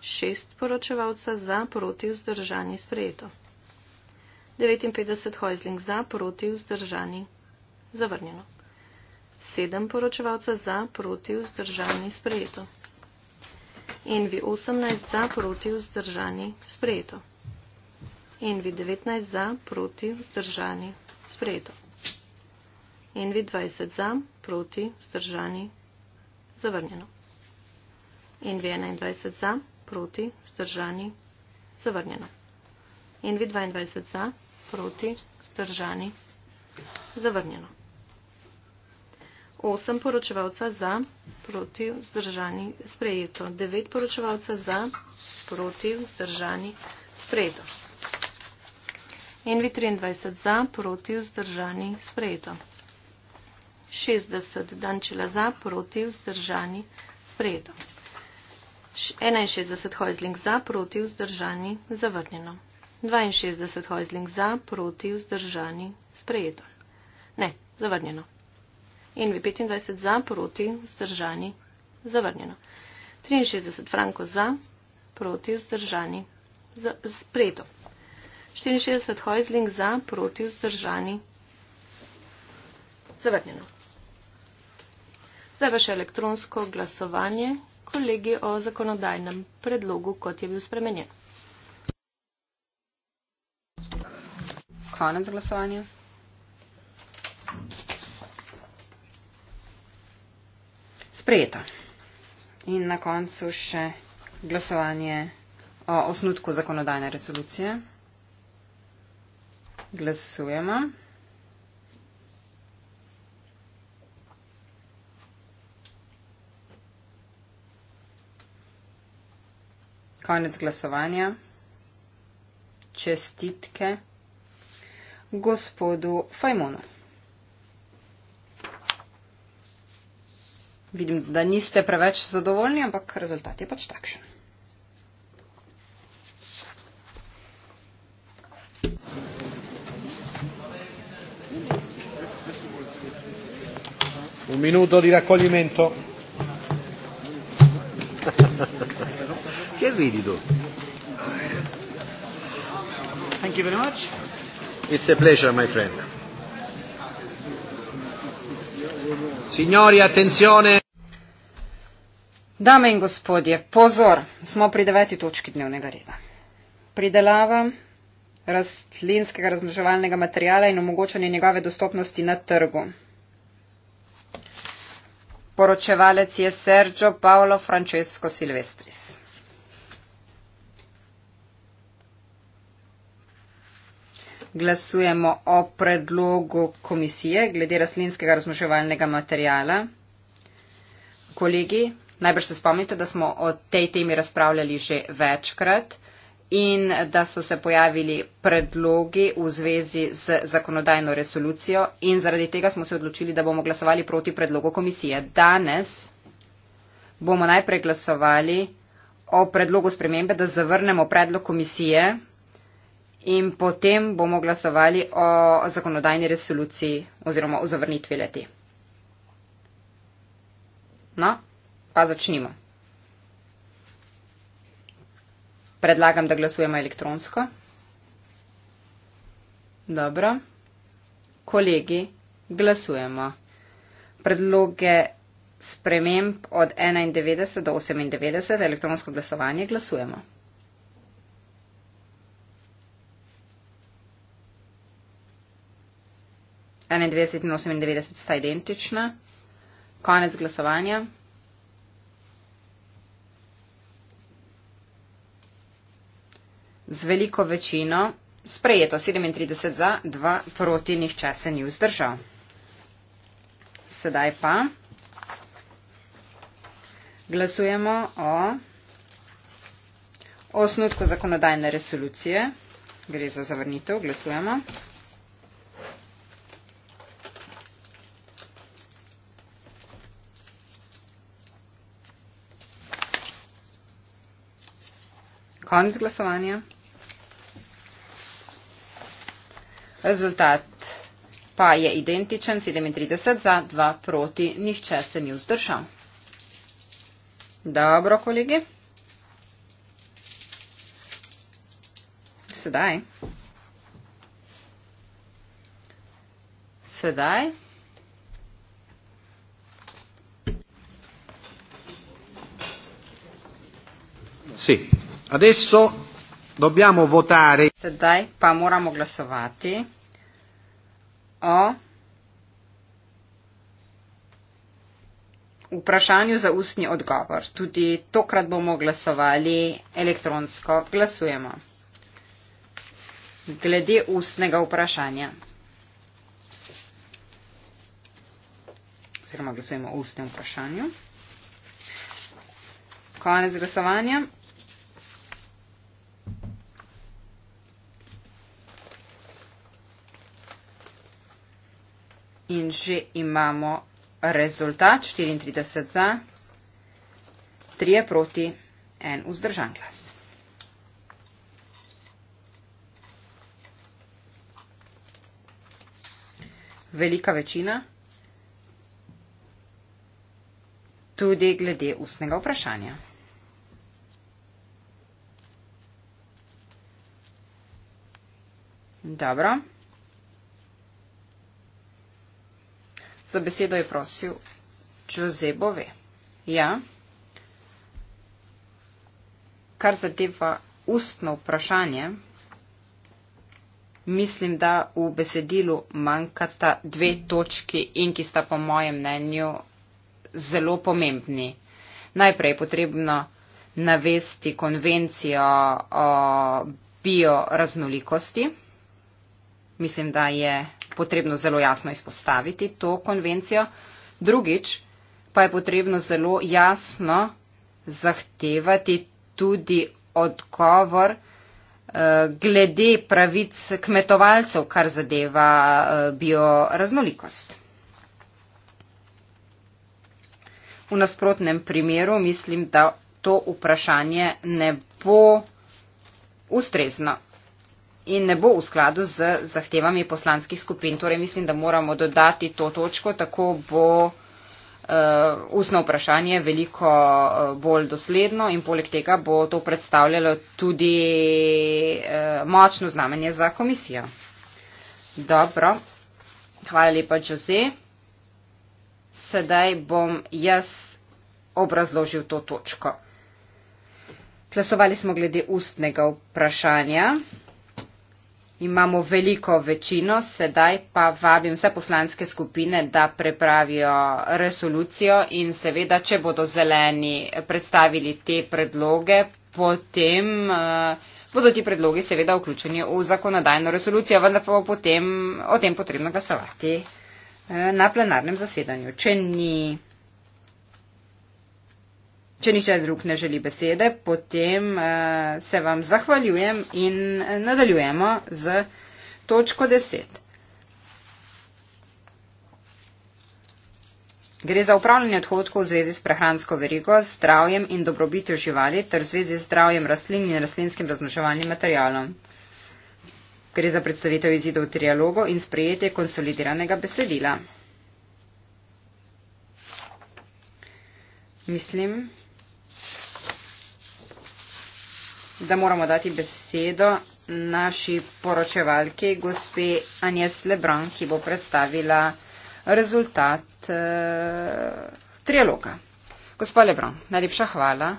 Šest poročevalca za, proti, vzdržani, sprejeto. 59 hojzling za, proti, vzdržani, zavrnjeno. Sedem poročevalca za, proti, vzdržani, sprejeto. In vi 18 za, proti, vzdržani, sprejeto. In vi 19 za, proti, vzdržani, sprejeto in vi 20 za, proti, zdržani, zavrnjeno. In vi 21 za, proti, zdržani, zavrnjeno. In vi 22 za, proti, zdržani, zavrnjeno. 8 poročevalca za, proti, zdržani, sprejeto. 9 poročevalca za, proti, zdržani, sprejeto. In vi 23 za, proti, zdržani, sprejeto. 60, dan čela za, proti, vzdržani, sprejeto. 61, hojzling za, proti, vzdržani, zavrnjeno. 62, hojzling za, proti, vzdržani, sprejeto. Ne, zavrnjeno. NV 25 za, proti, vzdržani, zavrnjeno. 63, franko za, proti, vzdržani, sprejeto. 64, hojzling za, proti, vzdržani, zavrnjeno. Za vaše elektronsko glasovanje, kolegi, o zakonodajnem predlogu, kot je bil spremenjen. Konec glasovanja. Sprejeta. In na koncu še glasovanje o osnutku zakonodajne resolucije. Glasujemo. Konec glasovanja. Čestitke gospodu Fajmonu. Vidim, da niste preveč zadovoljni, ampak rezultat je pač takšen. Un minuto di raccoglimento. vidi tu. Thank you very much. It's a pleasure, my friend. Signori, attenzione. Dame in gospodje, pozor, smo pri deveti točki dnevnega reda. Pridelava rastlinskega razmnoževalnega materijala in omogočanje njegove dostopnosti na trgu. Poročevalec je Sergio Paolo Francesco Silvestris. glasujemo o predlogu komisije glede rastlinskega razmoževalnega materijala. Kolegi, najbrž se spomnite, da smo o tej temi razpravljali že večkrat in da so se pojavili predlogi v zvezi z zakonodajno resolucijo in zaradi tega smo se odločili, da bomo glasovali proti predlogu komisije. Danes bomo najprej glasovali o predlogu spremembe, da zavrnemo predlog komisije in potem bomo glasovali o zakonodajni resoluciji oziroma o zavrnitvi leti. No, pa začnimo. Predlagam, da glasujemo elektronsko. Dobro. Kolegi, glasujemo. Predloge sprememb od 91 do 98, elektronsko glasovanje, glasujemo. 91 in 98 sta identična. Konec glasovanja. Z veliko večino sprejeto 37 za, 2 proti, nihče se ni vzdržal. Sedaj pa glasujemo o osnutku zakonodajne resolucije. Gre za zavrnitev. Glasujemo. Konec glasovanja. Rezultat pa je identičen 37 za 2 proti, nihče se ni vzdržal. Dobro, kolegi. Sedaj. Sedaj. Sì. Adesso dobbiamo votare. Sedaj pa moramo glasovati o vprašanju za ustni odgovor. Tudi tokrat bomo glasovali elektronsko. Glasujemo. Glede ustnega vprašanja. Oziroma glasujemo o ustnem vprašanju. Konec glasovanja. in že imamo rezultat 34 za, 3 proti, 1 vzdržan glas. Velika večina tudi glede ustnega vprašanja. Dobro. Za besedo je prosil Jose Bove. Ja. Kar zadeva ustno vprašanje, mislim, da v besedilu manjkata dve točki in ki sta po mojem mnenju zelo pomembni. Najprej je potrebno navesti konvencijo o bioraznolikosti. Mislim, da je potrebno zelo jasno izpostaviti to konvencijo. Drugič pa je potrebno zelo jasno zahtevati tudi odgovor eh, glede pravic kmetovalcev, kar zadeva eh, bioraznolikost. V nasprotnem primeru mislim, da to vprašanje ne bo ustrezno in ne bo v skladu z zahtevami poslanskih skupin. Torej mislim, da moramo dodati to točko, tako bo uh, ustno vprašanje veliko uh, bolj dosledno in poleg tega bo to predstavljalo tudi uh, močno znamenje za komisijo. Dobro, hvala lepa, Jose. Sedaj bom jaz obrazložil to točko. Glasovali smo glede ustnega vprašanja imamo veliko večino, sedaj pa vabim vse poslanske skupine, da prepravijo resolucijo in seveda, če bodo zeleni predstavili te predloge, potem uh, bodo ti predlogi seveda vključeni v zakonodajno resolucijo, vendar pa bo potem o tem potrebno glasovati uh, na plenarnem zasedanju. Če ni Če nihče drug ne želi besede, potem uh, se vam zahvaljujem in nadaljujemo z točko 10. Gre za upravljanje odhodkov v zvezi s prehransko verigo, zdravjem in dobrobitjo živali ter v zvezi z zdravjem rastlin in rastlinskim raznoževalnim materialom. Gre za predstavitev izidov trialogo in sprejetje konsolidiranega besedila. Mislim, da moramo dati besedo naši poročevalki, gospe Anjes Lebron, ki bo predstavila rezultat uh, trialoga. Gospa Lebron, najlepša hvala.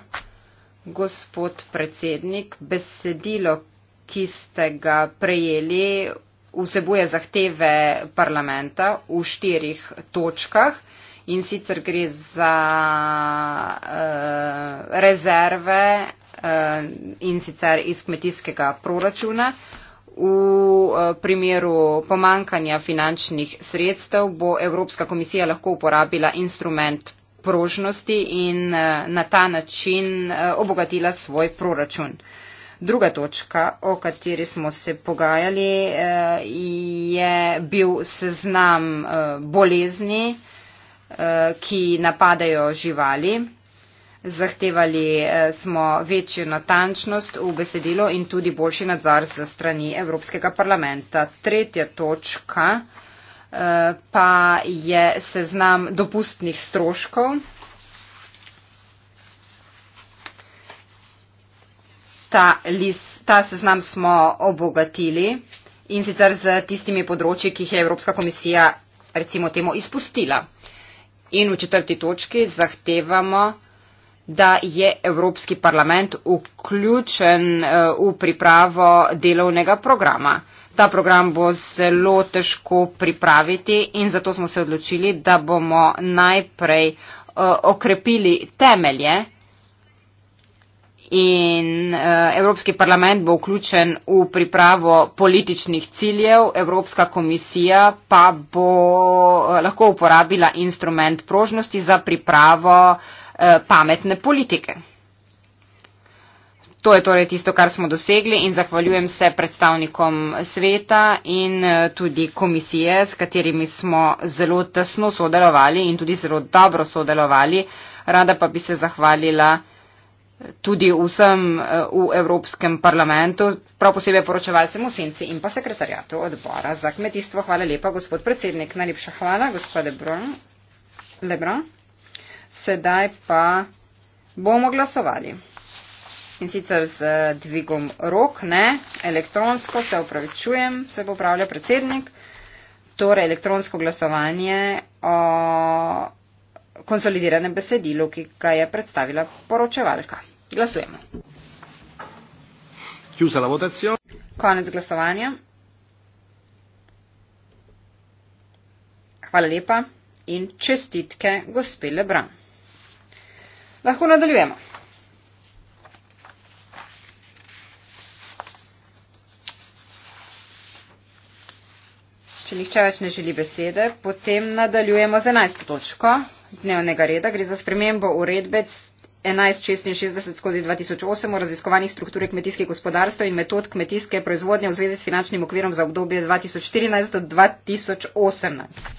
Gospod predsednik, besedilo, ki ste ga prejeli, vsebuje zahteve parlamenta v štirih točkah. In sicer gre za uh, rezerve Eh, in sicer iz kmetijskega proračuna. V eh, primeru pomankanja finančnih sredstev bo Evropska komisija lahko uporabila instrument prožnosti in eh, na ta način obogatila svoj proračun. Druga točka, o kateri smo se pogajali, je bil seznam bolezni, ki napadajo živali. Zahtevali eh, smo večjo natančnost v besedilo in tudi boljši nadzor za strani Evropskega parlamenta. Tretja točka eh, pa je seznam dopustnih stroškov. Ta, list, ta seznam smo obogatili in sicer z tistimi področji, ki jih je Evropska komisija recimo temu izpustila. In v četrti točki zahtevamo, da je Evropski parlament vključen eh, v pripravo delovnega programa. Ta program bo zelo težko pripraviti in zato smo se odločili, da bomo najprej eh, okrepili temelje in eh, Evropski parlament bo vključen v pripravo političnih ciljev, Evropska komisija pa bo lahko uporabila instrument prožnosti za pripravo uh, Eh, pametne politike. To je torej tisto, kar smo dosegli in zahvaljujem se predstavnikom sveta in eh, tudi komisije, s katerimi smo zelo tesno sodelovali in tudi zelo dobro sodelovali. Rada pa bi se zahvalila eh, tudi vsem v Evropskem parlamentu, prav posebej poročevalcem v senci in pa sekretarjatu odbora za kmetijstvo. Hvala lepa, gospod predsednik. Najlepša hvala, gospod Lebron. Lebron sedaj pa bomo glasovali. In sicer z eh, dvigom rok, ne, elektronsko, se upravičujem, se popravlja predsednik, torej elektronsko glasovanje o konsolidiranem besedilu, ki ga je predstavila poročevalka. Glasujemo. Konec glasovanja. Hvala lepa in čestitke gospe Lebran. Lahko nadaljujemo. Če nihče več ne želi besede, potem nadaljujemo z 11. točko dnevnega reda. Gre za spremembo uredbe 1166 skozi 2008 o raziskovanjih strukture kmetijskih gospodarstv in metod kmetijske proizvodnje v zvezi s finančnim okvirom za obdobje 2014 do 2018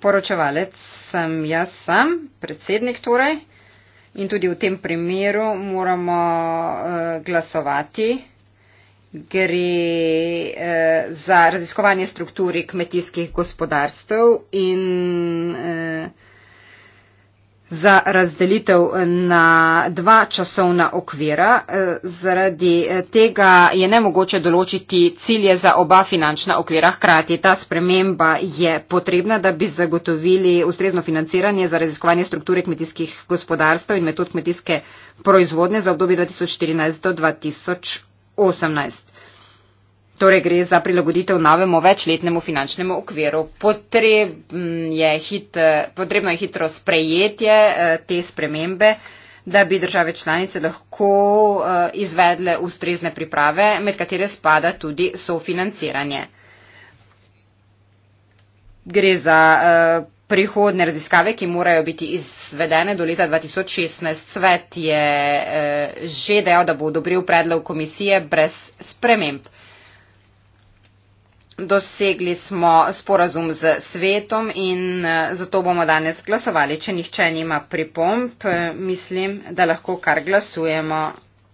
poročevalec sem jaz sam, predsednik torej. In tudi v tem primeru moramo uh, glasovati. Gre uh, za raziskovanje strukturi kmetijskih gospodarstv in. Uh, za razdelitev na dva časovna okvira. E, zaradi e, tega je nemogoče določiti cilje za oba finančna okvira. Hkrati ta sprememba je potrebna, da bi zagotovili ustrezno financiranje za raziskovanje strukture kmetijskih gospodarstv in metod kmetijske proizvodne za obdobje 2014 do 2018. Torej gre za prilagoditev novemu večletnemu finančnemu okviru. Potreb je hitro, potrebno je hitro sprejetje eh, te spremembe, da bi države članice lahko eh, izvedle ustrezne priprave, med katere spada tudi sofinanciranje. Gre za eh, prihodne raziskave, ki morajo biti izvedene do leta 2016. Svet je že dejal, da bo odobril predlog komisije brez sprememb dosegli smo sporazum z svetom in eh, zato bomo danes glasovali. Če nihče nima pripomp, eh, mislim, da lahko kar glasujemo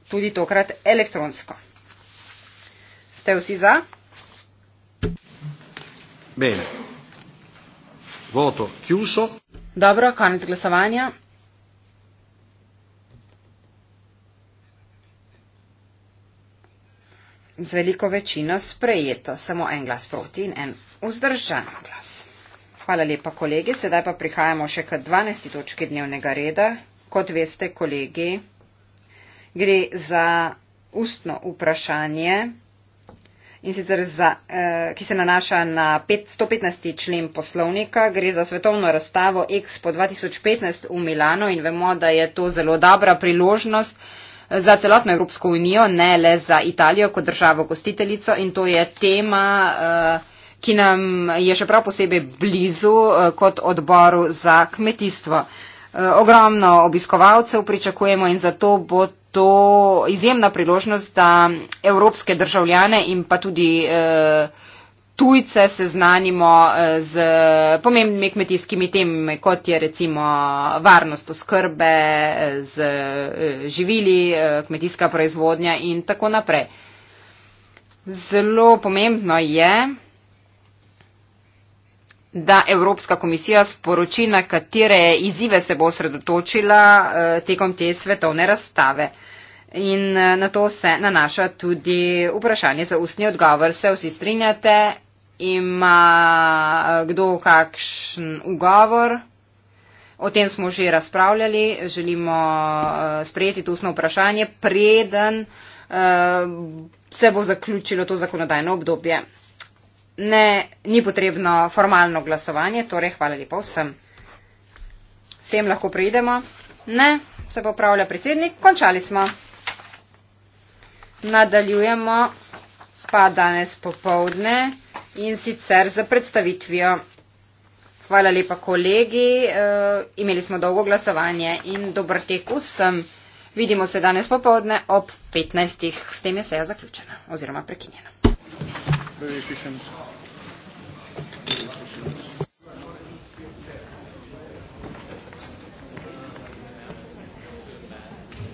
tudi tokrat elektronsko. Ste vsi za? Bene. Voto chiuso. Dobro, konec glasovanja. z veliko večino sprejeto, samo en glas proti in en vzdržan glas. Hvala lepa, kolegi. Sedaj pa prihajamo še k 12. točki dnevnega reda. Kot veste, kolegi, gre za ustno vprašanje, za, eh, ki se nanaša na 5, 115. člen poslovnika. Gre za svetovno razstavo Expo 2015 v Milano in vemo, da je to zelo dobra priložnost za celotno Evropsko unijo, ne le za Italijo kot državo gostiteljico in to je tema, eh, ki nam je še prav posebej blizu eh, kot odboru za kmetijstvo. Eh, ogromno obiskovalcev pričakujemo in zato bo to izjemna priložnost, da evropske državljane in pa tudi eh, tujce seznanimo eh, z pomembnimi kmetijskimi temami, kot je recimo varnost oskrbe, eh, z eh, živili, kmetijska proizvodnja in tako naprej. Zelo pomembno je, da Evropska komisija sporoči, na katere izzive se bo osredotočila tekom te svetovne razstave. In na to se nanaša tudi vprašanje za ustni odgovor. Se vsi strinjate? ima eh, kdo kakšen ugovor. O tem smo že razpravljali, želimo eh, sprejeti to usno vprašanje, preden eh, se bo zaključilo to zakonodajno obdobje. Ne, ni potrebno formalno glasovanje, torej hvala lepa vsem. S tem lahko prejdemo. Ne, se popravlja predsednik, končali smo. Nadaljujemo pa danes popovdne in sicer za predstavitvijo. Hvala lepa kolegi, e, imeli smo dolgo glasovanje in dobr tek vsem. Vidimo se danes popovdne ob 15. S tem je seja zaključena oziroma prekinjena. Prvi,